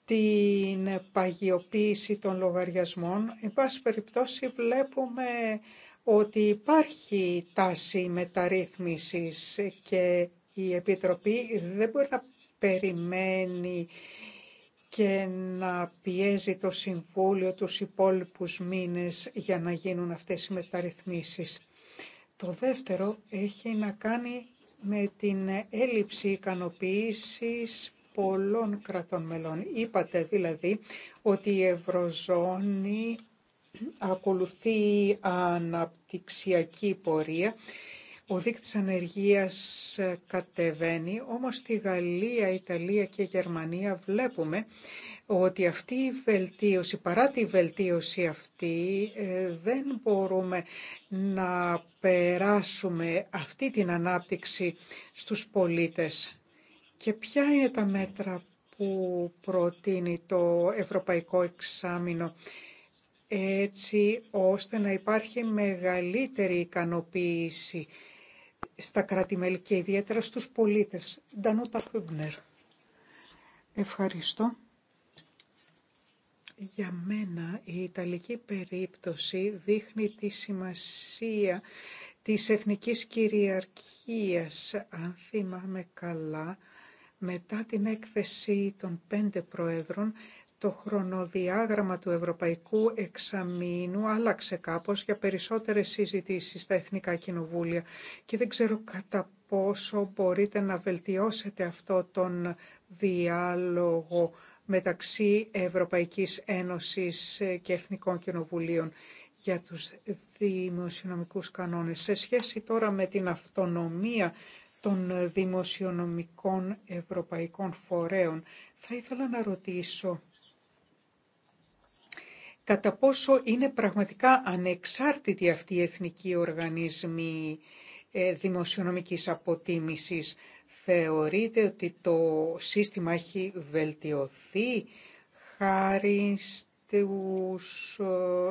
την παγιοποίηση των λογαριασμών. Εν πάση περιπτώσει βλέπουμε ότι υπάρχει τάση μεταρρύθμισης και η Επιτροπή δεν μπορεί να περιμένει και να πιέζει το Συμβούλιο τους υπόλοιπους μήνες για να γίνουν αυτές οι μεταρρυθμίσεις. Το δεύτερο έχει να κάνει με την έλλειψη ικανοποίησης πολλών κρατών μελών. Είπατε δηλαδή ότι η Ευρωζώνη ακολουθεί αναπτυξιακή πορεία. Ο δείκτης ανεργίας κατεβαίνει, όμως στη Γαλλία, Ιταλία και Γερμανία βλέπουμε ότι αυτή η βελτίωση, παρά τη βελτίωση αυτή, ε, δεν μπορούμε να περάσουμε αυτή την ανάπτυξη στους πολίτες. Και ποια είναι τα μέτρα που προτείνει το Ευρωπαϊκό Εξάμεινο έτσι ώστε να υπάρχει μεγαλύτερη ικανοποίηση στα κράτη-μέλη και ιδιαίτερα στους πολίτες. Ντανούτα Χούμπνερ. Ευχαριστώ. Για μένα η Ιταλική περίπτωση δείχνει τη σημασία της εθνικής κυριαρχίας, αν θυμάμαι καλά, μετά την έκθεση των πέντε προέδρων το χρονοδιάγραμμα του Ευρωπαϊκού Εξαμήνου άλλαξε κάπως για περισσότερες συζητήσεις στα Εθνικά Κοινοβούλια και δεν ξέρω κατά πόσο μπορείτε να βελτιώσετε αυτό τον διάλογο μεταξύ Ευρωπαϊκής Ένωσης και Εθνικών Κοινοβουλίων για τους δημοσιονομικούς κανόνες. Σε σχέση τώρα με την αυτονομία των δημοσιονομικών ευρωπαϊκών φορέων, θα ήθελα να ρωτήσω κατά πόσο είναι πραγματικά ανεξάρτητοι αυτοί οι εθνικοί οργανισμοί ε, δημοσιονομικής αποτίμησης. Θεωρείτε ότι το σύστημα έχει βελτιωθεί χάρη στους, ε,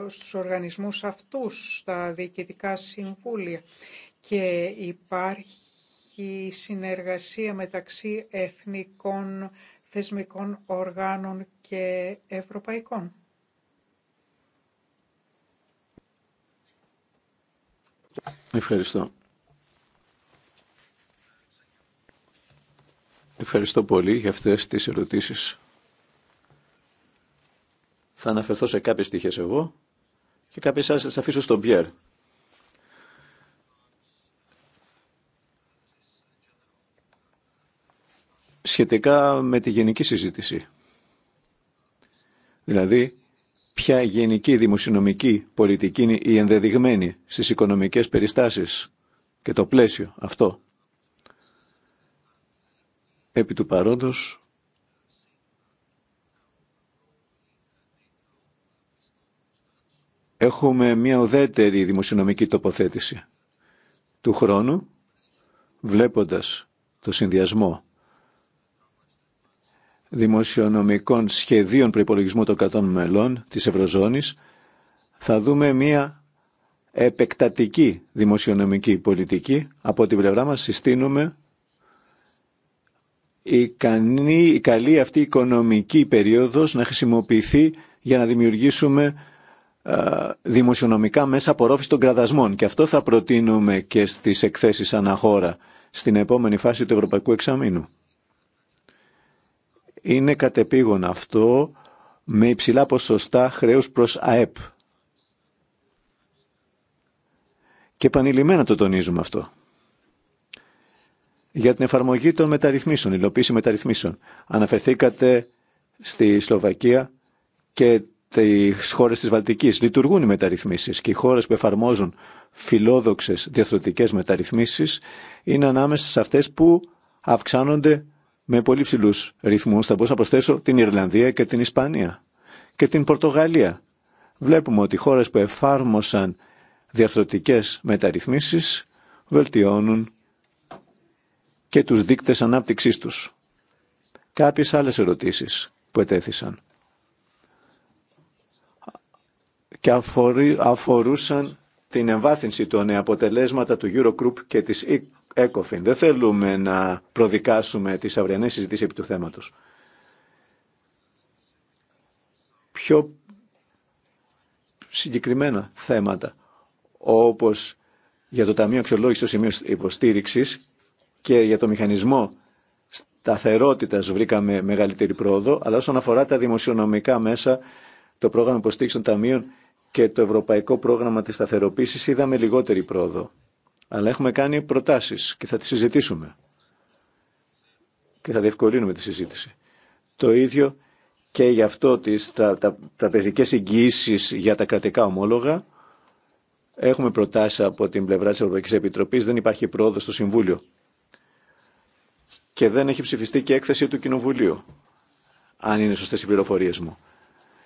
στους οργανισμούς αυτούς, στα διοικητικά συμβούλια και υπάρχει συνεργασία μεταξύ εθνικών θεσμικών οργάνων και ευρωπαϊκών. Ευχαριστώ. Ευχαριστώ πολύ για αυτές τις ερωτήσεις. Θα αναφερθώ σε κάποιες στοιχείες εγώ και κάποιες άλλες θα αφήσω στον Πιέρ. Σχετικά με τη γενική συζήτηση. Δηλαδή, ποια γενική δημοσιονομική πολιτική είναι η ενδεδειγμένη στις οικονομικές περιστάσεις και το πλαίσιο αυτό. Επί του παρόντος, έχουμε μια ουδέτερη δημοσιονομική τοποθέτηση του χρόνου, βλέποντας το συνδυασμό δημοσιονομικών σχεδίων προπολογισμού των κρατών μελών της Ευρωζώνης θα δούμε μία επεκτατική δημοσιονομική πολιτική. Από την πλευρά μας συστήνουμε η, κανή, καλή αυτή οικονομική περίοδος να χρησιμοποιηθεί για να δημιουργήσουμε ε, δημοσιονομικά μέσα απορρόφηση των κραδασμών και αυτό θα προτείνουμε και στις εκθέσεις αναχώρα στην επόμενη φάση του Ευρωπαϊκού Εξαμήνου. Είναι κατεπήγον αυτό με υψηλά ποσοστά χρέους προς ΑΕΠ. Και επανειλημμένα το τονίζουμε αυτό. Για την εφαρμογή των μεταρρυθμίσεων, υλοποίηση μεταρρυθμίσεων. Αναφερθήκατε στη Σλοβακία και τις χώρες της Βαλτικής. Λειτουργούν οι μεταρρυθμίσεις και οι χώρες που εφαρμόζουν φιλόδοξες διαθροτικές μεταρρυθμίσεις είναι ανάμεσα σε αυτές που αυξάνονται με πολύ ψηλού ρυθμούς. Θα μπορούσα να προσθέσω την Ιρλανδία και την Ισπανία και την Πορτογαλία. Βλέπουμε ότι χώρες που εφάρμοσαν διαρθρωτικές μεταρρυθμίσει βελτιώνουν και τους δείκτες ανάπτυξής τους. Κάποιες άλλες ερωτήσεις που ετέθησαν και αφορούσαν την εμβάθυνση των αποτελέσματα του Eurogroup και της δεν θέλουμε να προδικάσουμε τις αυριανές συζητήσεις επί του θέματος. Πιο συγκεκριμένα θέματα, όπως για το Ταμείο Αξιολόγησης των Σημείων Υποστήριξης και για το μηχανισμό σταθερότητας βρήκαμε μεγαλύτερη πρόοδο, αλλά όσον αφορά τα δημοσιονομικά μέσα, το πρόγραμμα υποστήριξης των Ταμείων και το Ευρωπαϊκό Πρόγραμμα της Σταθεροποίησης είδαμε λιγότερη πρόοδο αλλά έχουμε κάνει προτάσεις και θα τις συζητήσουμε και θα διευκολύνουμε τη συζήτηση. Το ίδιο και γι' αυτό τις τρα, τα, τραπεζικές εγγυήσεις για τα κρατικά ομόλογα έχουμε προτάσει από την πλευρά της Ευρωπαϊκής Επιτροπής, δεν υπάρχει πρόοδος στο Συμβούλιο και δεν έχει ψηφιστεί και έκθεση του Κοινοβουλίου, αν είναι σωστές οι πληροφορίες μου.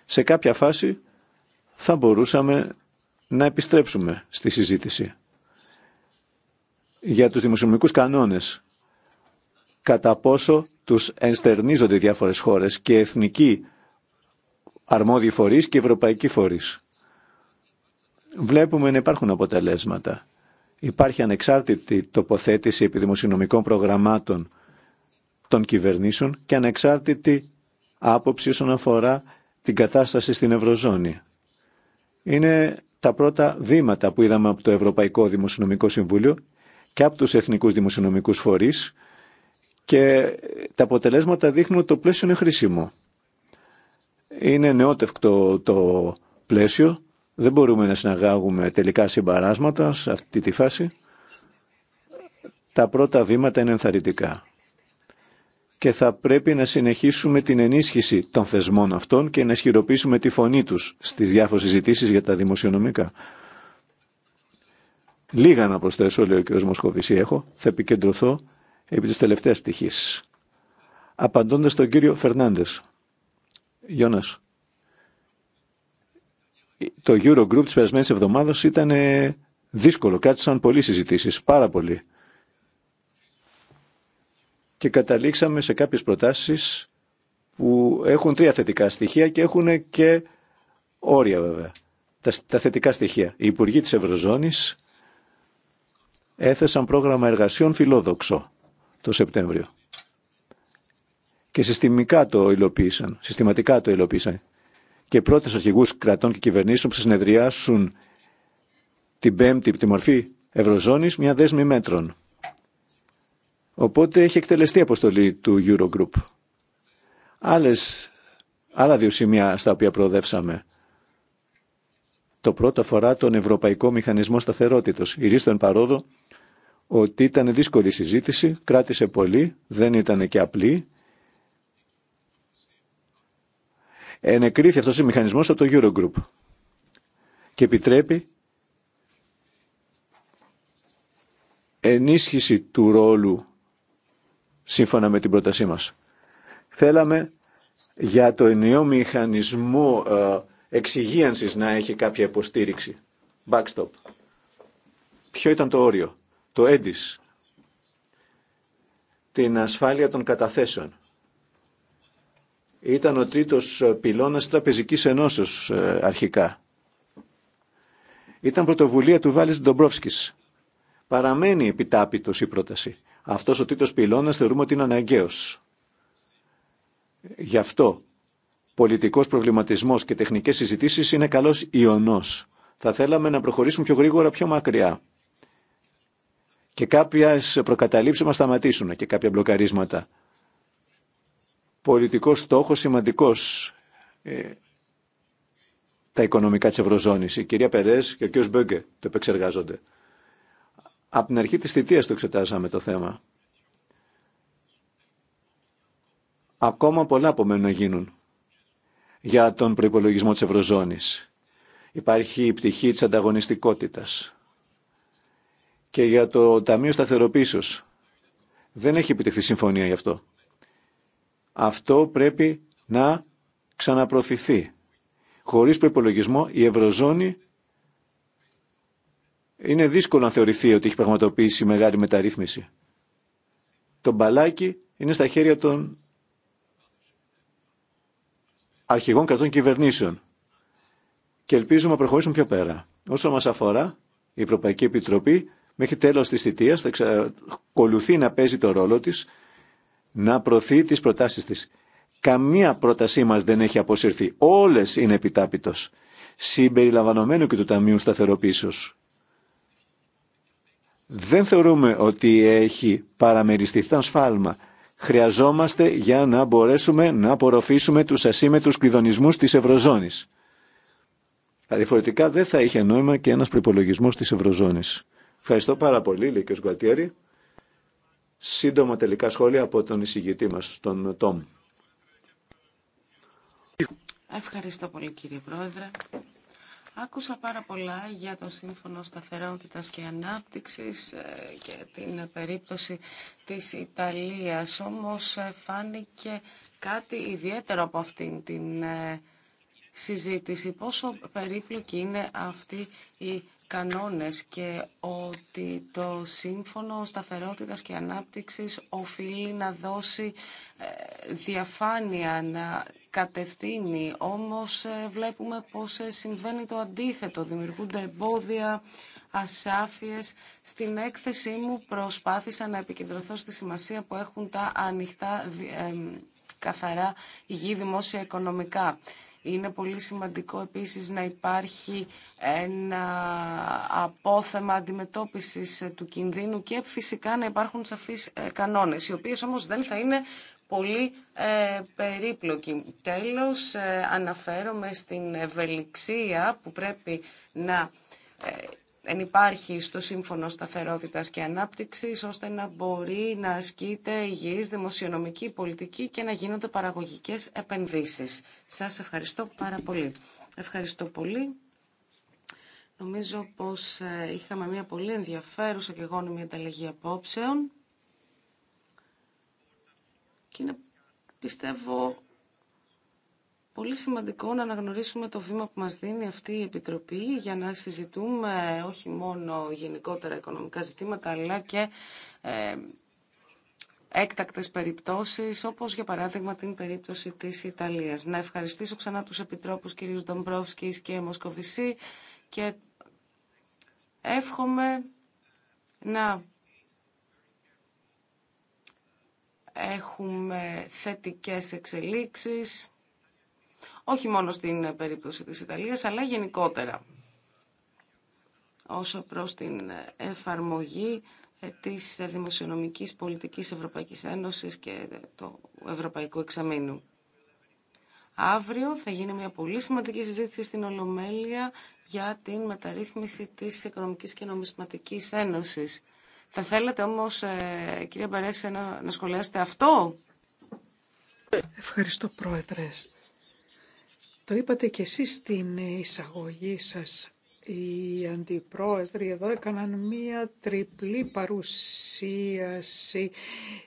Σε κάποια φάση θα μπορούσαμε να επιστρέψουμε στη συζήτηση για τους δημοσιονομικούς κανόνες. Κατά πόσο τους ενστερνίζονται οι διάφορες χώρες και εθνικοί αρμόδιοι φορείς και ευρωπαϊκοί φορείς. Βλέπουμε να υπάρχουν αποτελέσματα. Υπάρχει ανεξάρτητη τοποθέτηση επιδημοσιονομικών προγραμμάτων των κυβερνήσεων και ανεξάρτητη άποψη όσον αφορά την κατάσταση στην Ευρωζώνη. Είναι τα πρώτα βήματα που είδαμε από το Ευρωπαϊκό Δημοσιονομικό Συμβούλιο και από τους εθνικούς δημοσιονομικούς φορείς και τα αποτελέσματα δείχνουν ότι το πλαίσιο είναι χρήσιμο. Είναι νεότευκτο το πλαίσιο, δεν μπορούμε να συναγάγουμε τελικά συμπαράσματα σε αυτή τη φάση. Τα πρώτα βήματα είναι ενθαρρυντικά και θα πρέπει να συνεχίσουμε την ενίσχυση των θεσμών αυτών και να ισχυροποιήσουμε τη φωνή τους στις διάφορες συζητήσεις για τα δημοσιονομικά. Λίγα να προσθέσω, λέει ο κ. Μοσχοβησί, έχω. Θα επικεντρωθώ επί τη τελευταία πτυχή. Απαντώντας τον κύριο Φερνάντες. Γιώνας. Το Eurogroup τη περασμένη Εβδομάδα ήταν δύσκολο. Κράτησαν πολλοί συζητήσει, πάρα πολύ. Και καταλήξαμε σε κάποιες προτάσεις που έχουν τρία θετικά στοιχεία και έχουν και όρια βέβαια. Τα, τα θετικά στοιχεία. Οι υπουργοί της Ευρωζώνης έθεσαν πρόγραμμα εργασιών φιλόδοξο το Σεπτέμβριο. Και συστημικά το υλοποίησαν, συστηματικά το υλοποίησαν. Και πρώτε αρχηγού κρατών και κυβερνήσεων που συνεδριάσουν την πέμπτη, τη μορφή ευρωζώνη μια δέσμη μέτρων. Οπότε έχει εκτελεστεί η αποστολή του Eurogroup. Άλλες, άλλα δύο σημεία στα οποία προοδεύσαμε. Το πρώτο αφορά τον Ευρωπαϊκό Μηχανισμό Σταθερότητος. Η Ρίστον Παρόδο ότι ήταν δύσκολη η συζήτηση, κράτησε πολύ, δεν ήταν και απλή. Ενεκρίθη αυτός ο μηχανισμός από το Eurogroup και επιτρέπει ενίσχυση του ρόλου σύμφωνα με την πρότασή μας. Θέλαμε για το ενιαίο μηχανισμό ε, εξυγίανσης να έχει κάποια υποστήριξη. Backstop. Ποιο ήταν το όριο το έντις, την ασφάλεια των καταθέσεων. Ήταν ο τρίτος ε, πυλώνας τραπεζικής ενώσεως ε, αρχικά. Ήταν πρωτοβουλία του Βάλης Ντομπρόφσκης. Παραμένει επιτάπητος η πρόταση. Αυτός ο τρίτος πυλώνας θεωρούμε ότι είναι αναγκαίος. Γι' αυτό πολιτικός προβληματισμός και τεχνικές συζητήσεις είναι καλός ιονός. Θα θέλαμε να προχωρήσουμε πιο γρήγορα πιο μακριά και κάποια προκαταλήψεις μας σταματήσουν και κάποια μπλοκαρίσματα. Πολιτικός στόχος σημαντικός ε, τα οικονομικά της Ευρωζώνης. Η κυρία Περές και ο κ. Μπέγκε το επεξεργάζονται. Από την αρχή της θητείας το εξετάζαμε το θέμα. Ακόμα πολλά απομένουν να γίνουν για τον προϋπολογισμό της Ευρωζώνης. Υπάρχει η πτυχή της ανταγωνιστικότητας και για το Ταμείο Σταθεροποίησεως. Δεν έχει επιτευχθεί συμφωνία γι' αυτό. Αυτό πρέπει να ξαναπροωθηθεί. Χωρίς προπολογισμό η Ευρωζώνη είναι δύσκολο να θεωρηθεί ότι έχει πραγματοποιήσει μεγάλη μεταρρύθμιση. Το μπαλάκι είναι στα χέρια των αρχηγών κρατών κυβερνήσεων και ελπίζουμε να προχωρήσουμε πιο πέρα. Όσο μας αφορά, η Ευρωπαϊκή Επιτροπή μέχρι τέλος της θητείας θα εξακολουθεί να παίζει το ρόλο της, να προωθεί τις προτάσεις της. Καμία πρότασή μας δεν έχει αποσυρθεί. Όλες είναι επιτάπητος, συμπεριλαμβανομένου και του Ταμείου σταθεροποίησης. Δεν θεωρούμε ότι έχει παραμεριστεί, θα σφάλμα. Χρειαζόμαστε για να μπορέσουμε να απορροφήσουμε τους ασύμετρους κλειδονισμούς της Ευρωζώνης. Διαφορετικά δεν θα είχε νόημα και ένας προπολογισμό της Ευρωζώνης. Ευχαριστώ πάρα πολύ, λέει και ο Σύντομα τελικά σχόλια από τον εισηγητή μας, τον Τόμ. Ευχαριστώ πολύ κύριε Πρόεδρε. Άκουσα πάρα πολλά για το Σύμφωνο Σταθερότητας και Ανάπτυξης ε, και την περίπτωση της Ιταλίας. Όμως ε, φάνηκε κάτι ιδιαίτερο από αυτήν την ε, συζήτηση. Πόσο περίπλοκη είναι αυτή η κανόνες και ότι το Σύμφωνο Σταθερότητας και Ανάπτυξης οφείλει να δώσει ε, διαφάνεια, να κατευθύνει. Όμως ε, βλέπουμε πως ε, συμβαίνει το αντίθετο. Δημιουργούνται εμπόδια, ασάφειες. Στην έκθεσή μου προσπάθησα να επικεντρωθώ στη σημασία που έχουν τα ανοιχτά καθαρά γη δημόσια οικονομικά. Είναι πολύ σημαντικό επίσης να υπάρχει ένα απόθεμα αντιμετώπισης του κινδύνου και φυσικά να υπάρχουν σαφείς ε, κανόνες, οι οποίες όμως δεν θα είναι πολύ ε, περίπλοκοι. περίπλοκη. Τέλος, ε, αναφέρομαι στην ευελιξία που πρέπει να υπάρχει στο Σύμφωνο Σταθερότητας και Ανάπτυξης, ώστε να μπορεί να ασκείται υγιής δημοσιονομική πολιτική και να γίνονται παραγωγικές επενδύσεις. Σας ευχαριστώ πάρα πολύ. Ευχαριστώ πολύ. Νομίζω πως ε, είχαμε μια πολύ ενδιαφέρουσα και γόνιμη ανταλλαγή απόψεων και είναι, πιστεύω πολύ σημαντικό να αναγνωρίσουμε το βήμα που μας δίνει αυτή η Επιτροπή για να συζητούμε όχι μόνο γενικότερα οικονομικά ζητήματα αλλά και ε, έκτακτες περιπτώσεις όπως για παράδειγμα την περίπτωση της Ιταλίας. Να ευχαριστήσω ξανά τους Επιτρόπους κ. Ντομπρόφσκης και Μοσκοβισή και εύχομαι να έχουμε θετικές εξελίξεις όχι μόνο στην ε, περίπτωση της Ιταλίας, αλλά γενικότερα όσο προς την ε, εφαρμογή ε, της δημοσιονομικής πολιτικής Ευρωπαϊκής Ένωσης και το Ευρωπαϊκού Εξαμήνου. Αύριο θα γίνει μια πολύ σημαντική συζήτηση στην Ολομέλεια για την μεταρρύθμιση της Οικονομικής και Νομισματικής Ένωσης. Θα θέλατε όμως, κυρία Μπαρέση, να, να σχολιάσετε αυτό. Ευχαριστώ, Πρόεδρε. Το είπατε και εσείς στην εισαγωγή σας. Οι αντιπρόεδροι εδώ έκαναν μία τριπλή παρουσίαση.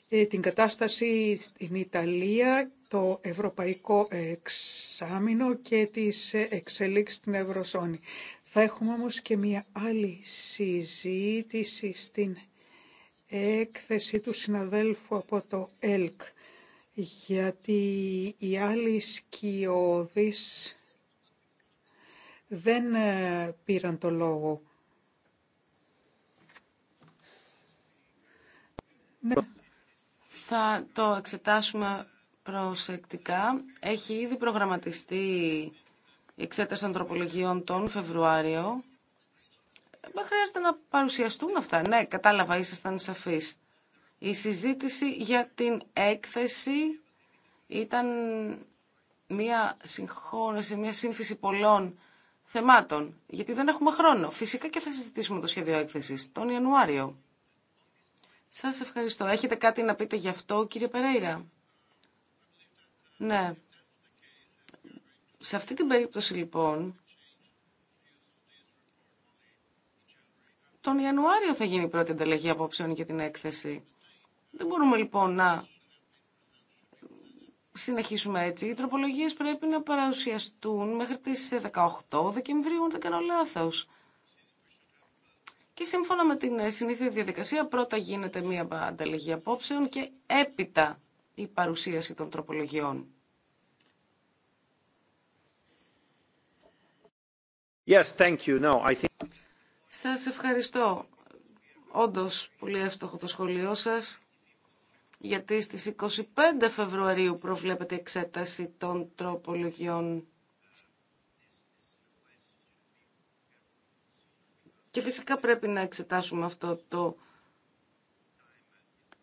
Ε, την κατάσταση στην Ιταλία, το Ευρωπαϊκό Εξάμεινο και τις εξελίξεις στην Ευρωζώνη. Θα έχουμε όμως και μία άλλη συζήτηση στην έκθεση του συναδέλφου από το ΕΛΚ γιατί οι άλλοι σκιώδεις δεν ε, πήραν το λόγο. Ναι. Θα το εξετάσουμε προσεκτικά. Έχει ήδη προγραμματιστεί η εξέταση ανθρωπολογιών τον Φεβρουάριο. Δεν χρειάζεται να παρουσιαστούν αυτά. Ναι, κατάλαβα, ήσασταν σαφείς. Η συζήτηση για την έκθεση ήταν μια συγχώνευση, μια σύμφυση πολλών θεμάτων, γιατί δεν έχουμε χρόνο. Φυσικά και θα συζητήσουμε το σχέδιο έκθεσης τον Ιανουάριο. Σας ευχαριστώ. Έχετε κάτι να πείτε γι' αυτό, κύριε Περέιρα. Ναι. Σε αυτή την περίπτωση, λοιπόν, τον Ιανουάριο θα γίνει η πρώτη ανταλλαγή απόψεων για την έκθεση. Δεν μπορούμε λοιπόν να συνεχίσουμε έτσι. Οι τροπολογίες πρέπει να παρουσιαστούν μέχρι τις 18 Δεκεμβρίου, αν δεν κάνω λάθος. Και σύμφωνα με την συνήθεια διαδικασία, πρώτα γίνεται μία ανταλλαγή απόψεων και έπειτα η παρουσίαση των τροπολογιών. Yes, thank you. No, I think... Σας ευχαριστώ. Όντως, πολύ εύστοχο το σχολείο σας γιατί στις 25 Φεβρουαρίου προβλέπεται η εξέταση των τροπολογιών. Και φυσικά πρέπει να εξετάσουμε αυτό το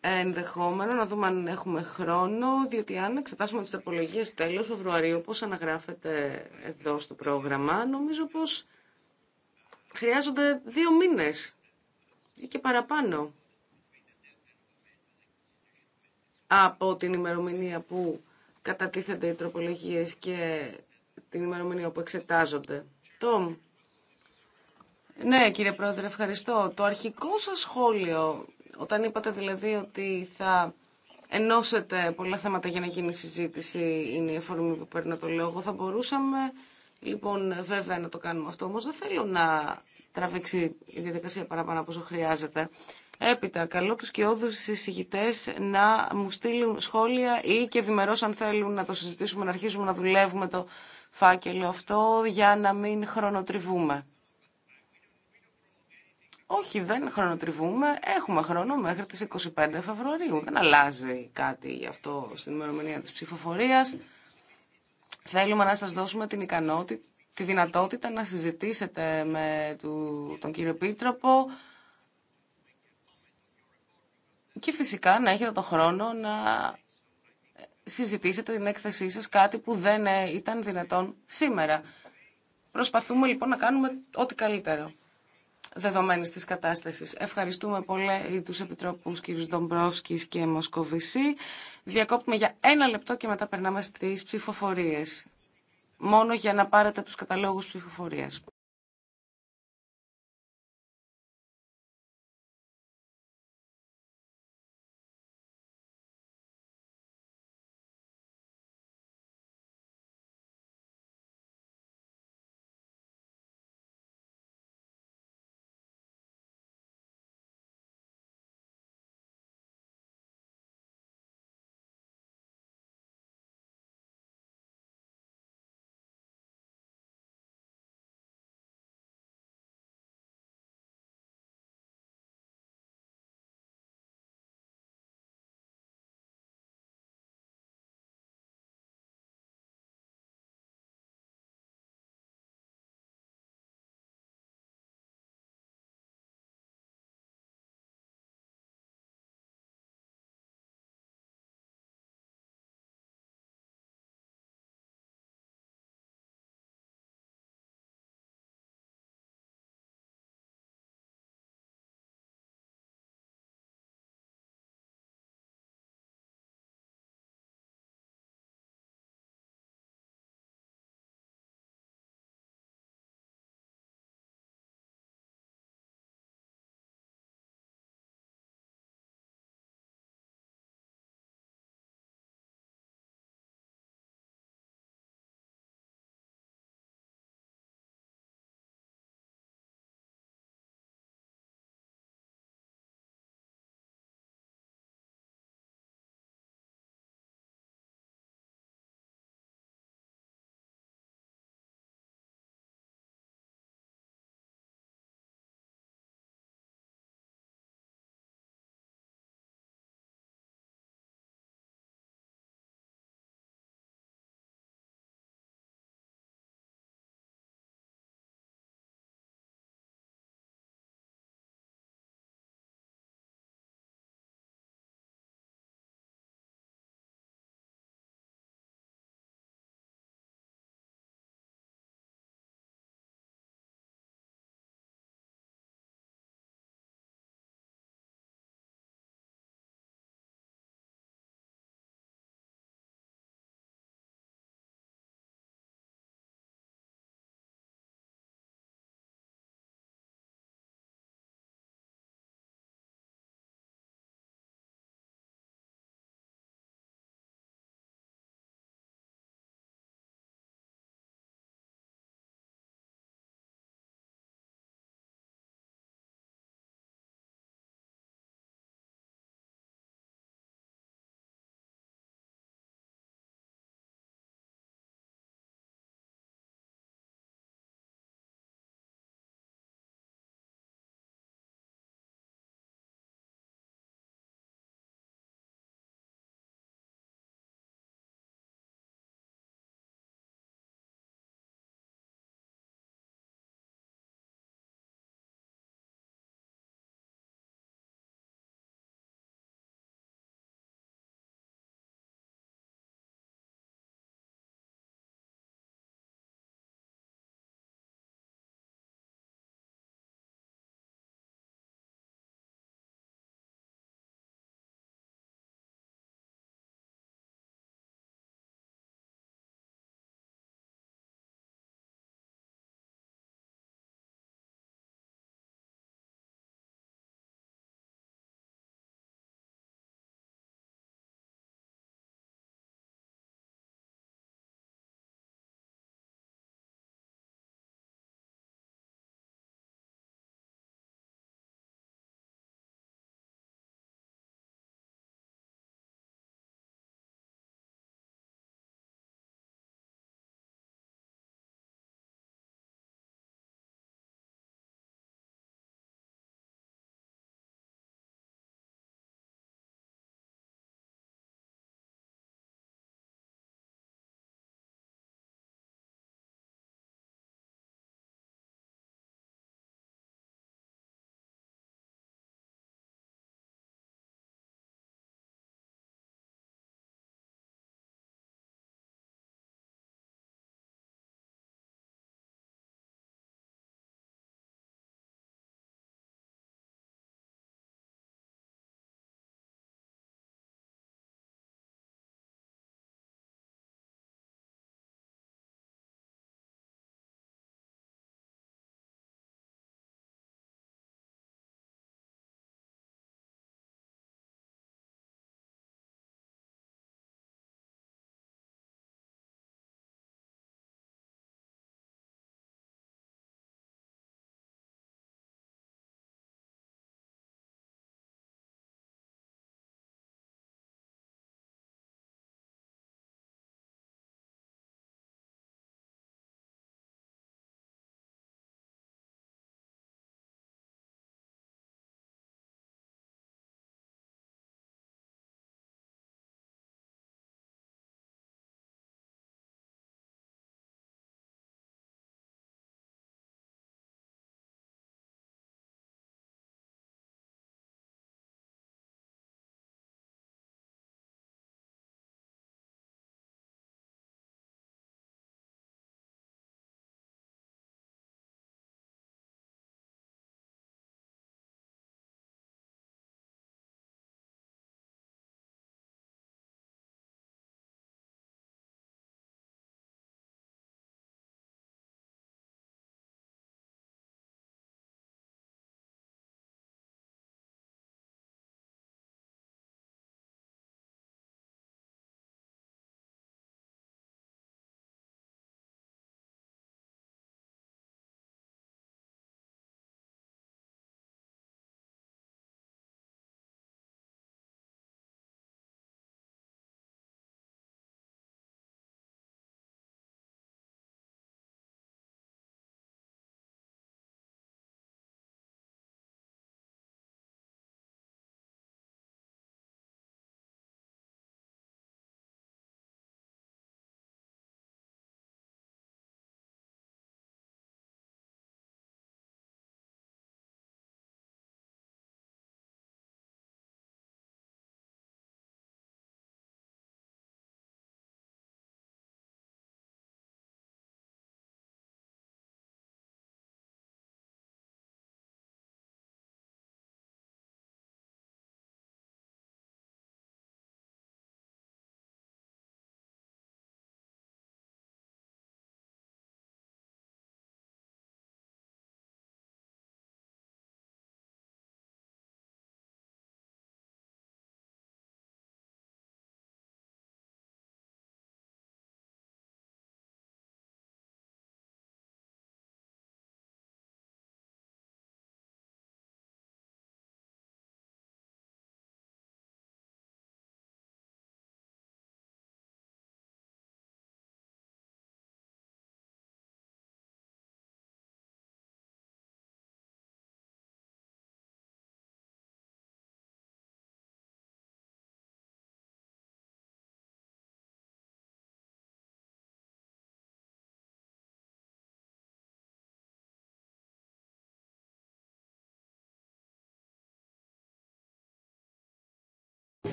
ενδεχόμενο, να δούμε αν έχουμε χρόνο, διότι αν εξετάσουμε τις τροπολογίες τέλος Φεβρουαρίου, όπως αναγράφεται εδώ στο πρόγραμμα, νομίζω πως χρειάζονται δύο μήνες ή και παραπάνω από την ημερομηνία που κατατίθενται οι τροπολογίες και την ημερομηνία που εξετάζονται. Τόμ. Ναι, κύριε Πρόεδρε, ευχαριστώ. Το αρχικό σας σχόλιο, όταν είπατε δηλαδή ότι θα ενώσετε πολλά θέματα για να γίνει συζήτηση, είναι η εφορμή που παίρνω το λόγο, θα μπορούσαμε λοιπόν βέβαια να το κάνουμε αυτό, όμως δεν θέλω να τραβήξει η διαδικασία παραπάνω από όσο χρειάζεται. Έπειτα, καλώ τους και όδους συζητητές να μου στείλουν σχόλια ή και διμερώς αν θέλουν να το συζητήσουμε, να αρχίσουμε να δουλεύουμε το φάκελο αυτό για να μην χρονοτριβούμε. Όχι, δεν χρονοτριβούμε. Έχουμε χρόνο μέχρι τις 25 Φεβρουαρίου. Δεν αλλάζει κάτι γι' αυτό στην ημερομηνία της ψηφοφορίας. Θέλουμε να σας δώσουμε την ικανότητα, τη δυνατότητα να συζητήσετε με τον κύριο Πίτροπο και φυσικά να έχετε το χρόνο να συζητήσετε την έκθεσή σας, κάτι που δεν ε, ήταν δυνατόν σήμερα. Προσπαθούμε λοιπόν να κάνουμε ό,τι καλύτερο δεδομένης της κατάστασης. Ευχαριστούμε πολύ τους Επιτρόπους κ. Ντομπρόφσκης και Μοσκοβισή. Διακόπτουμε για ένα λεπτό και μετά περνάμε στις ψηφοφορίες. Μόνο για να πάρετε τους καταλόγους ψηφοφορίας.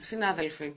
Συνάδελφοι,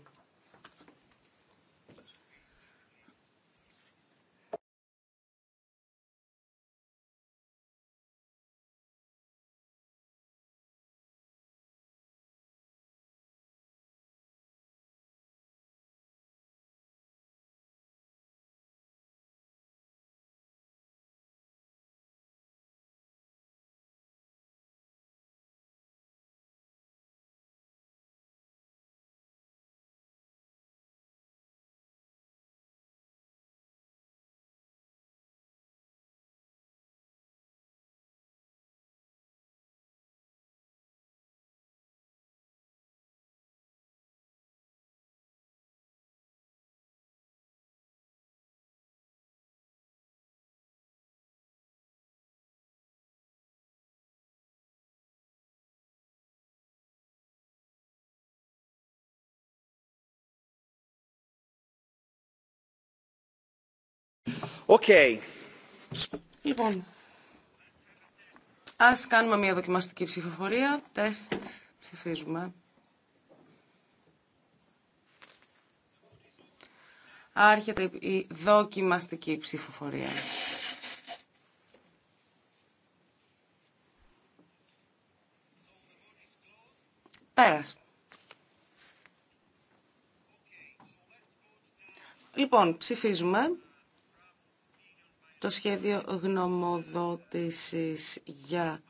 Okay. Λοιπόν, ας κάνουμε μια δοκιμαστική ψηφοφορία. Τεστ, ψηφίζουμε. Άρχεται η δοκιμαστική ψηφοφορία. Πέρας. Λοιπόν, ψηφίζουμε το σχέδιο γνωμοδότησης για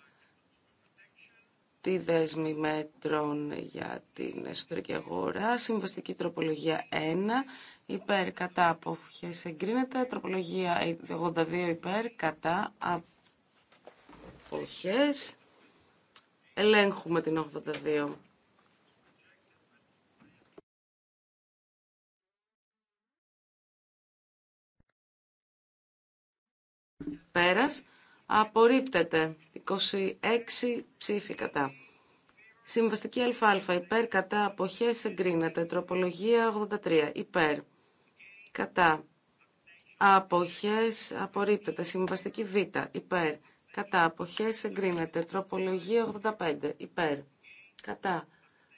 τη δέσμη μέτρων για την εσωτερική αγορά, συμβαστική τροπολογία 1, υπέρ κατά απόφυγες εγκρίνεται, τροπολογία 82 υπέρ κατά απόχες, ελέγχουμε την 82. Πέρας. Απορρίπτεται. 26 ψήφοι κατά. Συμβαστική αλφά-αλφα Υπέρ κατά αποχές εγκρίνεται. Τροπολογία 83. Υπέρ. Κατά. Αποχές απορρίπτεται. Συμβαστική Β. Υπέρ. Κατά. Αποχές εγκρίνεται. Τροπολογία 85. Υπέρ. Κατά.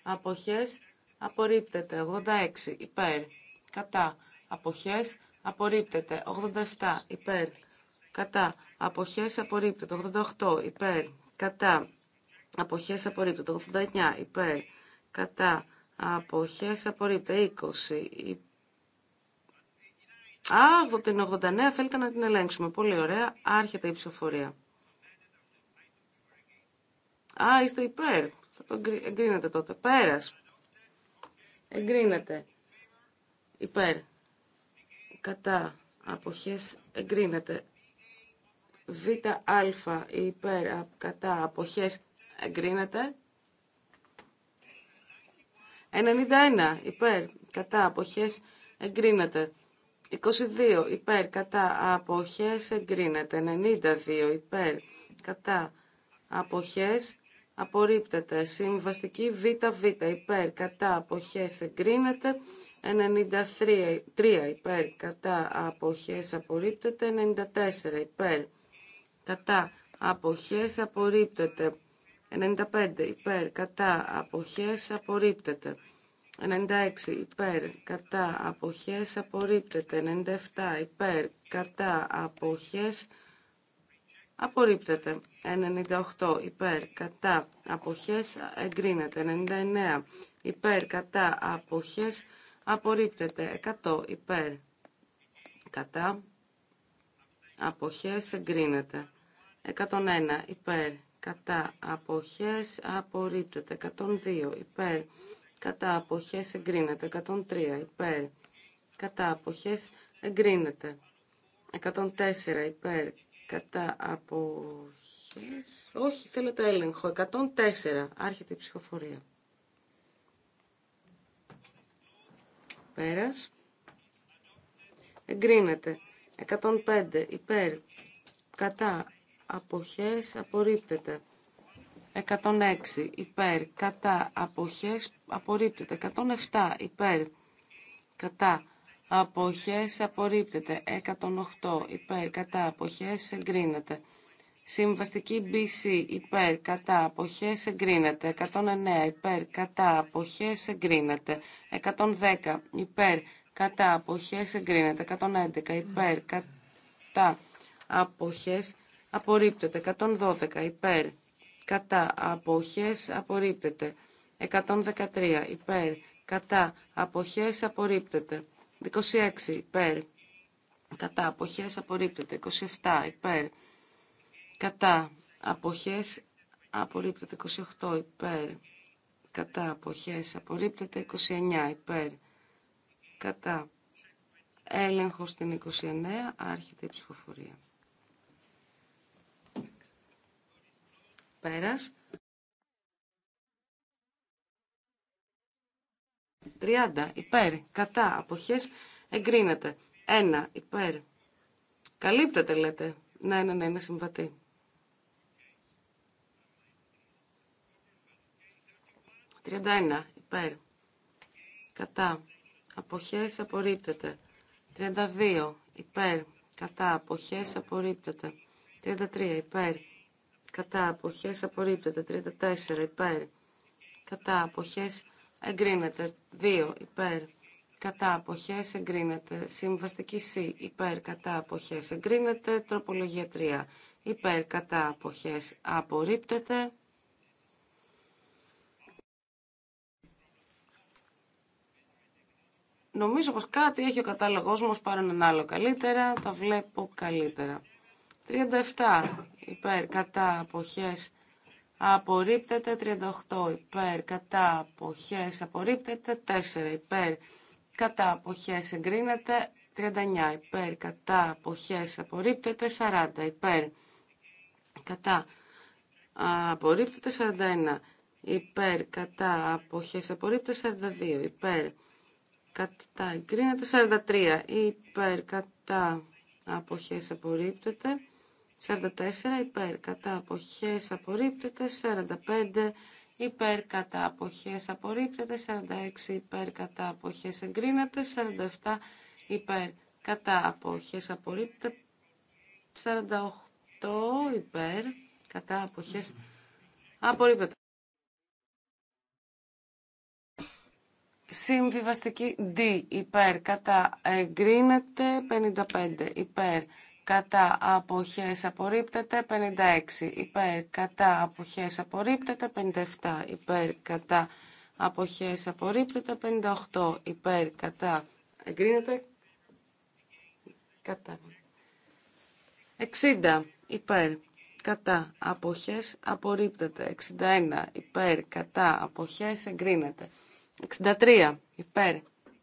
Αποχές απορρίπτεται. 86. Υπέρ. Κατά. Αποχές απορρίπτεται. 87. Υπέρ κατά, αποχές Το 88 υπέρ, κατά, αποχές Το 89 υπέρ, κατά, αποχές απορρίπτω. 20 υπέρ. Α, από την 89 θέλετε να την ελέγξουμε. Πολύ ωραία. Άρχεται η ψηφοφορία. Α, είστε υπέρ. Θα το εγκρίνετε τότε. Πέρας. Εγκρίνεται. Υπέρ. Κατά. Αποχές εγκρίνεται. ΒΑ υπέρ κατά αποχές εγκρίνεται. 91 υπέρ κατά αποχές εγκρίνεται. 22 υπέρ κατά αποχές εγκρίνεται. 92 υπέρ κατά αποχές απορρίπτεται. Συμβαστική ΒΒ υπέρ κατά αποχές εγκρίνεται. 93 υπέρ κατά αποχές απορρίπτεται. 94 υπέρ κατά αποχές απορρίπτεται. 95 υπέρ κατά αποχές απορρίπτεται. 96 υπέρ κατά αποχές απορρίπτεται. 97 υπέρ κατά αποχές απορρίπτεται. 98 υπέρ κατά αποχές εγκρίνεται. 99 υπέρ κατά αποχές απορρίπτεται. 100 υπέρ κατά αποχές εγκρίνεται. 101 υπέρ κατά αποχές απορρίπτεται 102 υπέρ κατά αποχές εγκρίνεται 103 υπέρ κατά αποχές εγκρίνεται 104 υπέρ κατά αποχές όχι θέλετε έλεγχο 104 άρχεται η ψηφοφορία πέρας εγκρίνεται 105 υπέρ κατά αποχές απορρίπτεται. 106 υπέρ κατά αποχές απορρίπτεται. 107 υπέρ κατά αποχές απορρίπτεται. 108 υπέρ κατά αποχές εγκρίνεται. Συμβαστική BC υπέρ κατά αποχές εγκρίνεται. 109 υπέρ κατά αποχές εγκρίνεται. 110 υπέρ κατά αποχές εγκρίνεται. 111 υπέρ κατά αποχές εγκρίνεται απορρίπτεται. 112 υπέρ κατά αποχές απορρίπτεται. 113 υπέρ κατά αποχές απορρίπτεται. 26 υπέρ κατά αποχές απορρίπτεται. 27 υπέρ κατά αποχές απορρίπτεται. 28 υπέρ κατά αποχές απορρίπτεται. 29 υπέρ κατά έλεγχο στην 29 άρχεται η ψηφοφορία. Πέρας. 30 υπέρ, κατά, αποχές, εγκρίνεται. 1 υπέρ. Καλύπτεται λέτε. Ναι, ναι, ναι, είναι συμβατή. 31 υπέρ. Κατά. Αποχές απορρίπτεται. 32 υπέρ. Κατά. Αποχές απορρίπτεται. 33 υπέρ κατά αποχές απορρίπτεται 34 υπέρ κατά αποχές εγκρίνεται 2 υπέρ κατά αποχές εγκρίνεται συμβαστική C υπέρ κατά αποχές εγκρίνεται τροπολογία 3 υπέρ κατά αποχές απορρίπτεται Νομίζω πως κάτι έχει ο κατάλογός μας, πάρω έναν άλλο καλύτερα, τα βλέπω καλύτερα. 37 υπέρ κατά αποχές απορρίπτεται 38 υπέρ κατά αποχές απορρίπτεται 4 υπέρ κατά αποχές εγκρίνεται 39 υπέρ κατά αποχές απορρίπτεται 40 υπέρ κατά απορρίπτεται 41 υπέρ κατά αποχές απορρίπτεται 42 υπέρ κατά εγκρίνεται 43 υπέρ κατά αποχές απορρίπτεται 44 υπέρ κατά αποχές απορρίπτεται, 45 υπέρ κατά αποχές απορρίπτεται, 46 υπέρ κατά αποχές εγκρίνεται, 47 υπέρ κατά αποχές απορρίπτεται, 48 υπέρ κατά αποχές απορρίπτεται. Συμβιβαστική D υπέρ κατά εγκρίνεται, 55 υπέρ κατά αποχές απορρίπτεται 56 υπέρ κατά αποχές απορρίπτεται 57 υπέρ κατά αποχές απορρίπτεται 58 υπέρ κατά εγκρίνεται κατά 60 υπέρ κατά αποχές απορρίπτεται 61 υπέρ κατά αποχές εγκρίνεται 63 υπέρ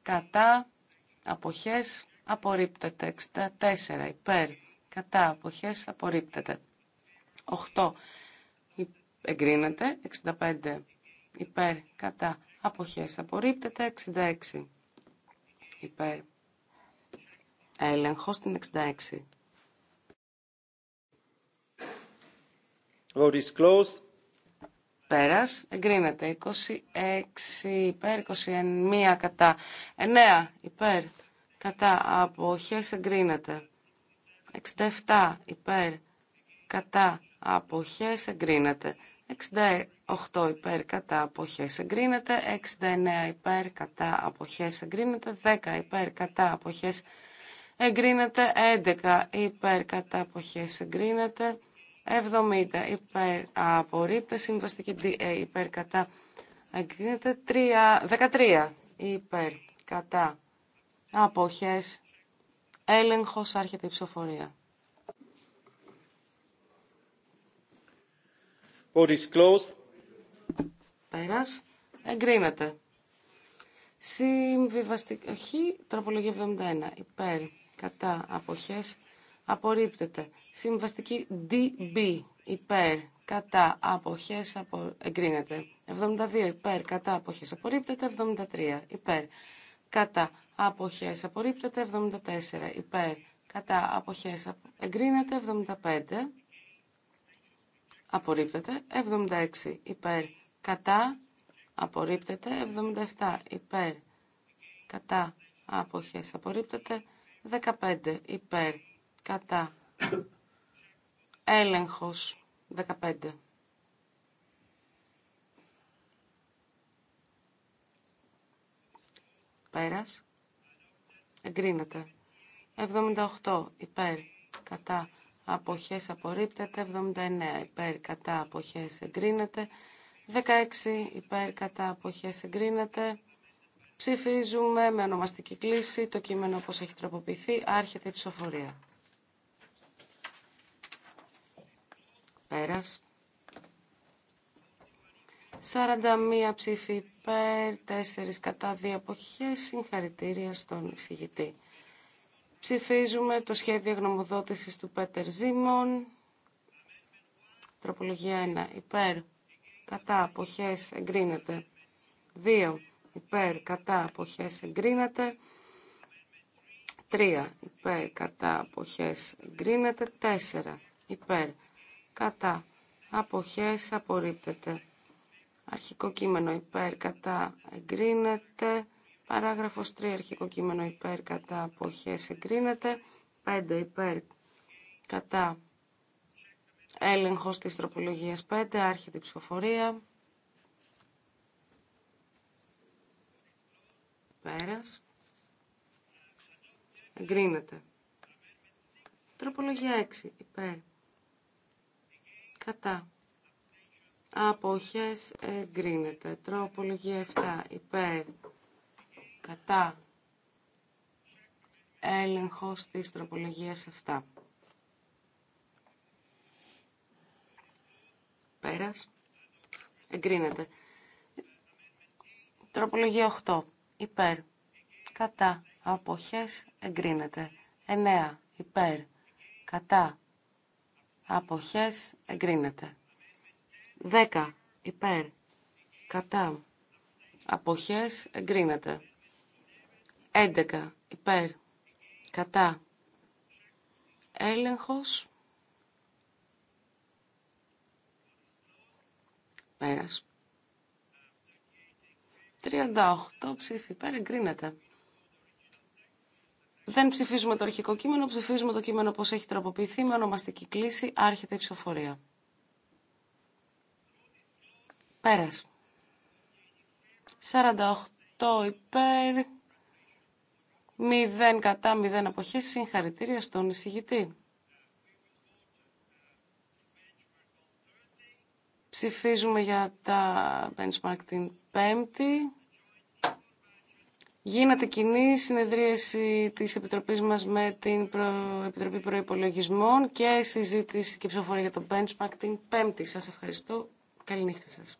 κατά αποχές απορρίπτεται. 64 υπέρ κατά αποχέ απορρίπτεται. 8 εγκρίνεται. 65 υπέρ κατά αποχές απορρίπτεται. 66 υπέρ έλεγχο στην 66. Vote is closed. Πέρας, εγκρίνεται. 26 υπέρ, 21 κατά, 9 υπέρ, κατά αποχές εγκρίνεται. 67 υπέρ κατά αποχές εγκρίνεται. 68 υπέρ κατά αποχές εγκρίνεται. 69 υπέρ κατά αποχές εγκρίνεται. 10 υπέρ κατά αποχές εγκρίνεται. 11 υπέρ κατά αποχές εγκρίνεται. 70 υπέρ Απορρίπτε. Συμβαστική DA ε, υπέρ κατά εγκρίνεται. 13 υπέρ κατά αποχές, έλεγχος, άρχεται η ψηφοφορία. Closed. Πέρας, εγκρίνεται. Συμβιβαστική, όχι, τροπολογία 71, υπέρ, κατά, αποχές, απορρίπτεται. Συμβαστική DB, υπέρ, κατά, αποχές, απο... εγκρίνεται. 72, υπέρ, κατά, αποχές, απορρίπτεται. 73, υπέρ, κατά, αποχές απορρίπτεται 74 υπέρ κατά αποχές εγκρίνεται 75 απορρίπτεται 76 υπέρ κατά απορρίπτεται 77 υπέρ κατά αποχές απορρίπτεται 15 υπέρ κατά έλεγχος 15 Πέρας εγκρίνεται. 78 υπέρ κατά αποχές απορρίπτεται. 79 υπέρ κατά αποχές εγκρίνεται. 16 υπέρ κατά αποχές εγκρίνεται. Ψηφίζουμε με ονομαστική κλίση το κείμενο όπως έχει τροποποιηθεί. Άρχεται η ψηφοφορία. Πέρας. 41 ψήφοι υπέρ, 4 κατά 2 αποχές, συγχαρητήρια στον εισηγητή. Ψηφίζουμε το σχέδιο γνωμοδότησης του Πέτερ Ζήμων. Τροπολογία 1. Υπέρ, κατά, αποχές, εγκρίνεται. 2. Υπέρ, κατά, αποχές, εγκρίνεται. 3. Υπέρ, κατά, αποχές, εγκρίνεται. 4. Υπέρ, κατά, αποχές, απορρίπτεται. Αρχικό κείμενο υπέρ κατά εγκρίνεται. Παράγραφος 3. Αρχικό κείμενο υπέρ κατά αποχές εγκρίνεται. 5. Υπέρ κατά έλεγχος της τροπολογίας 5. Άρχεται η ψηφοφορία. Πέρας. Εγκρίνεται. Τροπολογία 6. Υπέρ. Κατά. Αποχές εγκρίνεται. Τροπολογία 7. Υπέρ. Κατά. Έλεγχος της τροπολογίας 7. Πέρας. Εγκρίνεται. Τροπολογία 8. Υπέρ. Κατά. Αποχές εγκρίνεται. 9. Υπέρ. Κατά. Αποχές εγκρίνεται. 10 υπέρ κατά αποχές εγκρίνεται. 11 υπέρ κατά έλεγχος πέρας. 38 ψήφι υπέρ εγκρίνεται. Δεν ψηφίζουμε το αρχικό κείμενο, ψηφίζουμε το κείμενο όπως έχει τροποποιηθεί με ονομαστική κλίση, άρχεται η ψηφοφορία. Πέρας. 48 υπέρ, 0 κατά 0 αποχές, συγχαρητήρια στον εισηγητή. Ψηφίζουμε για τα benchmark την Πέμπτη. Γίνεται κοινή συνεδρίαση της Επιτροπής μας με την Επιτροπή Προϋπολογισμών και συζήτηση και ψηφοφορία για το benchmark την Πέμπτη. Σας ευχαριστώ. Καληνύχτα σας.